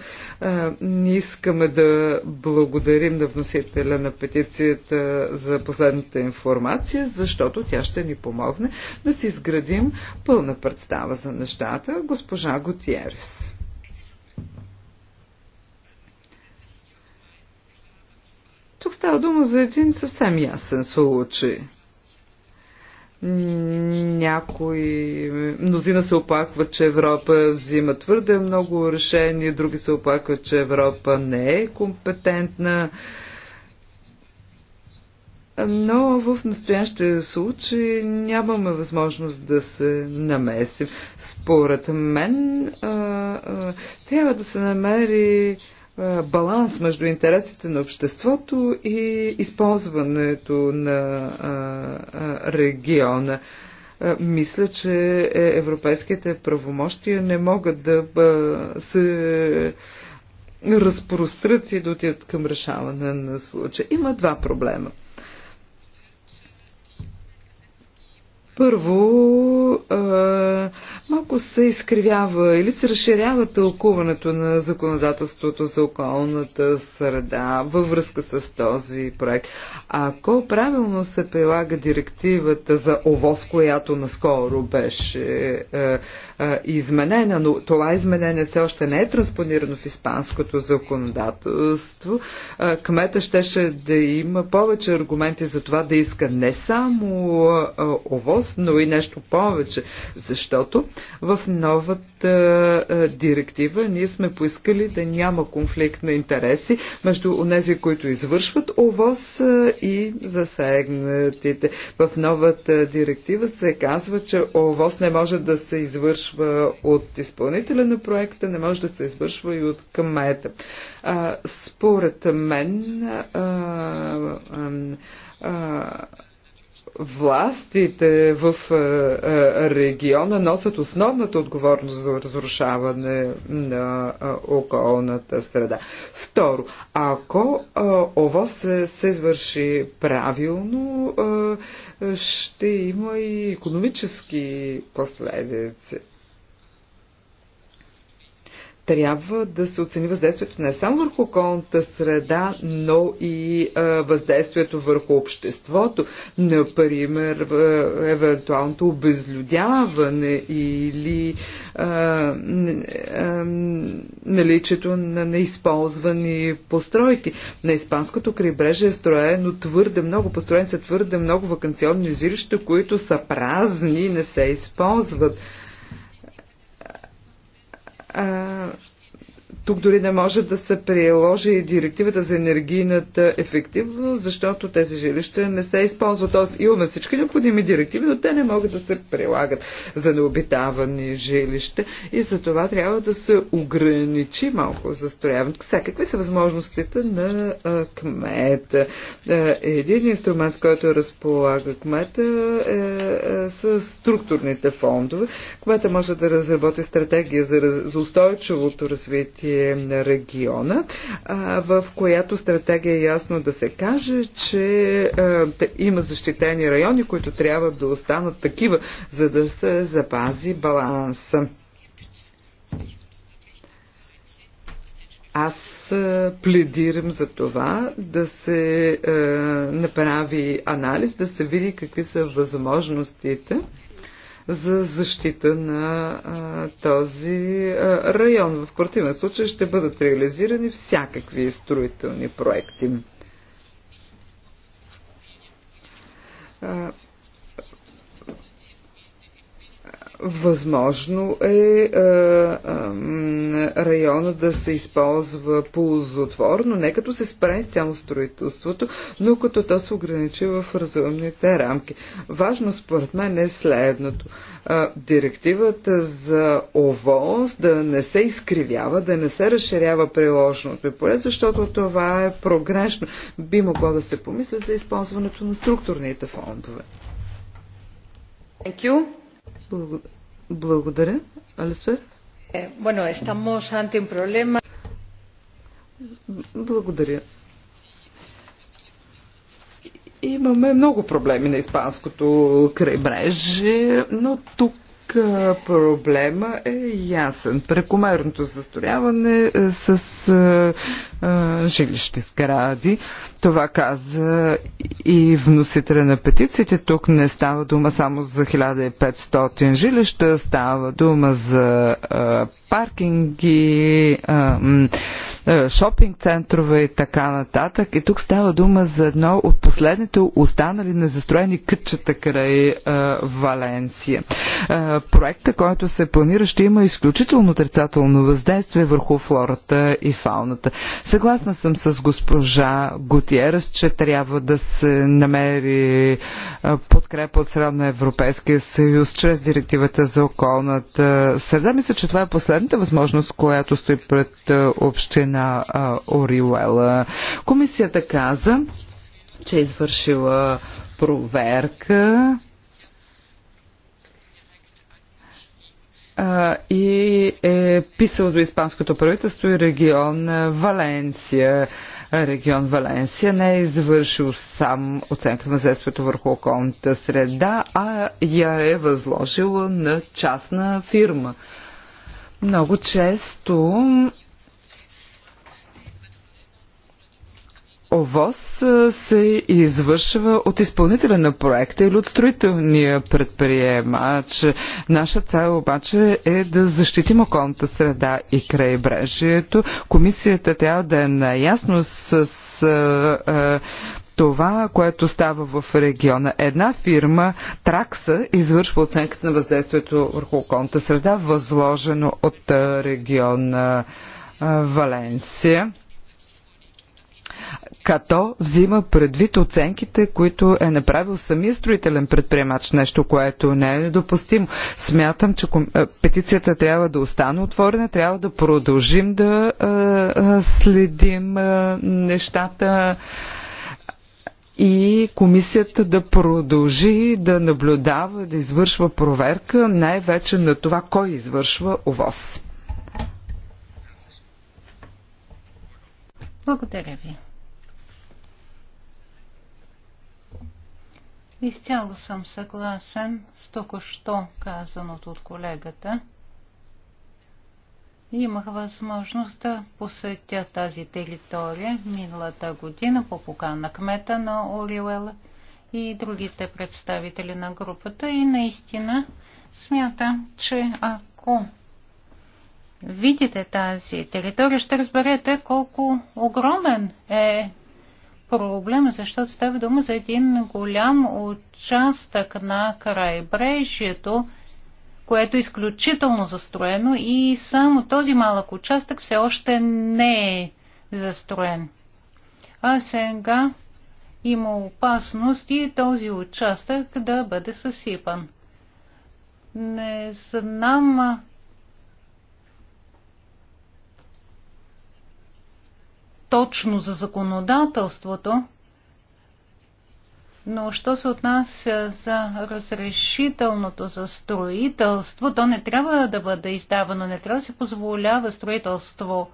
Не искаме да благодарим на вносителя на петицията за последната информация, защото тя ще ни помогне да си изградим пълна представа за нещата. Госпожа Готиерис. Тук става дума за един съвсем ясен случай – някои, мнозина се оплакват, че Европа взима твърде много решения, други се оплакват, че Европа не е компетентна. Но в настоящия случай нямаме възможност да се намесим. Според мен а, а, трябва да се намери баланс между интересите на обществото и използването на региона. Мисля, че е, европейските правомощия не могат да се разпрострят и да отидат към решаване на случая. Има два проблема. Първо, а, малко се изкривява или се разширява тълкуването на законодателството за околната среда във връзка с този проект. Ако правилно се прилага директивата за ОВОз, която наскоро беше а, а, изменена, но това изменение все още не е транспонирано в испанското законодателство, а, кмета щеше да има повече аргументи за това да иска не само а, ОВОз, всъщност, но и нещо повече, защото в новата е, директива ние сме поискали да няма конфликт на интереси между тези, които извършват ОВОС е, и засегнатите. В новата директива се казва, че ОВОС не може да се извършва от изпълнителя на проекта, не може да се извършва и от кмета. според мен а, а, а, властите в е, е, региона носят основната отговорност за разрушаване на е, околната среда. Второ, ако ово се, се извърши правилно, ще има и економически последици трябва да се оцени въздействието не само върху околната среда, но и а, въздействието върху обществото, например, в, евентуалното обезлюдяване или а, а, наличието на неизползвани постройки. На Испанското крайбрежие е строено твърде много, построени са твърде много вакансионни жилища, които са празни и не се използват а, тук дори не може да се приложи и директивата за енергийната ефективност, защото тези жилища не се използват. Тоест имаме всички необходими директиви, но те не могат да се прилагат за необитавани жилища и за това трябва да се ограничи малко застрояването. Сега, какви са възможностите на а, кмета? Един инструмент, с който разполага кмета е, е, са структурните фондове. Кмета може да разработи стратегия за, за устойчивото развитие развитие на региона, в която стратегия е ясно да се каже, че има защитени райони, които трябва да останат такива, за да се запази баланса. аз пледирам за това да се е, направи анализ, да се види какви са възможностите за защита на а, този а, район. В противен случай ще бъдат реализирани всякакви строителни проекти. А, Възможно е а, е, а, е, района да се използва ползотворно, не като се спре цяло строителството, но като то се ограничи в разумните рамки. Важно според мен е следното. А, е, директивата за ОВОС да не се изкривява, да не се разширява приложеното поле, защото това е прогрешно. Би могло да се помисли за използването на структурните фондове. Thank you. Благодаря. Алисфер? Е, bueno, estamos ante un problema. Благодаря. Имаме много проблеми на испанското крайбрежие, но тук проблема е ясен. Прекомерното застрояване с жилищни сгради. Това каза и вносителя на петициите. Тук не става дума само за 1500 жилища, става дума за паркинги, шопинг центрове и така нататък. И тук става дума за едно от последните останали незастроени кътчета край Валенсия проекта, който се планира, ще има изключително отрицателно въздействие върху флората и фауната. Съгласна съм с госпожа Готиерас, че трябва да се намери подкрепа от Средна на Европейския съюз чрез директивата за околната среда. Мисля, че това е последната възможност, която стои пред община Ориуела. Комисията каза, че е извършила проверка и е писал до испанското правителство и регион Валенсия. Регион Валенсия не е извършил сам оценка на въздействието върху околната среда, а я е възложила на частна фирма. Много често ОВОС се извършва от изпълнителя на проекта или от строителния предприемач. Наша цел обаче е да защитим околната среда и крайбрежието. Комисията трябва да е наясно с, е, това, което става в региона. Една фирма, Тракса, извършва оценката на въздействието върху околната среда, възложено от региона Валенсия като взима предвид оценките, които е направил самия строителен предприемач, нещо, което не е недопустимо. Смятам, че е, петицията трябва да остане отворена, трябва да продължим да е, е, следим нещата и комисията да продължи да наблюдава, да извършва проверка най-вече на това кой извършва ОВОС. Благодаря ви. Изцяло съм съгласен с току-що казаното от колегата. Имах възможност да посетя тази територия миналата година по покана на кмета на Орилела и другите представители на групата и наистина смятам, че ако видите тази територия, ще разберете колко огромен е проблем, защото става дума за един голям участък на крайбрежието, което е изключително застроено и само този малък участък все още не е застроен. А сега има опасност и този участък да бъде съсипан. Не знам точно за законодателството, но що се отнася за разрешителното за строителство, то не трябва да бъде издавано, не трябва да се позволява строителство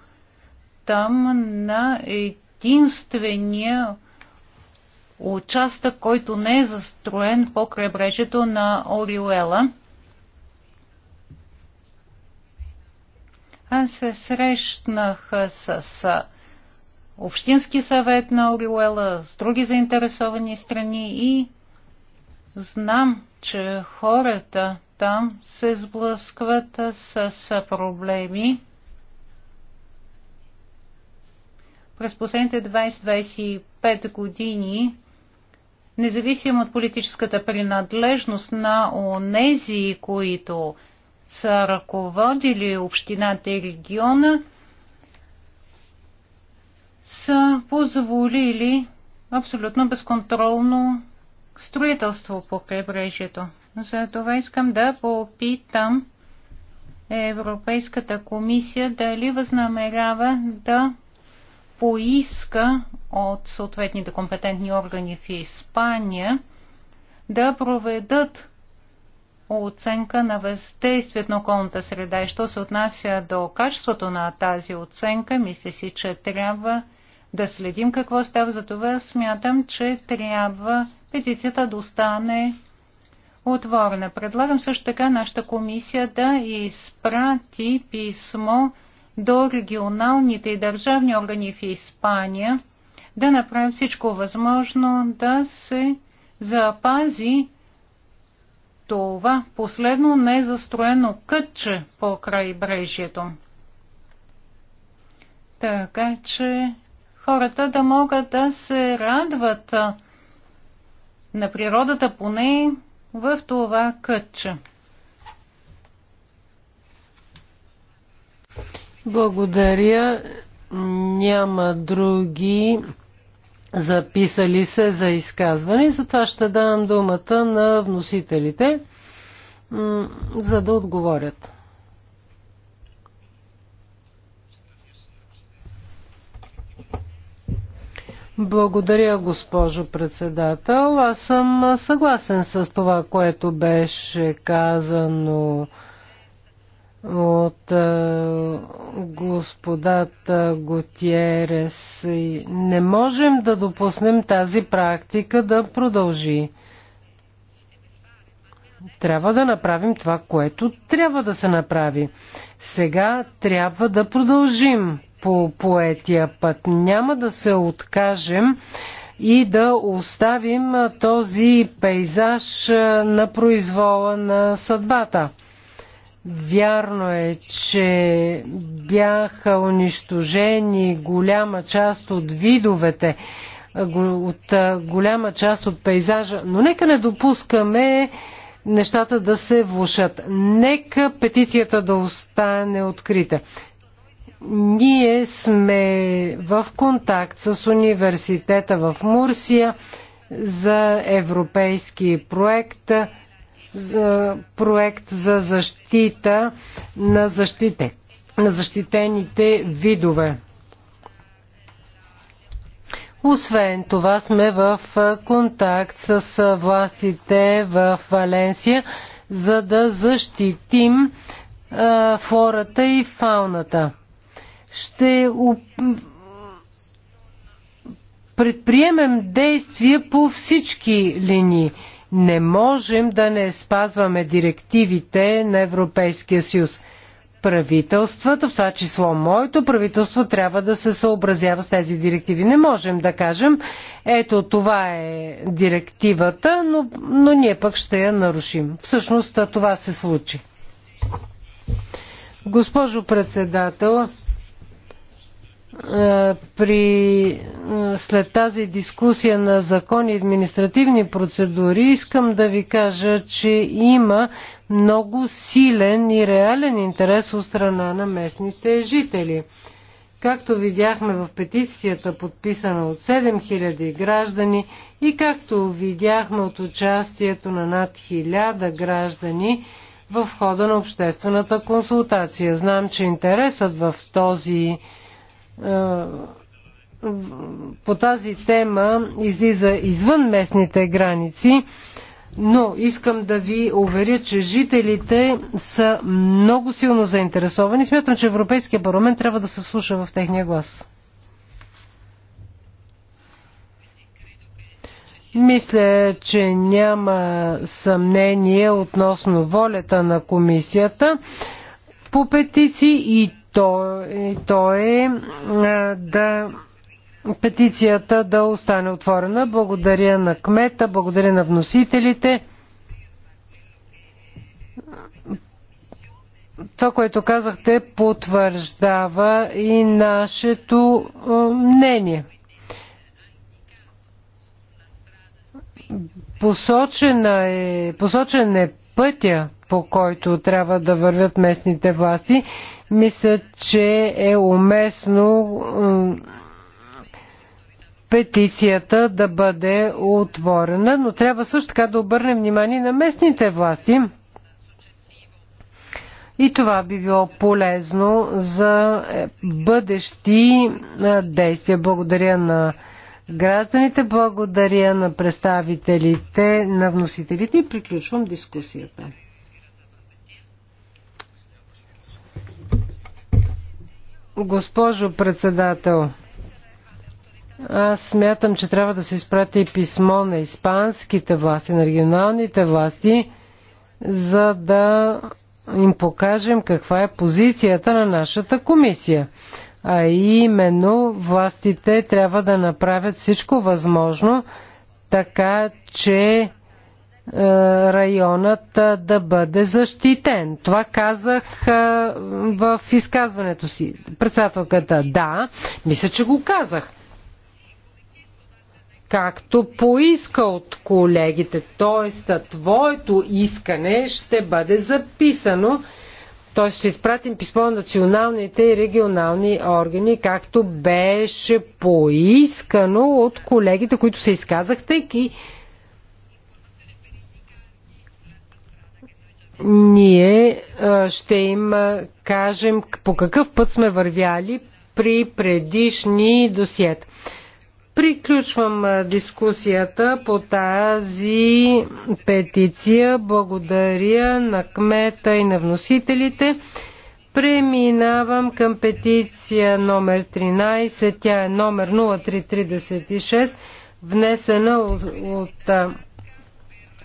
там на единствения участък, който не е застроен по крайбрежието на Ориуела. Аз се срещнах с Общински съвет на Ориуела, с други заинтересовани страни и знам, че хората там се сблъскват с проблеми. През последните 20-25 години независимо от политическата принадлежност на онези, които са ръководили общината и региона, са позволили абсолютно безконтролно строителство по крайбрежието. За това искам да попитам Европейската комисия дали възнамерява да поиска от съответните компетентни органи в Испания да проведат оценка на въздействието на околната среда. И що се отнася до качеството на тази оценка, мисля си, че трябва да следим какво става. За това смятам, че трябва петицията да остане отворена. Предлагам също така нашата комисия да изпрати писмо до регионалните и държавни органи в Испания да направи всичко възможно да се запази това последно незастроено кътче по крайбрежието. Така че хората да могат да се радват на природата, поне в това кътче. Благодаря. Няма други записали се за изказване. Затова ще дам думата на вносителите, за да отговорят. Благодаря, госпожо председател. Аз съм съгласен с това, което беше казано от е, господата Готиерес. Не можем да допуснем тази практика да продължи. Трябва да направим това, което трябва да се направи. Сега трябва да продължим по поетия път. Няма да се откажем и да оставим този пейзаж на произвола на съдбата. Вярно е, че бяха унищожени голяма част от видовете, от голяма част от пейзажа, но нека не допускаме нещата да се влушат. Нека петицията да остане открита. Ние сме в контакт с университета в Мурсия за европейски проект, за проект за защита на, защите, на защитените видове. Освен това сме в контакт с властите в Валенсия, за да защитим флората и фауната ще предприемем действия по всички линии. Не можем да не спазваме директивите на Европейския съюз. Правителствата, в това число моето правителство, трябва да се съобразява с тези директиви. Не можем да кажем, ето това е директивата, но, но ние пък ще я нарушим. Всъщност това се случи. Госпожо председател, е, при, е, след тази дискусия на закони и административни процедури, искам да ви кажа, че има много силен и реален интерес от страна на местните жители. Както видяхме в петицията, подписана от 7000 граждани и както видяхме от участието на над 1000 граждани в хода на обществената консултация. Знам, че интересът в този е, по тази тема излиза извън местните граници, но искам да ви уверя, че жителите са много силно заинтересовани. Смятам, че Европейския парламент трябва да се вслуша в техния глас. Мисля, че няма съмнение относно волята на комисията по петиции и то, и то е да петицията да остане отворена. Благодаря на кмета, благодаря на вносителите. Това, което казахте, потвърждава и нашето е, мнение. Посочена е, посочен е пътя, по който трябва да вървят местните власти мисля, че е уместно петицията да бъде отворена, но трябва също така да обърнем внимание на местните власти. И това би било полезно за е, бъдещи действия. Благодаря на гражданите, благодаря на представителите, на вносителите и приключвам дискусията. Госпожо председател, аз смятам, че трябва да се изпрати писмо на испанските власти, на регионалните власти, за да им покажем каква е позицията на нашата комисия. А именно властите трябва да направят всичко възможно, така че е, районът е, да бъде защитен. Това казах е, в изказването си. Председателката, да, мисля, че го казах. Както поиска от колегите, т.е. твоето искане ще бъде записано. Т.е. ще изпратим писмо на националните и регионални органи, както беше поискано от колегите, които се изказахте и ние ще им кажем по какъв път сме вървяли при предишни досиет. Приключвам дискусията по тази петиция. Благодаря на кмета и на вносителите. Преминавам към петиция номер 13. Тя е номер 0336, внесена от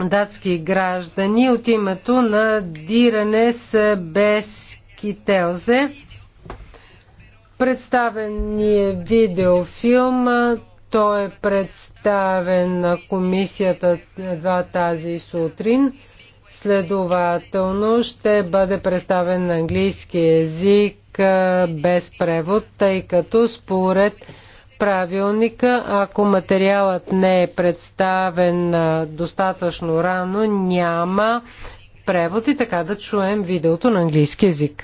датски граждани от името на Диране с Бескителзе. Представен ни е видеофилм. Той е представен на комисията два тази сутрин. Следователно ще бъде представен на английски език без превод, тъй като според правилника, ако материалът не е представен достатъчно рано, няма превод и така да чуем видеото на английски язик.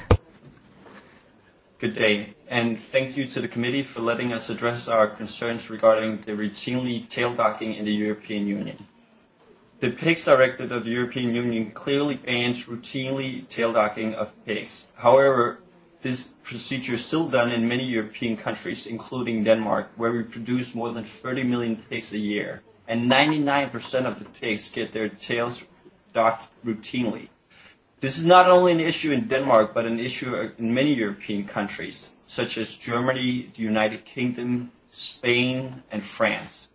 Good day, and thank you to the committee for letting us address our concerns regarding the routinely tail docking in the European Union. The Pigs Directive of the European Union clearly bans routinely tail docking of pigs. However, This procedure is still done in many European countries, including Denmark, where we produce more than 30 million pigs a year, and 99% of the pigs get their tails docked routinely. This is not only an issue in Denmark, but an issue in many European countries, such as Germany, the United Kingdom, Spain, and France.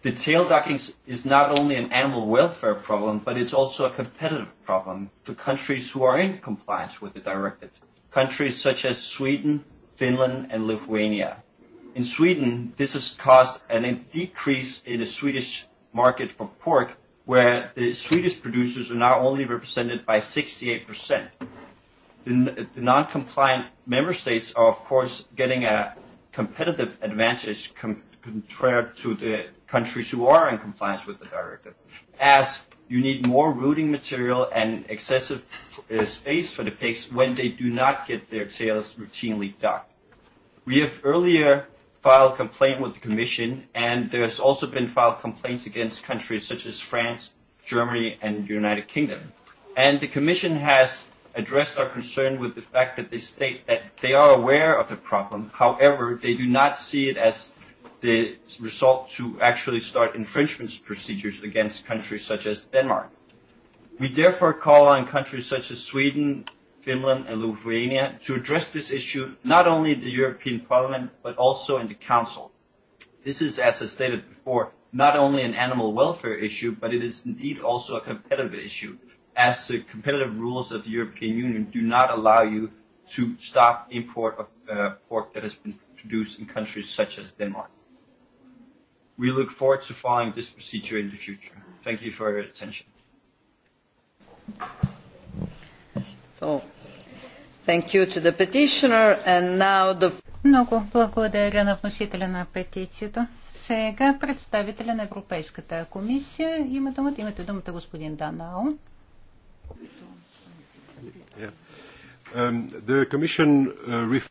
The tail docking is not only an animal welfare problem, but it's also a competitive problem for countries who are in compliance with the directive countries such as Sweden, Finland and Lithuania. In Sweden, this has caused a decrease in the Swedish market for pork, where the Swedish producers are now only represented by 68%. The, the non-compliant member states are, of course, getting a competitive advantage com- compared to the countries who are in compliance with the directive, as you need more rooting material and excessive uh, space for the pigs when they do not get their tails routinely docked. We have earlier filed complaint with the Commission, and there's also been filed complaints against countries such as France, Germany, and the United Kingdom. And the Commission has addressed our concern with the fact that they state that they are aware of the problem. However, they do not see it as the result to actually start infringement procedures against countries such as Denmark. We therefore call on countries such as Sweden, Finland and Lithuania to address this issue not only in the European Parliament but also in the Council. This is, as I stated before, not only an animal welfare issue, but it is indeed also a competitive issue, as the competitive rules of the European Union do not allow you to stop import of uh, pork that has been produced in countries such as Denmark. We look forward to following this procedure in the future. Thank you for your attention. So, thank you to the petitioner and now the... Много благодаря на вносителя на петицията. Сега представителя на Европейската комисия. Има думата, имате думата господин Данао. Yeah. Um, the commission, uh, ref...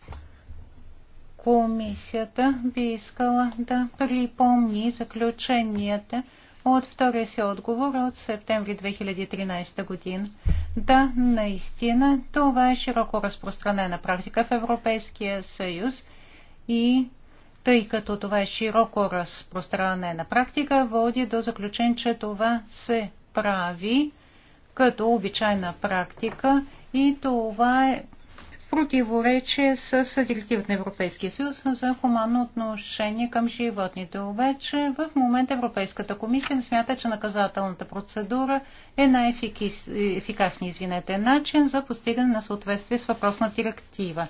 Комисията би искала да припомни заключенията от втория си отговор от септември 2013 година. Да, наистина, това е широко разпространена практика в Европейския съюз и тъй като това е широко разпространена практика, води до заключение, че това се прави като обичайна практика и това е противоречие с директивата на Европейския съюз за хуманно отношение към животните. Обаче в момента Европейската комисия не смята, че наказателната процедура е най-ефикасният извинете, начин за постигане на съответствие с въпросна директива.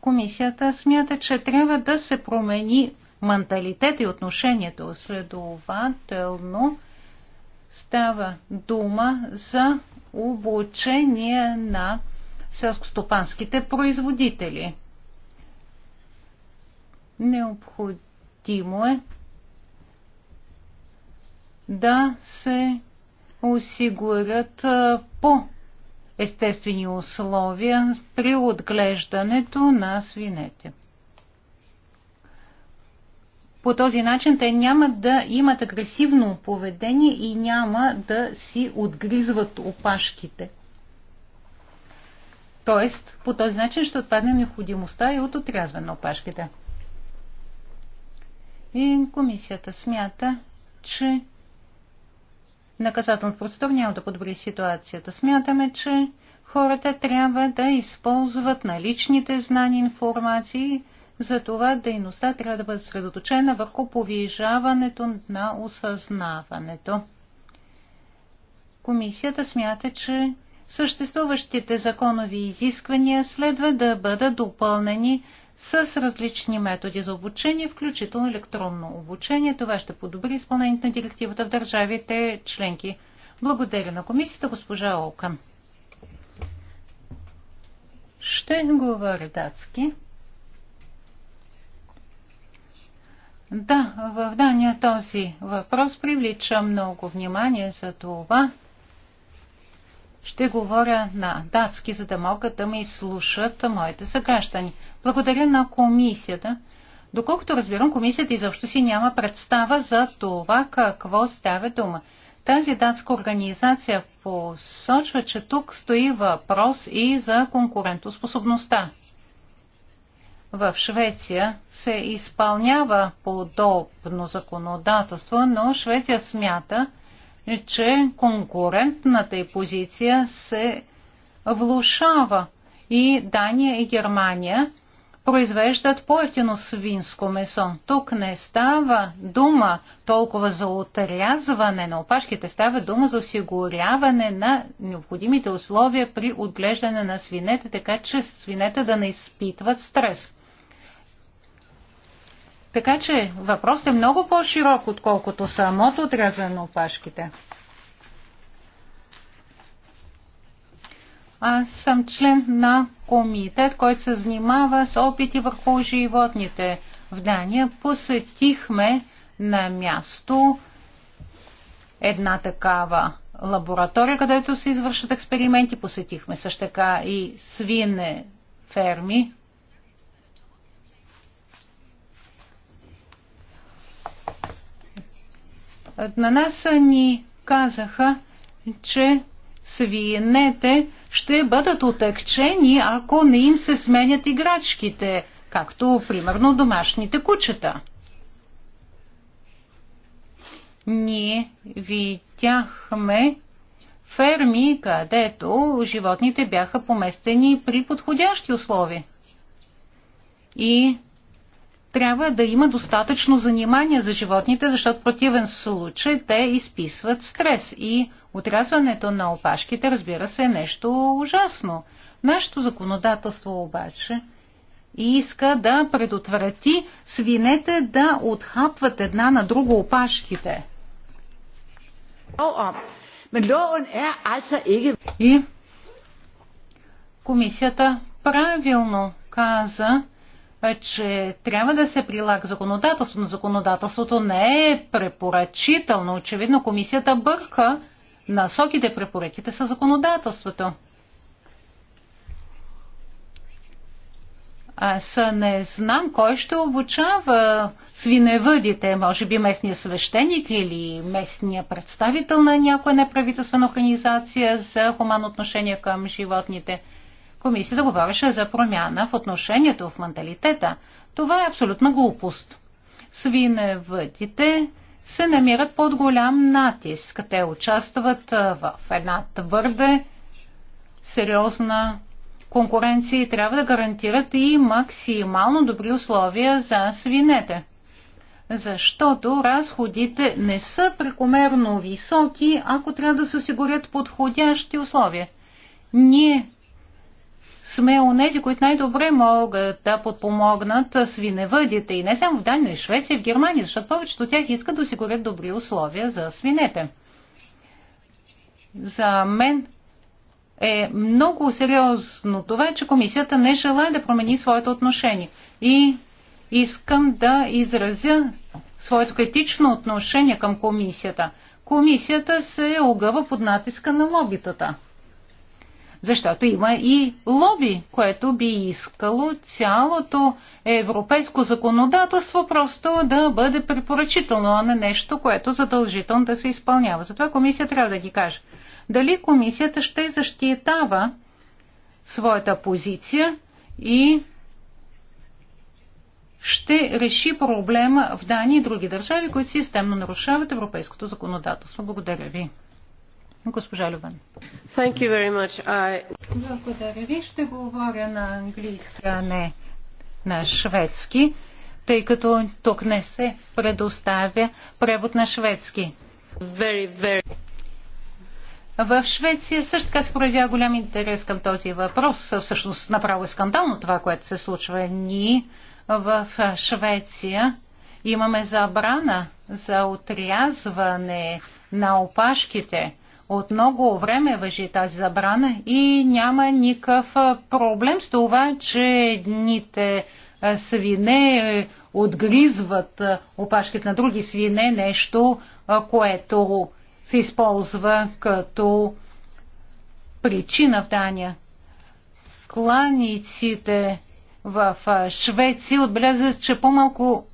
Комисията смята, че трябва да се промени менталитет и отношението. Следователно става дума за обучение на селскостопанските производители. Необходимо е да се осигурят по естествени условия при отглеждането на свинете. По този начин те няма да имат агресивно поведение и няма да си отгризват опашките. Тоест, по този начин ще отпадне необходимостта и от отрязване на опашките. И комисията смята, че наказателно процедур няма да подобри ситуацията. Смятаме, че хората трябва да използват наличните знания и информации, За това дейността трябва да бъде средоточена върху повижаването на осъзнаването. Комисията смята, че съществуващите законови изисквания следва да бъдат допълнени с различни методи за обучение, включително електронно обучение. Това ще подобри изпълнението на директивата в държавите членки. Благодаря на комисията, госпожа Олкан. Ще говоря датски. Да, в Дания този въпрос привлича много внимание за това, ще говоря на датски, за да могат да ме изслушат моите съграждани. Благодаря на комисията. Доколкото разбирам, комисията изобщо си няма представа за това какво става дума. Тази датска организация посочва, че тук стои въпрос и за конкурентоспособността. В Швеция се изпълнява подобно законодателство, но Швеция смята, е, че конкурентната й позиция се влушава и Дания и Германия произвеждат по-ефтино свинско месо. Тук не става дума толкова за отрязване на опашките, става дума за осигуряване на необходимите условия при отглеждане на свинете, така че свинете да не изпитват стрес. Така че въпросът е много по-широк, отколкото самото отрязване на опашките. Аз съм член на комитет, който се занимава с опити върху животните. В Дания посетихме на място една такава лаборатория, където се извършват експерименти. Посетихме също така и свине ферми. На нас ни казаха, че свинете ще бъдат отекчени, ако не им се сменят играчките, както примерно домашните кучета. Ние видяхме ферми, където животните бяха поместени при подходящи условия. И трябва да има достатъчно занимание за животните, защото в противен случай те изписват стрес. И отрязването на опашките, разбира се, е нещо ужасно. Нашето законодателство обаче иска да предотврати свинете да отхапват една на друга опашките. Er И комисията правилно каза, че трябва да се прилага законодателство, но законодателството не е препоръчително. Очевидно комисията бърка насоките, препоръките са законодателството. Аз не знам кой ще обучава свиневъдите, може би местния свещеник или местния представител на някоя неправителствена организация за хуман отношение към животните комисията говореше за промяна в отношението, в менталитета. Това е абсолютна глупост. Свиневътите се намират под голям натиск. Те участват в една твърде сериозна конкуренция и трябва да гарантират и максимално добри условия за свинете. Защото разходите не са прекомерно високи, ако трябва да се осигурят подходящи условия. Ние сме онези, които най-добре могат да подпомогнат свиневъдите. И не само в Дания, и Швеция, и в Германия, защото повечето от тях искат да осигурят добри условия за свинете. За мен е много сериозно това, че комисията не желая да промени своето отношение. И искам да изразя своето критично отношение към комисията. Комисията се е огъва под натиска на лобитата защото има и лоби, което би искало цялото европейско законодателство просто да бъде препоръчително, а не нещо, което задължително да се изпълнява. Затова комисия трябва да ги каже. Дали комисията ще защитава своята позиция и ще реши проблема в Дания и други държави, които системно нарушават европейското законодателство. Благодаря ви. Госпожа Любен. Thank you very much. I... Благодаря ви. Ще говоря на английски, а не на шведски, тъй като тук не се предоставя превод на шведски. Very, very... В Швеция също така се проявява голям интерес към този въпрос. Всъщност направо е скандално това, което се случва. Ние в Швеция имаме забрана за отрязване на опашките – от много време въжи тази забрана и няма никакъв проблем с това, че едните свине е, отгризват опашките на други свине, нещо, което се използва като причина в Дания. Кланиците в Швеция отбелязват, че по-малко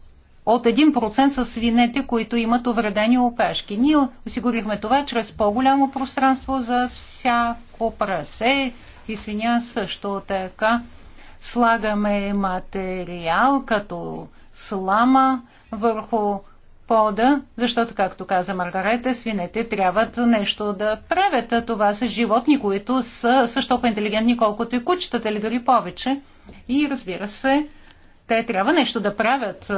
от 1% са свинете, които имат увредени опешки. Ние осигурихме това чрез по-голямо пространство за всяко прасе и свиня също така. Слагаме материал като слама върху пода, защото, както каза Маргарета, свинете трябват нещо да правят. Това са животни, които са също интелигентни, колкото и кучетата, или дори повече. И разбира се, те трябва нещо да правят.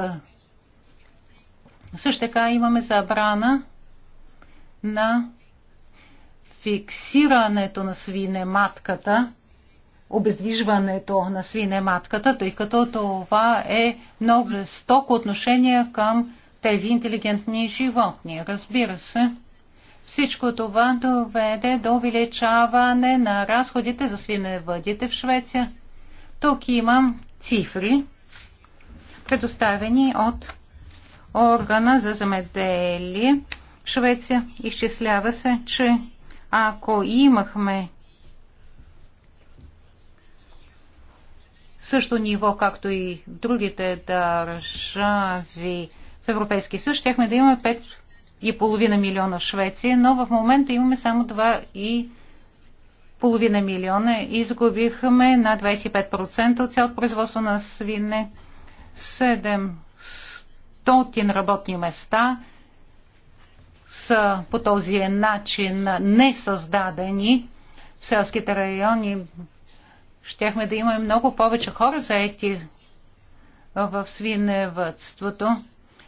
Също така имаме забрана на фиксирането на свинематката, обездвижването на свинематката, тъй като това е много жестоко отношение към тези интелигентни животни. Разбира се, всичко това доведе до увеличаване на разходите за свиневъдите в Швеция. Тук имам цифри, предоставени от органа за земеделие в Швеция. Изчислява се, че ако имахме също ниво, както и другите държави в Европейския съюз, щяхме да имаме 5,5 милиона в Швеция, но в момента имаме само 2,5 милиона. Изгубихме на 25% от цялото производство на свине. 7 500 работни места са по този начин не създадени в селските райони. Щяхме да имаме много повече хора заети в свиневътството,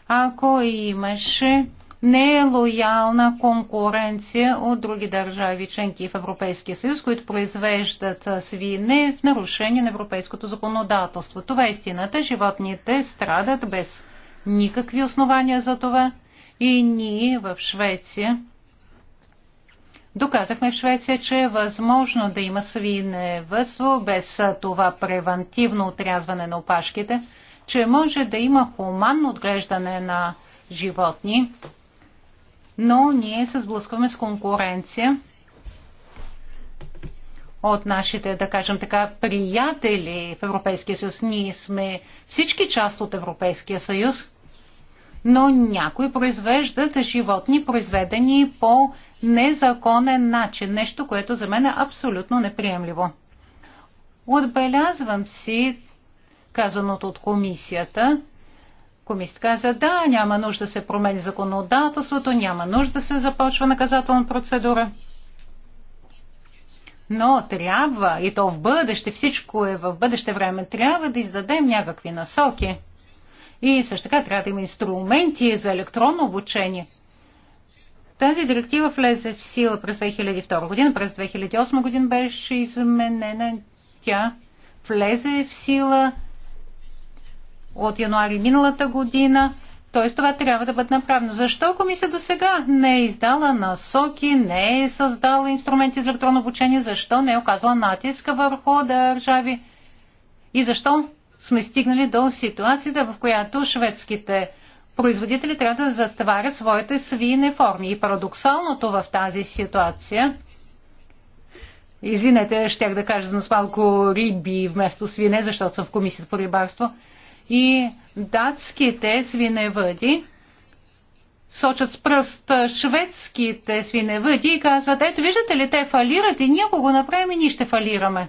ако имаше нелоялна конкуренция от други държави, членки в Европейския съюз, които произвеждат свине в нарушение на европейското законодателство. Това е истината. Животните страдат без никакви основания за това. И ние в Швеция доказахме в Швеция, че е възможно да има свиневътство без това превантивно отрязване на опашките, че може да има хуманно отглеждане на животни, но ние се сблъскваме с конкуренция от нашите, да кажем така, приятели в Европейския съюз. Ние сме всички част от Европейския съюз но някои произвеждат животни, произведени по незаконен начин. Нещо, което за мен е абсолютно неприемливо. Отбелязвам си казаното от комисията. Комисията каза, да, няма нужда да се промени законодателството, няма нужда да се започва наказателна процедура. Но трябва, и то в бъдеще, всичко е в бъдеще време, трябва да издадем някакви насоки – и също така трябва да има инструменти за електронно обучение. Тази директива влезе в сила през 2002 година, през 2008 година беше изменена. Тя влезе в сила от януари миналата година. Т.е. това трябва да бъде направено. Защо комисия до сега не е издала насоки, не е създала инструменти за електронно обучение, защо не е оказала натиска върху държави и защо сме стигнали до ситуацията, в която шведските производители трябва да затварят своите свине форми. И парадоксалното в тази ситуация, извинете, щях да кажа за малко риби вместо свине, защото съм в комисията по рибарство, и датските свиневъди сочат с пръст шведските свиневъди и казват, ето виждате ли, те фалират и ние ако го направим и ние ще фалираме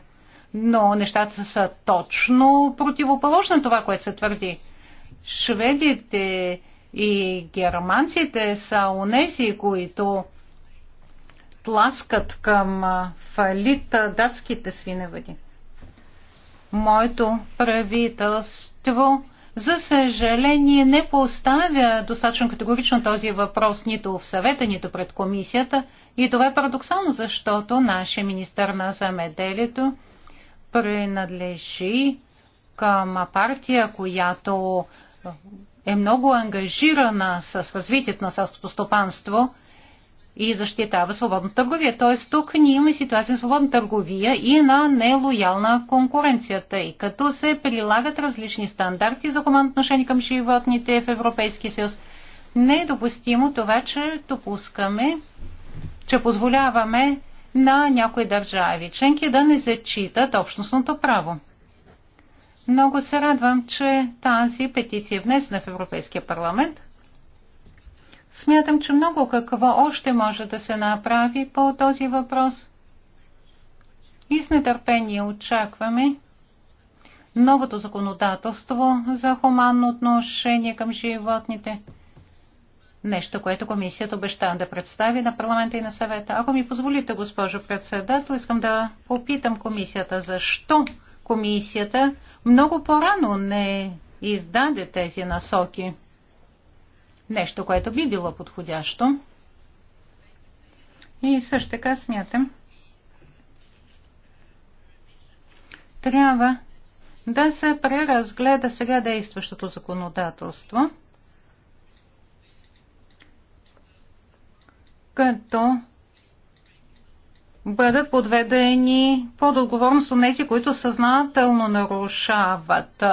но нещата са точно противоположно това, което се твърди. Шведите и германците са унези, които тласкат към фалит датските свиневъди. Моето правителство, за съжаление, не поставя достатъчно категорично този въпрос нито в съвета, нито пред комисията. И това е парадоксално, защото нашия министър на замеделието принадлежи към партия, която е много ангажирана с развитието на селското стопанство и защитава свободна търговия. Т.е. тук ние имаме ситуация на свободна търговия и на нелоялна конкуренцията, и като се прилагат различни стандарти за хуманно отношение към животните в Европейския съюз. Не е допустимо това, че допускаме, че позволяваме на някои държави членки да не зачитат общностното право. Много се радвам, че тази петиция е внесена в Европейския парламент. Смятам, че много какво още може да се направи по този въпрос. И с нетърпение очакваме новото законодателство за хуманно отношение към животните – нещо, което комисията обеща да представи на парламента и на съвета. Ако ми позволите, госпожо председател, искам да попитам комисията, защо комисията много по-рано не издаде тези насоки. Нещо, което би било подходящо. И също така смятам, трябва да се преразгледа сега действащото законодателство – като бъдат подведени под отговорност от тези, които съзнателно нарушават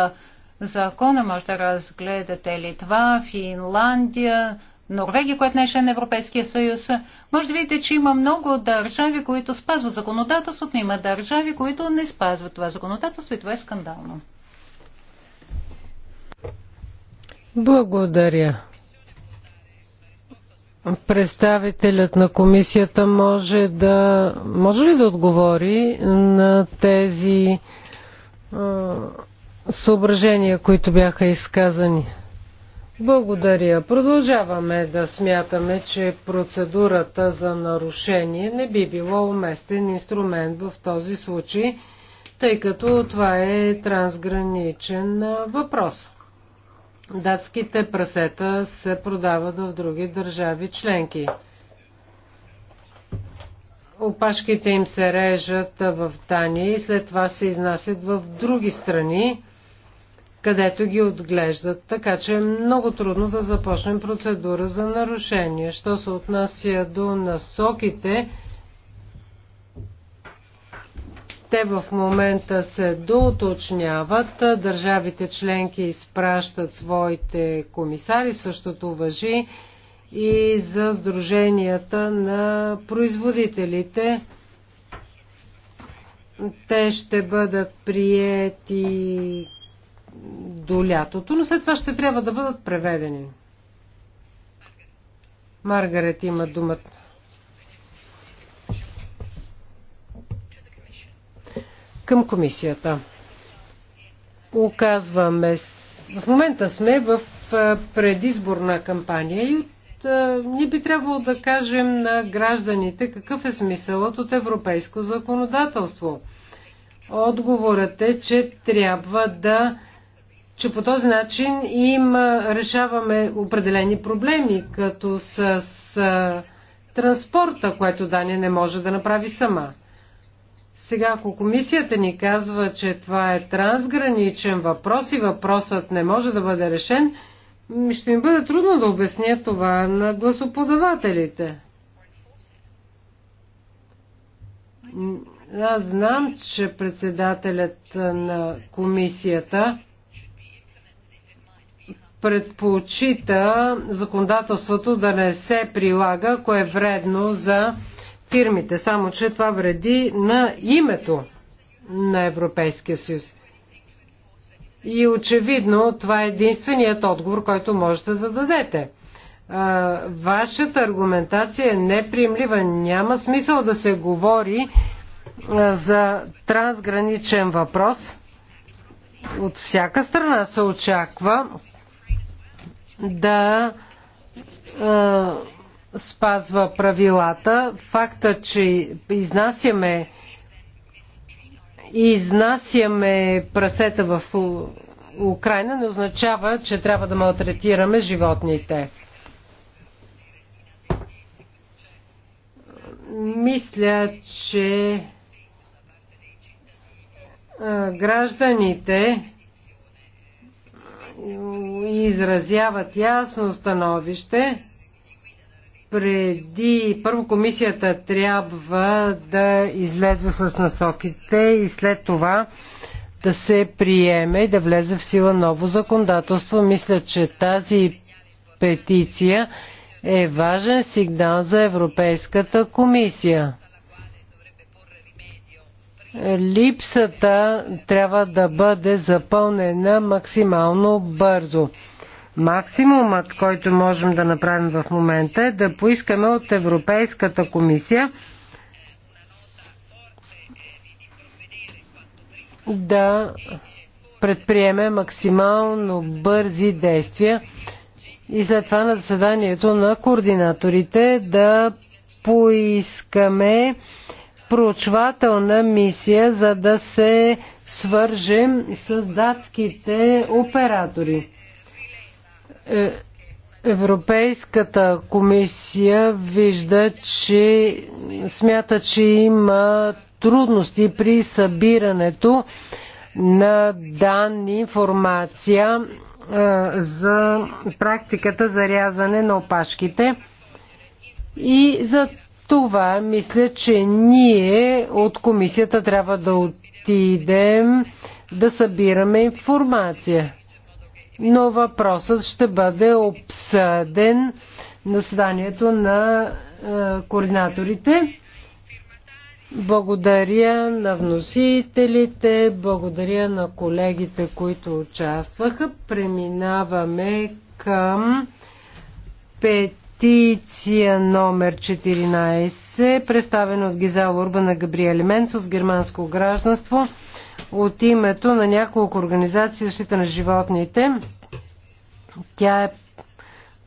закона. Може да разгледате Литва, Финландия, Норвегия, която не е член Европейския съюз. Може да видите, че има много държави, които спазват законодателството, но има държави, които не спазват това законодателство и това е скандално. Благодаря. Представителят на комисията може да може ли да отговори на тези а, съображения, които бяха изказани? Благодаря. Продължаваме да смятаме, че процедурата за нарушение не би било уместен инструмент в този случай, тъй като това е трансграничен въпрос. Датските прасета се продават в други държави членки. Опашките им се режат в Дания и след това се изнасят в други страни, където ги отглеждат. Така че е много трудно да започнем процедура за нарушение. Що се отнася до насоките, те в момента се доуточняват. Държавите членки изпращат своите комисари. Същото въжи и за сдруженията на производителите. Те ще бъдат приети до лятото, но след това ще трябва да бъдат преведени. Маргарет има думата. към комисията. Оказваме. В момента сме в предизборна кампания и ни би трябвало да кажем на гражданите какъв е смисълът от европейско законодателство. Отговорът е, че трябва да че по този начин им решаваме определени проблеми, като с, с транспорта, което Дания не може да направи сама. Сега, ако комисията ни казва, че това е трансграничен въпрос и въпросът не може да бъде решен, ще ми бъде трудно да обясня това на гласоподавателите. Аз знам, че председателят на комисията предпочита законодателството да не се прилага, кое е вредно за фирмите, само че това вреди на името на Европейския съюз. И очевидно това е единственият отговор, който можете да дадете. А, вашата аргументация е неприемлива. Няма смисъл да се говори а, за трансграничен въпрос. От всяка страна се очаква да спазва правилата. Факта, че изнасяме изнасяме прасета в Украина не означава, че трябва да малтретираме животните. Мисля, че гражданите изразяват ясно становище преди първо комисията трябва да излезе с насоките и след това да се приеме и да влезе в сила ново законодателство. Мисля, че тази петиция е важен сигнал за Европейската комисия. Липсата трябва да бъде запълнена максимално бързо. Максимумът, който можем да направим в момента е да поискаме от Европейската комисия да предприеме максимално бързи действия и след това на заседанието на координаторите да поискаме проучвателна мисия, за да се свържем с датските оператори. Е, Европейската комисия вижда, че смята, че има трудности при събирането на данни, информация е, за практиката за рязане на опашките. И за това мисля, че ние от комисията трябва да отидем да събираме информация но въпросът ще бъде обсъден на заседанието на е, координаторите. Благодаря на вносителите, благодаря на колегите, които участваха. Преминаваме към петиция номер 14, представена от Гизел Урбана Габриели Менц с германско гражданство от името на няколко организации защита на животните. Тя е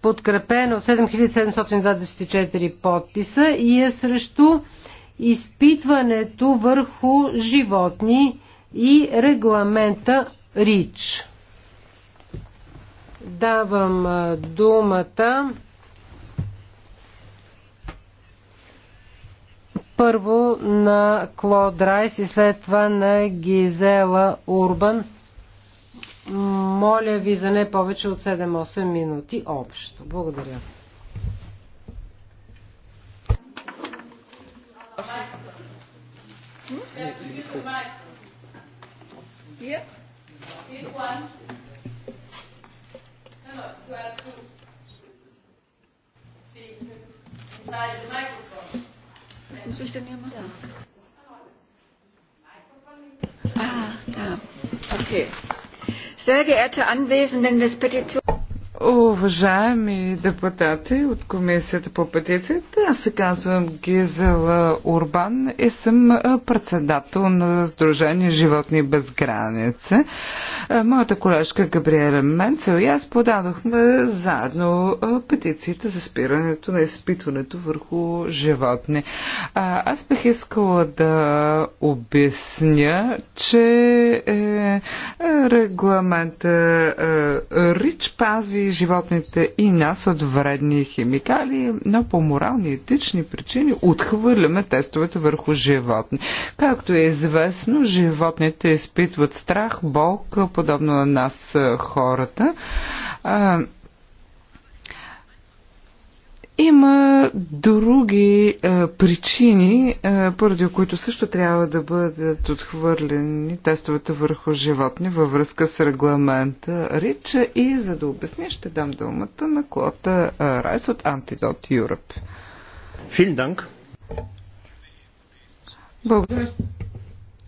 подкрепена от 7724 подписа и е срещу изпитването върху животни и регламента РИЧ. Давам думата Първо на Клод Райс и след това на Гизела Урбан. Моля ви за не повече от 7-8 минути общо. Благодаря. Yep. Here's one. No, no, you Inside the microphone. Okay. Sehr geehrte Anwesenden des Petitions Уважаеми депутати от Комисията по петицията, аз се казвам Гизела Урбан и съм председател на Сдружение Животни без граница. Моята колежка Габриела Менцел и аз подадохме заедно петицията за спирането на изпитването върху животни. Аз бих искала да обясня, че е, регламента е, РИЧ пази животните и нас от вредни химикали, но по морални и етични причини отхвърляме тестовете върху животни. Както е известно, животните изпитват страх, болка, подобно на нас хората. Има други а, е, причини, а, е, поради които също трябва да бъдат отхвърлени тестовете върху животни във връзка с регламента Рича и за да обясня ще дам думата на Клота е, Райс от Antidote Europe. Финданг. Благодаря.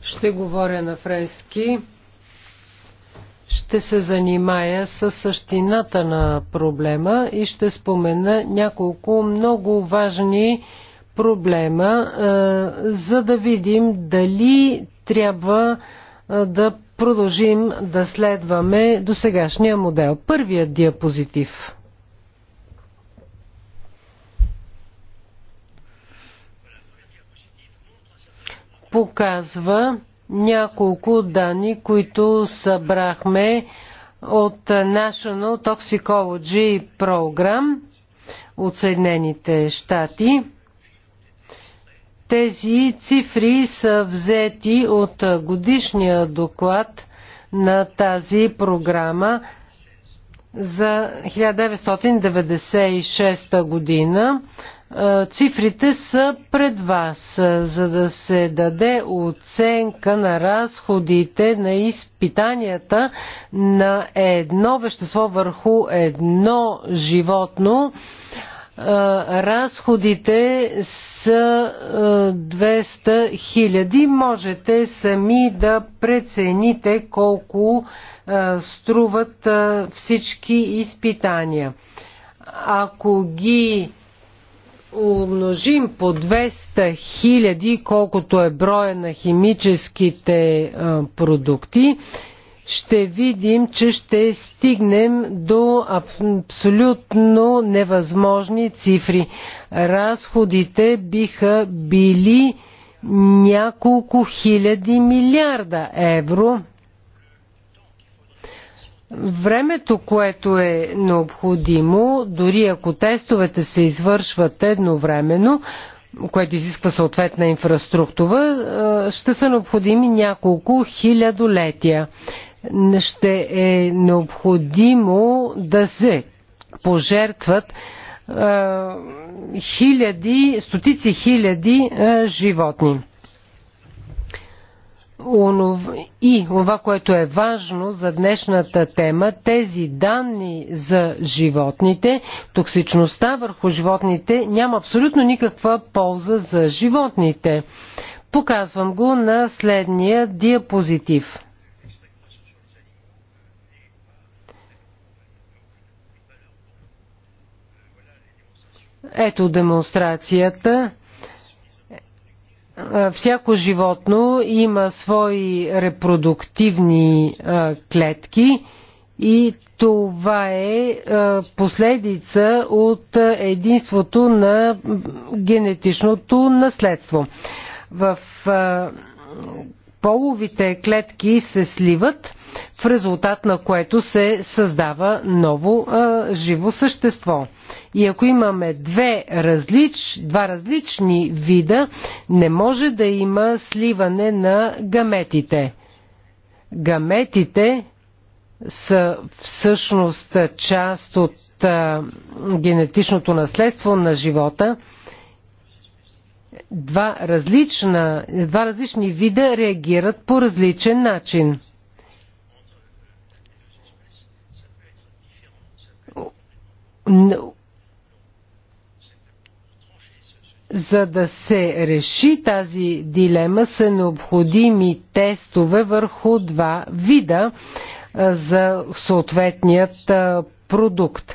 Ще говоря на френски ще се занимая с същината на проблема и ще спомена няколко много важни проблема, е, за да видим дали трябва е, да продължим да следваме досегашния модел. Първият диапозитив. Показва няколко данни, които събрахме от National Toxicology Program от Съединените щати. Тези цифри са взети от годишния доклад на тази програма за 1996 година. Е, цифрите са пред вас, е, за да се даде оценка на разходите на изпитанията на едно вещество върху едно животно. Е, разходите са 200 хиляди. Можете сами да прецените колко струват всички изпитания. Ако ги умножим по 200 хиляди, колкото е броя на химическите продукти, ще видим, че ще стигнем до абсолютно невъзможни цифри. Разходите биха били няколко хиляди милиарда евро времето, което е необходимо, дори ако тестовете се извършват едновременно, което изисква съответна инфраструктура, ще са необходими няколко хилядолетия. Ще е необходимо да се пожертват хиляди, стотици хиляди животни и това, което е важно за днешната тема, тези данни за животните, токсичността върху животните няма абсолютно никаква полза за животните. Показвам го на следния диапозитив. Ето демонстрацията всяко животно има свои репродуктивни клетки и това е последица от единството на генетичното наследство. В половите клетки се сливат в резултат на което се създава ново а, живо същество. И ако имаме две различ, два различни вида, не може да има сливане на гаметите. Гаметите са всъщност част от а, генетичното наследство на живота. Два, различна, два различни вида реагират по различен начин – За да се реши тази дилема са необходими тестове върху два вида за съответният продукт.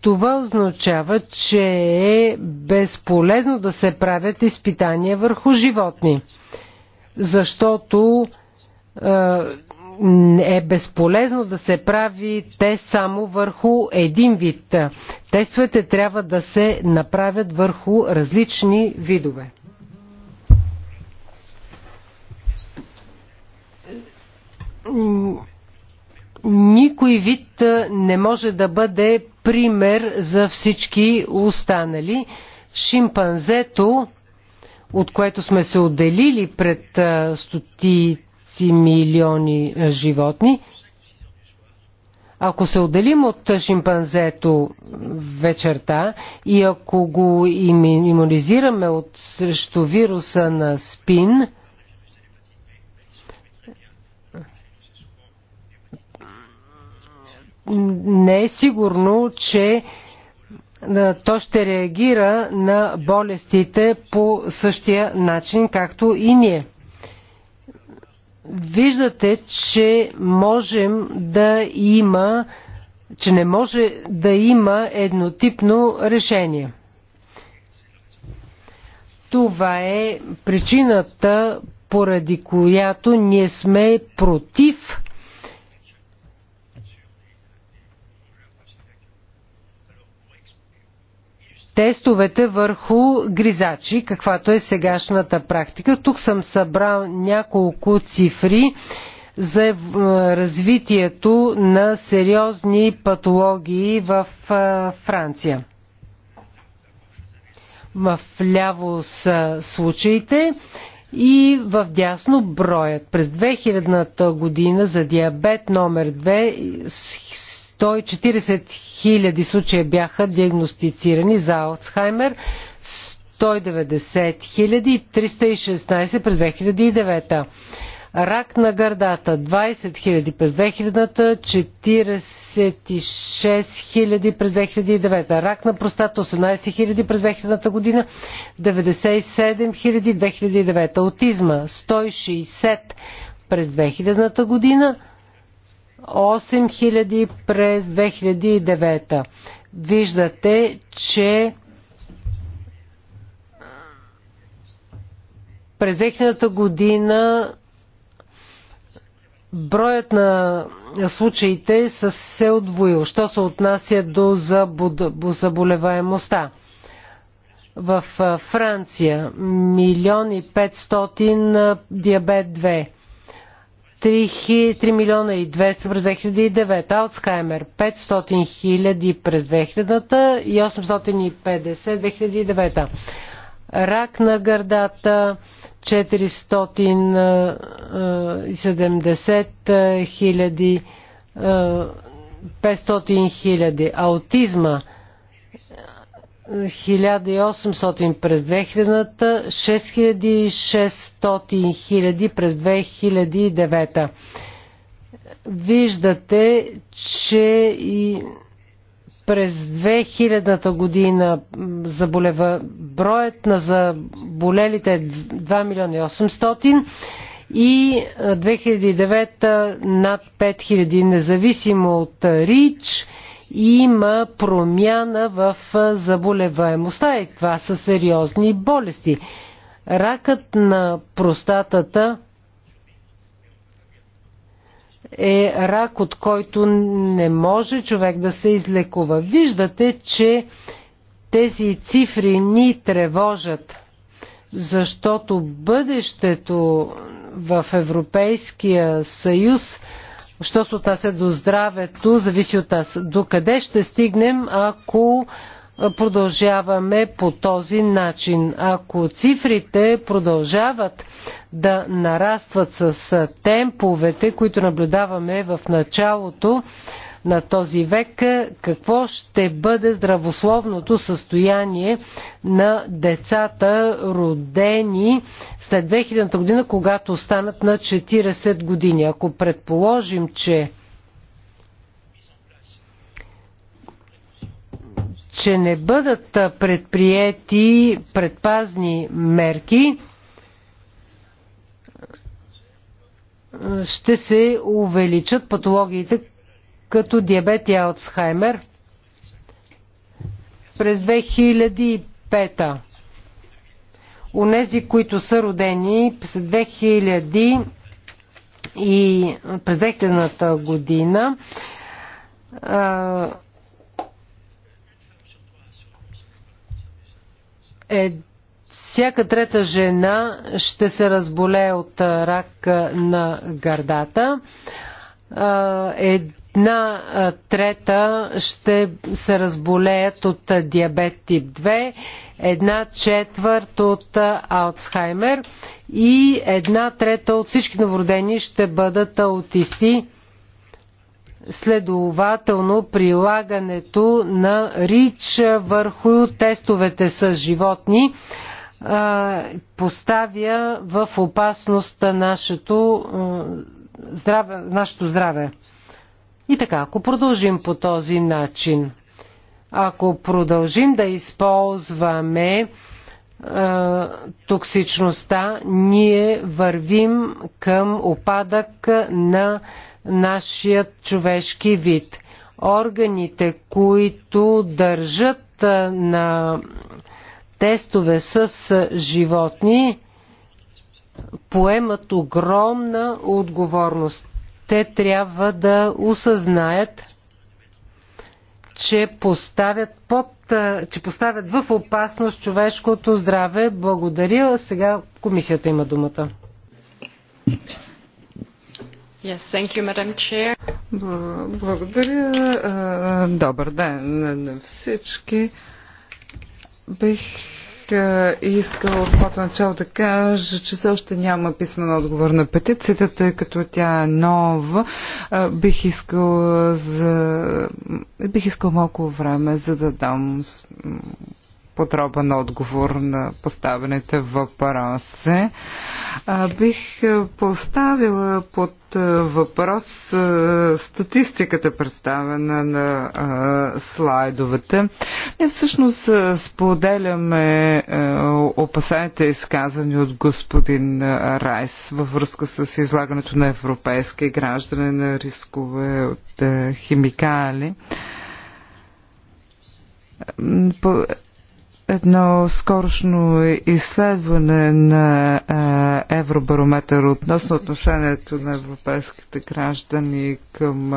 Това означава, че е безполезно да се правят изпитания върху животни, защото е, е безполезно да се прави тест само върху един вид. Тестовете трябва да се направят върху различни видове. Никой вид не може да бъде пример за всички останали. Шимпанзето, от което сме се отделили пред стоти 6 милиони е, животни. Ако се отделим от шимпанзето вечерта и ако го иммунизираме от срещу вируса на спин, не е сигурно, че е, то ще реагира на болестите по същия начин, както и ние виждате, че можем да има, че не може да има еднотипно решение. Това е причината, поради която ние сме против тестовете върху гризачи, каквато е сегашната практика. Тук съм събрал няколко цифри за е, развитието на сериозни патологии в е, Франция. В ляво са случаите и в дясно броят. През 2000 година за диабет номер 2 140 000 случая бяха диагностицирани за Алцхаймер, 190 000 316 през 2009. Рак на гърдата 20 000 през 2000, 46 000 през 2009. Рак на простата 18 000 през 2000 година, 97 000 2009. Аутизма 160 през 2000 година, 8000 през 2009. Виждате, че през 2000 година броят на случаите са се отвоил. Що се отнася до заболеваемостта? В Франция милиони 500 диабет 2. 3, милиона и 200 през 2009, Алцхаймер 500 хиляди през 2000 и 850 2009, рак на гърдата 470 хиляди 500 хиляди, аутизма 1800 през 2000-та, 6600 хиляди през 2009-та. Виждате, че и през 2000-та година заболева, броят на заболелите е 2 милиона 800 и 2009 над 5000, независимо от РИЧ има промяна в заболеваемостта и това са сериозни болести. Ракът на простатата е рак, от който не може човек да се излекува. Виждате, че тези цифри ни тревожат, защото бъдещето в Европейския съюз – Що се отнася до здравето, зависи от нас. До къде ще стигнем, ако продължаваме по този начин. Ако цифрите продължават да нарастват с темповете, които наблюдаваме в началото на този век, е, какво ще бъде здравословното състояние на децата родени след 2000 година, когато станат на 40 години. Ако предположим, че че не бъдат предприети предпазни мерки, ще се увеличат патологиите, като диабет и Алцхаймер. През 2005 нези, които са родени през 2000 и през 2000-та година е всяка трета жена ще се разболее от рак на гърдата. Е, една трета ще се разболеят от диабет тип 2, една четвърт от Алцхаймер и една трета от всички новородени ще бъдат аутисти. Следователно, прилагането на РИЧ върху тестовете с животни поставя в опасност нашето здраве. Нашето здраве. И така, ако продължим по този начин, ако продължим да използваме е, токсичността, ние вървим към опадък на нашия човешки вид. Органите, които държат е, на тестове с животни, поемат огромна отговорност те трябва да осъзнаят, че поставят, под, че поставят в опасност човешкото здраве. Благодаря. Сега комисията има думата. Yes, thank you, Madam Chair. Благодаря. Добър ден на всички. Бих е, искала от самото начало да кажа, че все още няма писмен отговор на петицията, тъй като тя е нова. Е, бих искал за... бих искал малко време, за да дам подробен отговор на поставените въпроси. Бих поставила под въпрос статистиката, представена на слайдовете. Ние всъщност споделяме опасаните изказани от господин Райс във връзка с излагането на европейски граждане на рискове от химикали едно скорошно изследване на Евробарометър относно отношението на европейските граждани към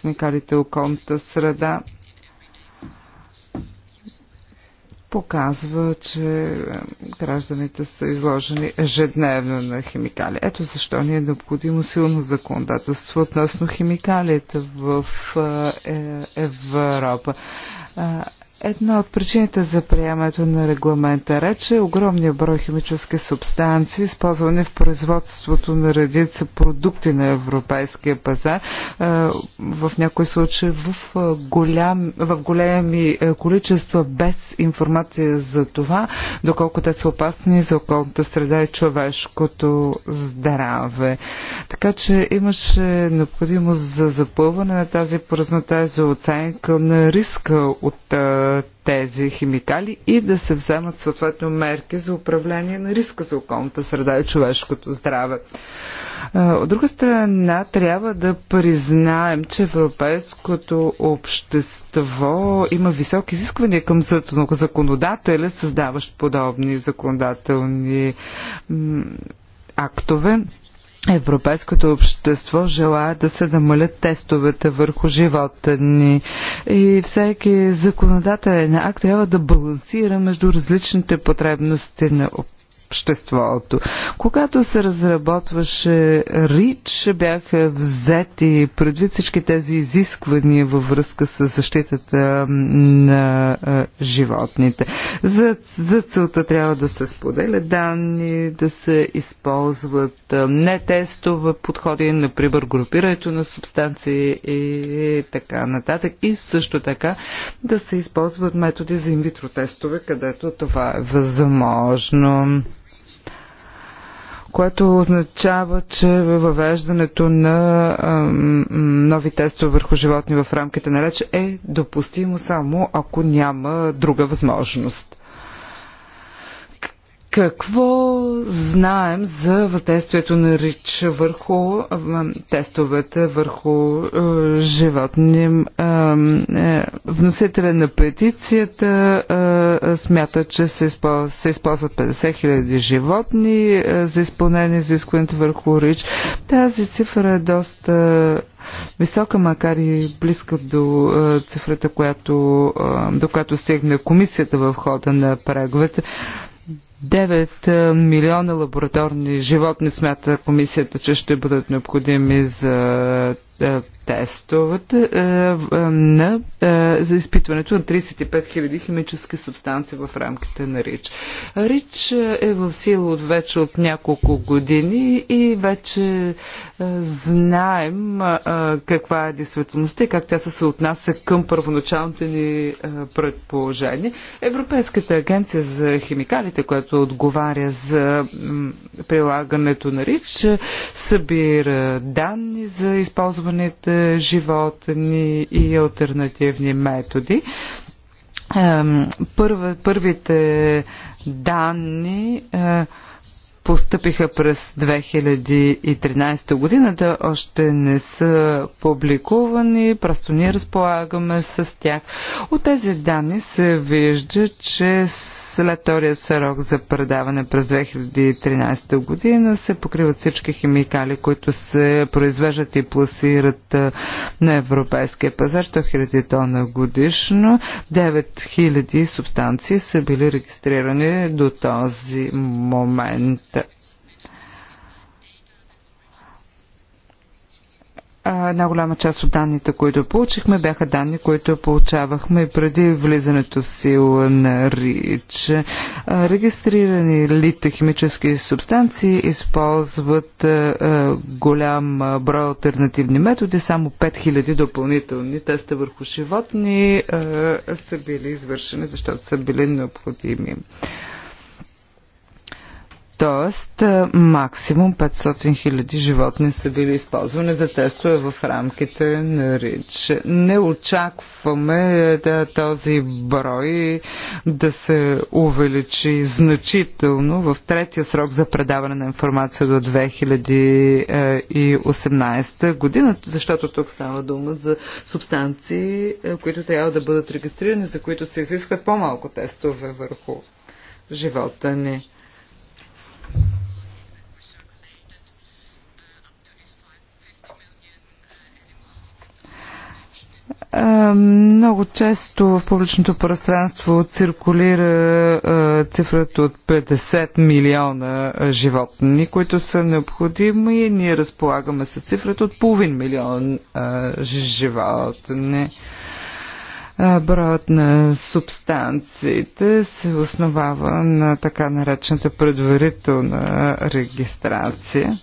химикалите околната среда показва, че гражданите са изложени ежедневно на химикали. Ето защо ни е необходимо силно законодателство относно химикалите в е, Европа. Една от причините за приемането на регламента реч е огромния брой химически субстанции, използвани в производството на редица продукти на европейския пазар, в някои случаи в, голям, в големи количества без информация за това, доколко те са опасни за околната среда и човешкото здраве. Така че имаше необходимост за запълване на тази празнота за оценка на риска от тези химикали и да се вземат съответно мерки за управление на риска за околната среда и човешкото здраве. От друга страна, трябва да признаем, че европейското общество има високи изисквания към законодателя, създаващ подобни законодателни актове. Европейското общество желая да се намалят тестовете върху живота ни и всеки законодателен акт трябва да балансира между различните потребности на обществото. Когато се разработваше РИЧ, бяха взети предвид всички тези изисквания във връзка с защитата на животните. За, за целта трябва да се споделят данни, да се използват не тестове подходи, например групирането на субстанции и така нататък. И също така да се използват методи за инвитро тестове, където това е възможно което означава, че въвеждането на нови тестове върху животни в рамките на реч е допустимо само ако няма друга възможност. Какво знаем за въздействието на РИЧ върху тестовете, върху е, животни? Е, е, вносителя на петицията е, смята, че се, използва, се използват 50 хиляди животни е, за изпълнение за изискването върху РИЧ. Тази цифра е доста висока, макар и близка до е, цифрата, която, е, до която стигна комисията в хода на преговорите. 9 милиона лабораторни животни смята комисията, че ще бъдат необходими за е, тестовете е, на, е, за изпитването на 35 000 химически субстанции в рамките на РИЧ. РИЧ е в сила от вече от няколко години и вече знаем каква е действителността и как тя се отнася към първоначалните ни предположения. Европейската агенция за химикалите, която отговаря за прилагането на РИЧ, събира данни за използване използваните животни и альтернативни методи. първите данни е, постъпиха през 2013 година, да още не са публикувани, просто ние разполагаме с тях. От тези данни се вижда, че след втория срок за предаване през 2013 година се покриват всички химикали, които се произвеждат и пласират на европейския пазар, 100 000 тона годишно. 9000 субстанции са били регистрирани до този момент. Една голяма част от данните, които получихме, бяха данни, които получавахме преди влизането в сила на РИЧ. Регистрирани лите химически субстанции използват голям брой альтернативни методи. Само 5000 допълнителни теста върху животни са били извършени, защото са били необходими. Тоест, максимум 500 000 животни са били използвани за тестове в рамките на РИЧ. Не очакваме да, този брой да се увеличи значително в третия срок за предаване на информация до 2018 година, защото тук става дума за субстанции, които трябва да бъдат регистрирани, за които се изискват по-малко тестове върху живота ни. Е, много често в публичното пространство циркулира е, цифрата от 50 милиона животни, които са необходими и ние разполагаме с цифрата от половин милион е, животни. Броят на субстанциите се основава на така наречената предварителна регистрация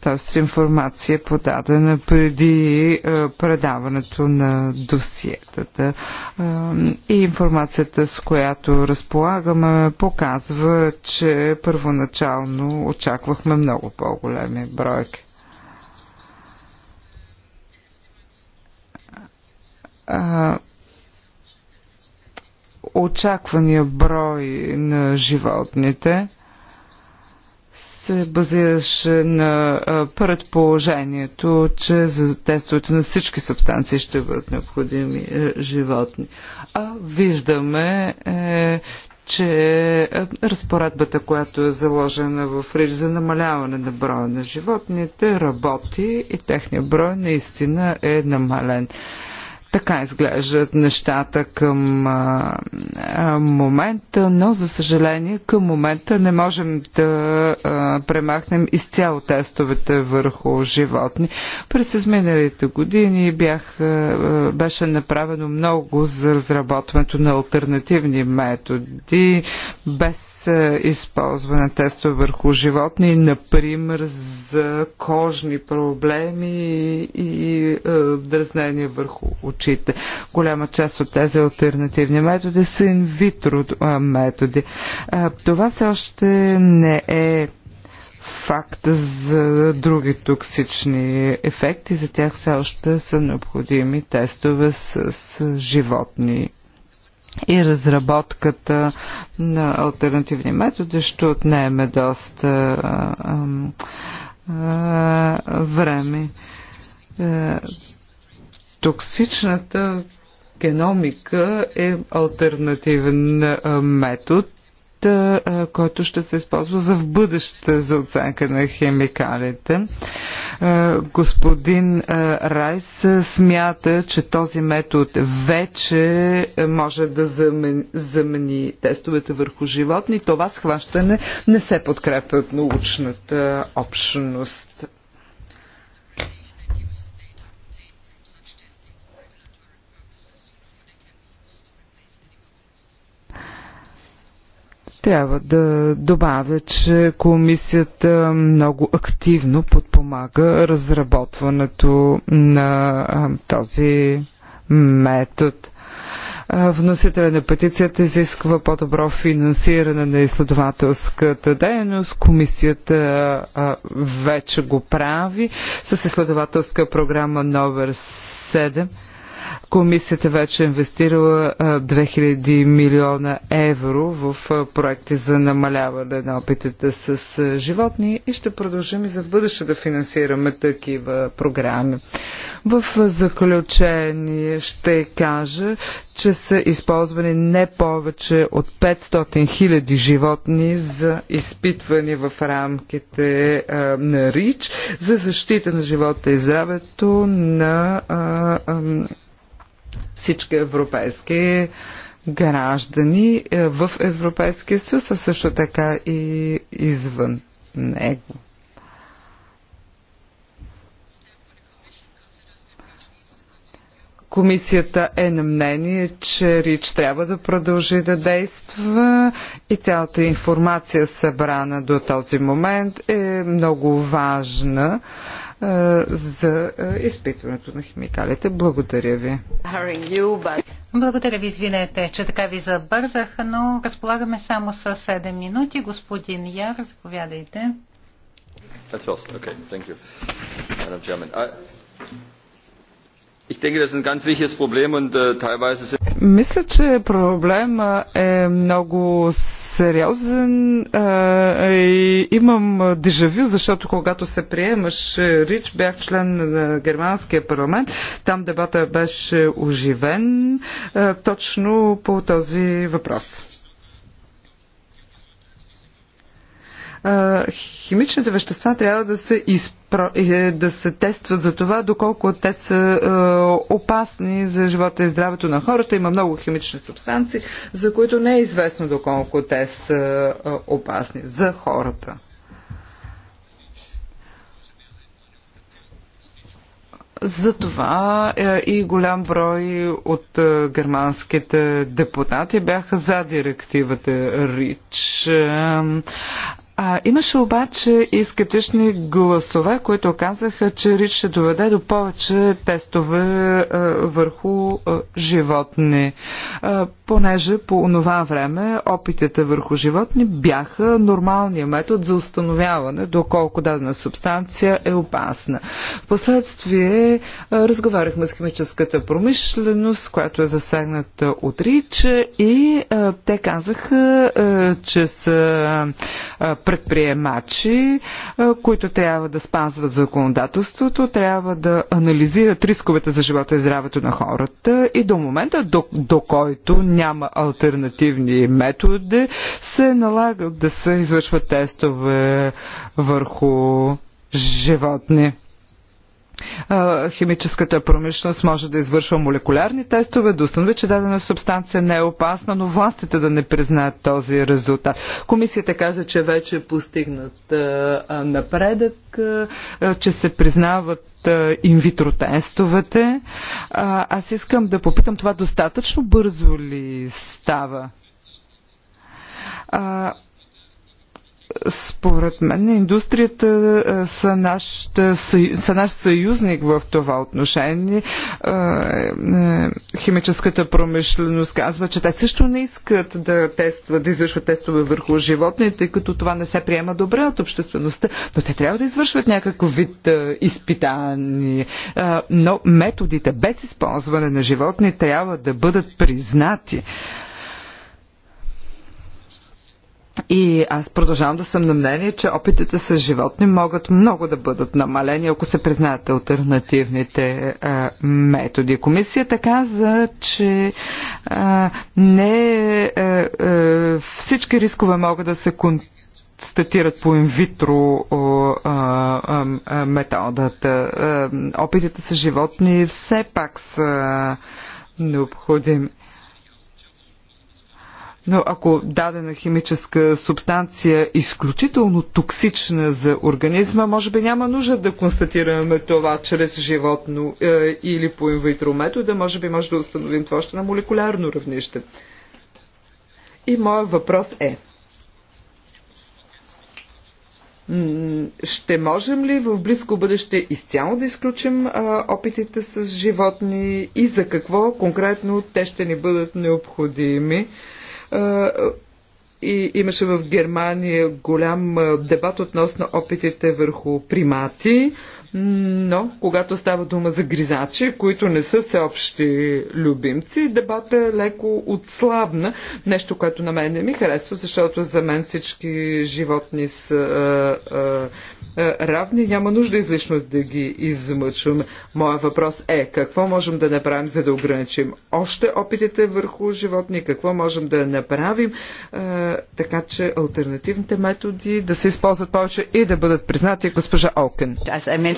т.е. информация подадена преди предаването на досиетата. И информацията, с която разполагаме, показва, че първоначално очаквахме много по-големи бройки. а, очаквания брой на животните се базираше на предположението, че за тестовете на всички субстанции ще бъдат необходими е, животни. А виждаме, е, че е, разпоредбата, която е заложена в Риж за намаляване на броя на животните, работи и техния брой наистина е намален. Така изглеждат нещата към а, а, момента, но за съжаление към момента не можем да а, премахнем изцяло тестовете върху животни. През изминалите години бях, а, беше направено много за разработването на альтернативни методи без е, използване на тестове върху животни, например за кожни проблеми и е, дразнения върху очите. Голяма част от тези альтернативни методи са инвитро е, методи. Това все още не е факт за други токсични ефекти. За тях все още са необходими тестове с, с животни и разработката на альтернативни методи ще отнеме доста време. токсичната геномика е альтернативен метод, който ще се използва за в бъдеще за оценка на химикалите. Е, господин е, Райс смята, че този метод вече може да замени, замени тестовете върху животни. Това схващане не се подкрепя от научната е, общност. Трябва да добавя, че комисията много активно подпомага разработването на този метод. Вносителя на петицията изисква по-добро финансиране на изследователската дейност. Комисията вече го прави с изследователска програма номер 7. Комисията вече е инвестирала 2000 милиона евро в проекти за намаляване на опитите с животни и ще продължим и за в бъдеще да финансираме такива програми. В заключение ще кажа, че са използвани не повече от 500 хиляди животни за изпитване в рамките на РИЧ за защита на живота и здравето на всички европейски граждани е, в Европейския съюз, а също така и извън него. Комисията е на мнение, че РИЧ трябва да продължи да действа и цялата информация събрана до този момент е много важна за изпитването на химикалите. Благодаря ви. Благодаря ви, извинете, че така ви забързах, но разполагаме само с 7 минути. Господин Яр, заповядайте. That's first. Okay, thank you, Madam Chairman. I, Äh, Мисля, че проблема е много сериозен. Имам дежавю, защото когато се приемаш Рич, бях член на германския парламент. Там дебата беше оживен точно по този въпрос. химичните вещества трябва да се, изпро... Е, да се тестват за това, доколко те са е, опасни за живота и здравето на хората. Има много химични субстанции, за които не е известно доколко те са е, опасни за хората. Затова и голям брой от германските депутати бяха за директивата РИЧ. А, имаше обаче и скептични гласове, които казаха, че РИЧ ще доведе до повече тестове а, върху а, животни, а, понеже по това време опитите върху животни бяха нормалния метод за установяване доколко дадена субстанция е опасна. Впоследствие а, разговаряхме с химическата промишленост, която е засегната от РИЧ и а, те казаха, а, че са а, предприемачи, които трябва да спазват законодателството, трябва да анализират рисковете за живота и здравето на хората и до момента, до, до който няма альтернативни методи, се налага да се извършват тестове върху животни химическата промишленост може да извършва молекулярни тестове, да установи, че дадена субстанция не е опасна, но властите да не признаят този резултат. Комисията каза, че вече е постигнат напредък, че се признават инвитро тестовете. Аз искам да попитам това достатъчно бързо ли става? Според мен индустрията е, са наш, е, са наш съюзник в това отношение. Е, химическата промишленост казва, че те също не искат да, тестват, да извършват тестове върху животните, тъй като това не се приема добре от обществеността, но те трябва да извършват някакъв вид изпитание. Но методите без използване на животни трябва да бъдат признати. И аз продължавам да съм на мнение, че опитите с животни могат много да бъдат намалени, ако се признаят альтернативните а, е, методи. Комисията каза, че а, е, не а, е, а, всички рискове могат да се констатират по инвитро методата. Опитите с животни все пак са необходими. Но ако дадена химическа субстанция е изключително токсична за организма, може би няма нужда да констатираме това чрез животно е, или по инвитро метода, може би може да установим това още на молекулярно равнище. И моят въпрос е, ще можем ли в близко бъдеще изцяло да изключим а, опитите с животни и за какво конкретно те ще ни бъдат необходими? и имаше в Германия голям дебат относно опитите върху примати. Но, когато става дума за гризачи, които не са всеобщи любимци, дебата е леко отслабна. Нещо, което на мен не ми харесва, защото за мен всички животни са а, а, равни. Няма нужда излишно да ги измъчваме. Моя въпрос е, какво можем да направим, за да ограничим още опитите върху животни? Какво можем да направим, а, така че альтернативните методи да се използват повече и да бъдат признати, госпожа Олкен?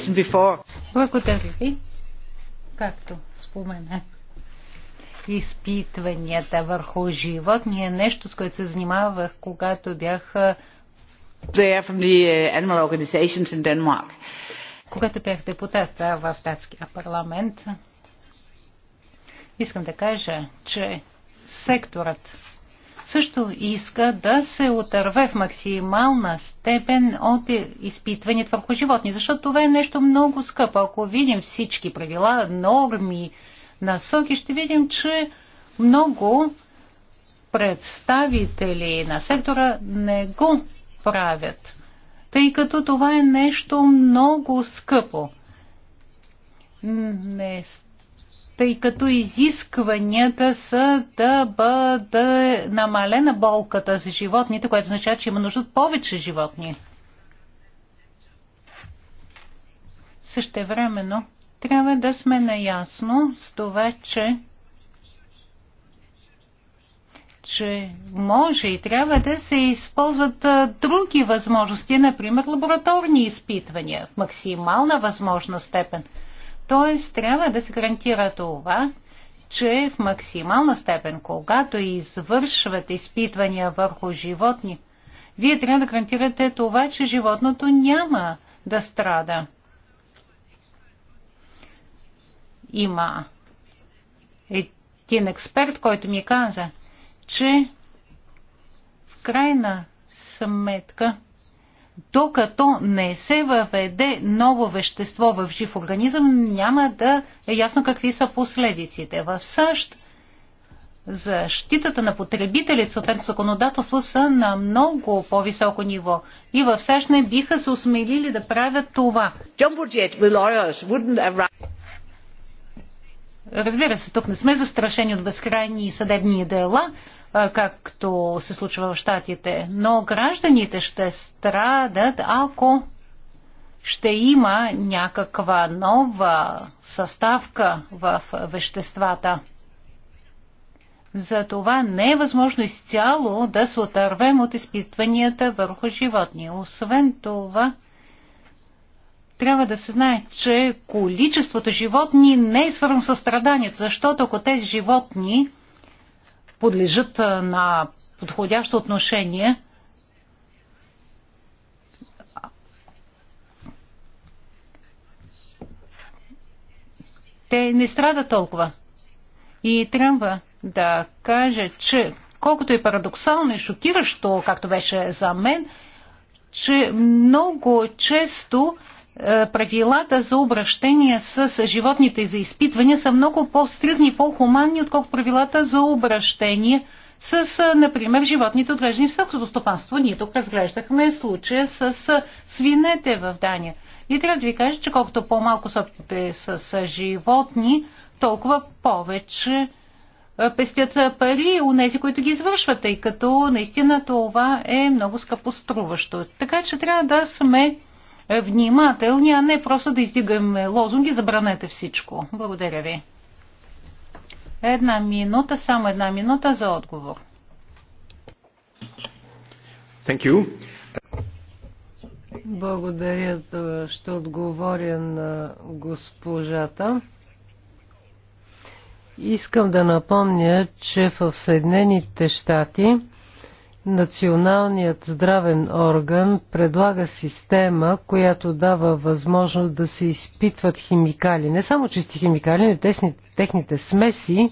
listen before. Благодаря ви. Както споменах, изпитванията върху живот ни е нещо, с което се занимавах, когато бях They are from the uh, animal organizations in Denmark. когато бях депутат в датския парламент, искам да кажа, че секторът също иска да се отърве в максимална степен от изпитванията върху животни, защото това е нещо много скъпо. Ако видим всички правила, норми, насоки, ще видим, че много представители на сектора не го правят, тъй като това е нещо много скъпо. Не тъй като изискванията са да бъде намалена болката за животните, което означава, че има нужда от повече животни. времено трябва да сме наясно с това, че че може и трябва да се използват други възможности, например лабораторни изпитвания в максимална възможна степен – Тоест, трябва да се гарантира това, че в максимална степен, когато извършват изпитвания върху животни, вие трябва да гарантирате това, че животното няма да страда. Има един експерт, който ми каза, че в крайна сметка докато не се въведе ново вещество в жив организъм, няма да е ясно какви са последиците. В САЩ защитата на потребителите, съответно законодателство, са на много по-високо ниво. И в САЩ не биха се осмелили да правят това. Разбира се, тук не сме застрашени от безкрайни съдебни дела, както се случва в Штатите. Но гражданите ще страдат, ако ще има някаква нова съставка в веществата. Затова не е възможно изцяло да се отървем от изпитванията върху животни. Освен това, трябва да се знае, че количеството животни не е свързано с страданието, защото ако тези животни подлежат на подходящо отношение. Те не страдат толкова. И трябва да кажа, че колкото и е парадоксално и шокиращо, както беше за мен, че много често е, правилата за обращение с животните за изпитвания са много по-стригни по-хуманни, отколкото правилата за обращение с, е, например, животните отглеждани в селското стопанство. Ние тук разглеждахме случая с е, свинете в Дания. И трябва да ви кажа, че колкото по-малко са с животни, толкова повече пестят пари у нези, които ги извършват, тъй като наистина това е много скъпоструващо. Така че трябва да сме е, внимателни, а не просто да издигаме лозунги забранете всичко. Благодаря ви. Една минута, само една минута за отговор. Thank you. Благодаря. Ще отговоря на госпожата. Искам да напомня, че в Съединените щати Националният здравен орган предлага система, която дава възможност да се изпитват химикали. Не само чисти химикали, но и техните, смеси,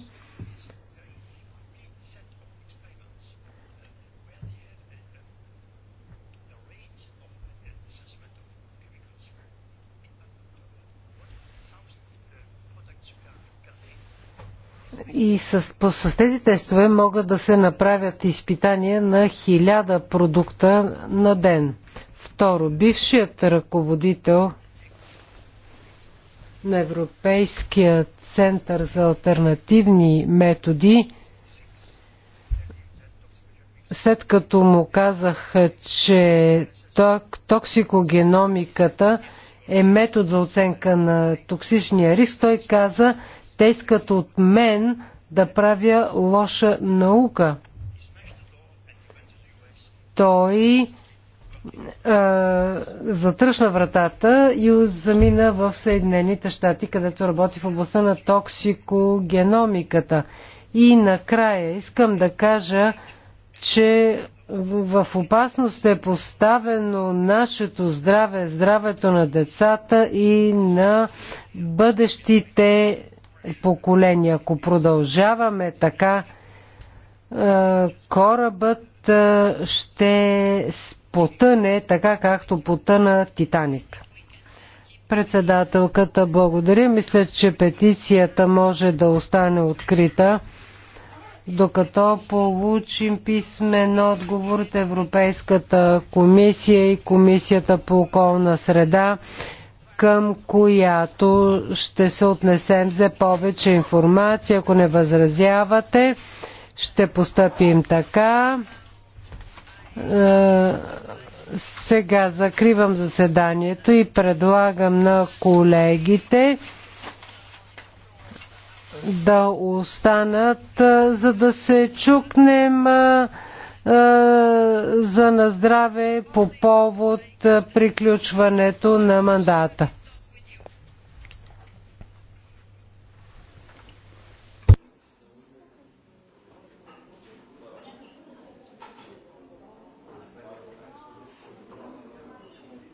И с, по, с тези тестове могат да се направят изпитания на хиляда продукта на ден. Второ, бившият ръководител на Европейския център за альтернативни методи, след като му казах, че токсикогеномиката е метод за оценка на токсичния риск, той каза, те искат от мен да правя лоша наука. Той затръшна вратата и замина в Съединените щати, където работи в областта на токсикогеномиката. И накрая искам да кажа, че в опасност е поставено нашето здраве, здравето на децата и на бъдещите поколения. Ако продължаваме така, е, корабът е, ще потъне така, както потъна Титаник. Председателката благодаря. Мисля, че петицията може да остане открита, докато получим писмен отговор от Европейската комисия и Комисията по околна среда към която ще се отнесем за повече информация. Ако не възразявате, ще постъпим така. Е, сега закривам заседанието и предлагам на колегите да останат, е, за да се чукнем. Е, е, за на здраве по повод е, приключването на мандата.